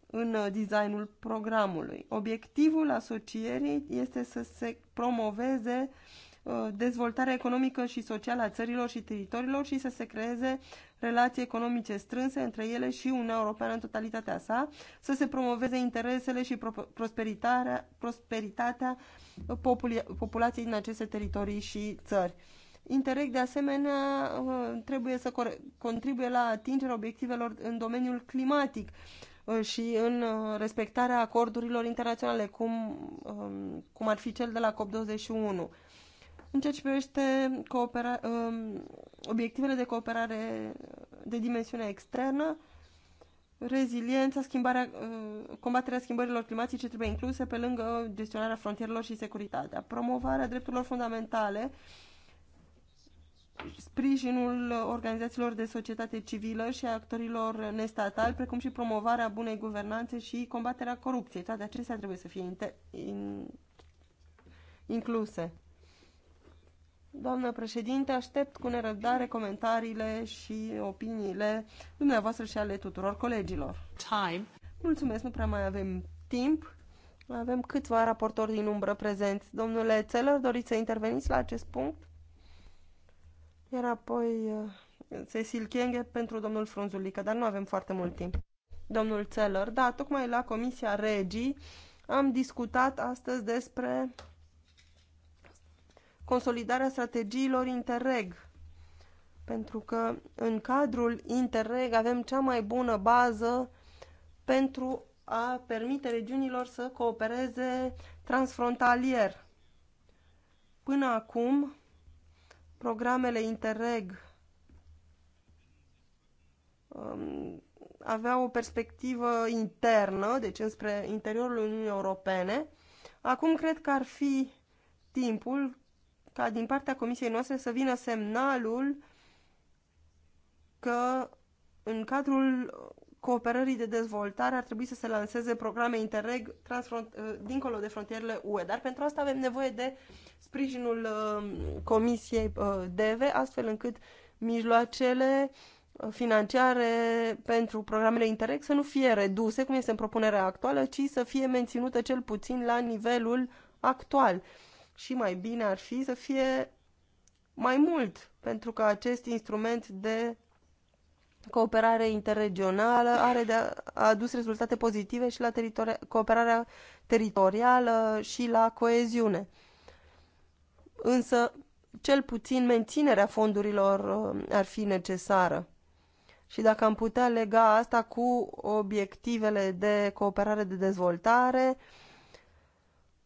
în uh, designul programului. Obiectivul asocierii este să se promoveze uh, dezvoltarea economică și socială a țărilor și teritoriilor și să se creeze relații economice strânse între ele și Uniunea Europeană în totalitatea sa, să se promoveze interesele și prosperitatea, prosperitatea populației din aceste teritorii și țări. Interreg, de asemenea, uh, trebuie să contribuie la atingerea obiectivelor în domeniul climatic uh, și în uh, respectarea acordurilor internaționale, cum, um, cum ar fi cel de la COP21 în ceea ce privește um, obiectivele de cooperare de dimensiune externă, reziliența, schimbarea, uh, combaterea schimbărilor climatice trebuie incluse pe lângă gestionarea frontierelor și securitatea, promovarea drepturilor fundamentale, sprijinul organizațiilor de societate civilă și a actorilor nestatali, precum și promovarea bunei guvernanțe și combaterea corupției. Toate acestea trebuie să fie incluse. Doamnă președinte, aștept cu nerăbdare comentariile și opiniile dumneavoastră și ale tuturor colegilor. Time. Mulțumesc, nu prea mai avem timp. Mai avem câțiva raportori din umbră prezenți. Domnule Țelăr, doriți să interveniți la acest punct? Iar apoi uh, Cecil Kienge pentru domnul Frunzulică, dar nu avem foarte mult timp. Domnul Țelăr, da, tocmai la Comisia Regii am discutat astăzi despre consolidarea strategiilor Interreg. Pentru că în cadrul Interreg avem cea mai bună bază pentru a permite regiunilor să coopereze transfrontalier. Până acum, programele Interreg um, aveau o perspectivă internă, deci înspre interiorul Uniunii Europene. Acum cred că ar fi timpul ca din partea comisiei noastre să vină semnalul că în cadrul cooperării de dezvoltare ar trebui să se lanseze programe interreg ă, dincolo de frontierele UE. Dar pentru asta avem nevoie de sprijinul uh, Comisiei uh, DEVE, astfel încât mijloacele financiare pentru programele interreg să nu fie reduse, cum este în propunerea actuală, ci să fie menținută cel puțin la nivelul actual. Uh, și mai bine ar fi să fie mai mult, pentru că acest instrument de cooperare interregională are de a, a adus rezultate pozitive și la teritori cooperarea teritorială și la coeziune. Însă, cel puțin menținerea fondurilor uh, ar fi necesară. Și dacă am putea lega asta cu obiectivele de cooperare de dezvoltare, uh,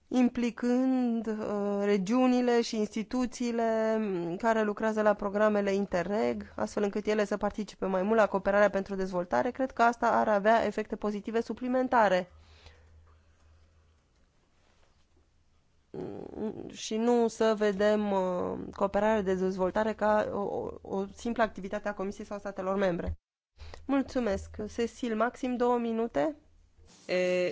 implicând uh, regiunile și instituțiile mm, care lucrează la programele Interreg, astfel încât ele să participe mai mult la cooperarea pentru dezvoltare, cred că asta ar avea efecte pozitive suplimentare. Mm, și nu să vedem uh, cooperarea de dezvoltare ca o, o simplă activitate a Comisiei sau statelor membre. Mulțumesc. Cecil, maxim două minute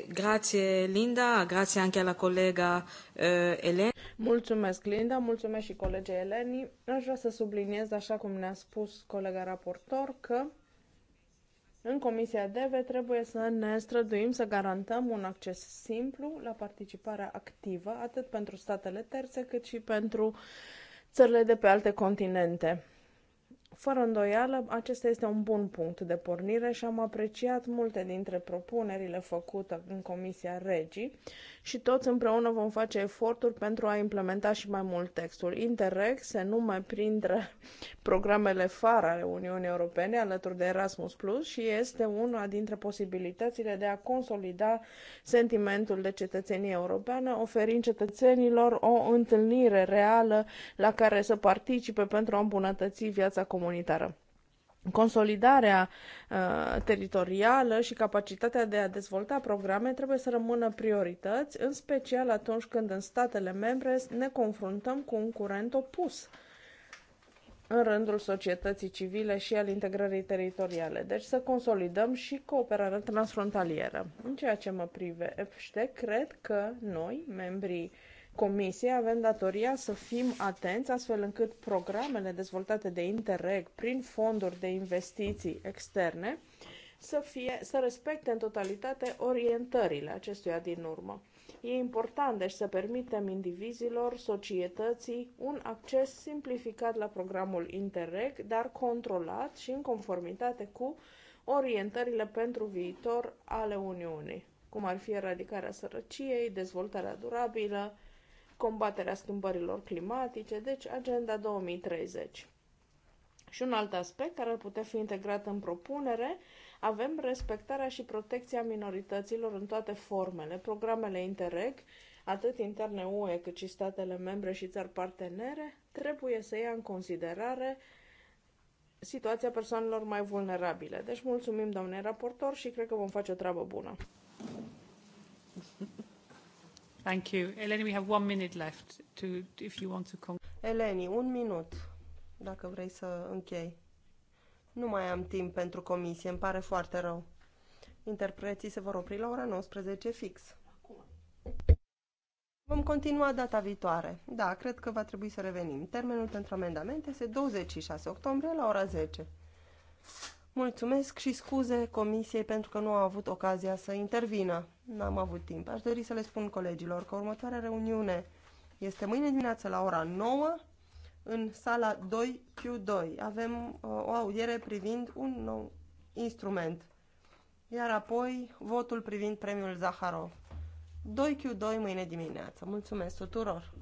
grazie Linda, grazie anche alla collega eh, Eleni. Mulțumesc Linda, mulțumesc și colegei Eleni. Aș vrea să subliniez, așa cum ne-a spus colega raportor, că în Comisia DEVE trebuie să ne străduim să garantăm un acces simplu la participarea activă, atât pentru statele terțe, cât și pentru țările de pe alte continente. Fără îndoială, acesta este un bun punct de pornire și am apreciat multe dintre propunerile făcute în Comisia Regii și toți împreună vom face eforturi pentru a implementa și mai mult textul. Interreg se numai printre programele fara ale Uniunii Europene alături de Erasmus Plus și este una dintre posibilitățile de a consolida sentimentul de cetățenie europeană, oferind cetățenilor o întâlnire reală la care să participe pentru a îmbunătăți viața comunitară comunitară. Consolidarea uh, teritorială și capacitatea de a dezvolta programe trebuie să rămână priorități, în special atunci când în statele membre ne confruntăm cu un curent opus în rândul societății civile și al integrării teritoriale. Deci să consolidăm și cooperarea transfrontalieră. În ceea ce mă privește, cred că noi, membrii uh, Comisiei avem datoria să fim atenți astfel încât programele dezvoltate de Interreg prin fonduri de investiții externe să, fie, să respecte în totalitate orientările acestuia din urmă. E important, deci, să permitem indivizilor, societății, un acces simplificat la programul Interreg, dar controlat și în conformitate cu orientările pentru viitor ale Uniunii, cum ar fi eradicarea sărăciei, dezvoltarea durabilă, combaterea schimbărilor climatice, deci Agenda 2030. Și un alt aspect care ar putea fi integrat în propunere, avem respectarea și protecția minorităților în toate formele, programele Interreg, atât interne UE cât și statele membre și țări partenere, trebuie să ia în considerare situația persoanelor mai vulnerabile. Deci mulțumim, domnule raportor, și cred că vom face o treabă bună left Eleni, un minut, dacă vrei să închei. Nu mai am timp pentru comisie, îmi pare foarte rău. Interpreții se vor opri la ora 19 fix. Vom continua data viitoare. Da, cred că va trebui să revenim. Termenul pentru amendamente este 26 octombrie la ora 10. Mulțumesc și scuze Comisiei pentru că nu a avut ocazia să intervină. N-am avut timp. Aș dori să le spun colegilor că următoarea reuniune este mâine dimineață la ora 9 în sala 2Q2. Avem uh, o audiere privind un nou instrument, iar apoi votul privind premiul Zaharov. 2Q2 mâine dimineață. Mulțumesc tuturor!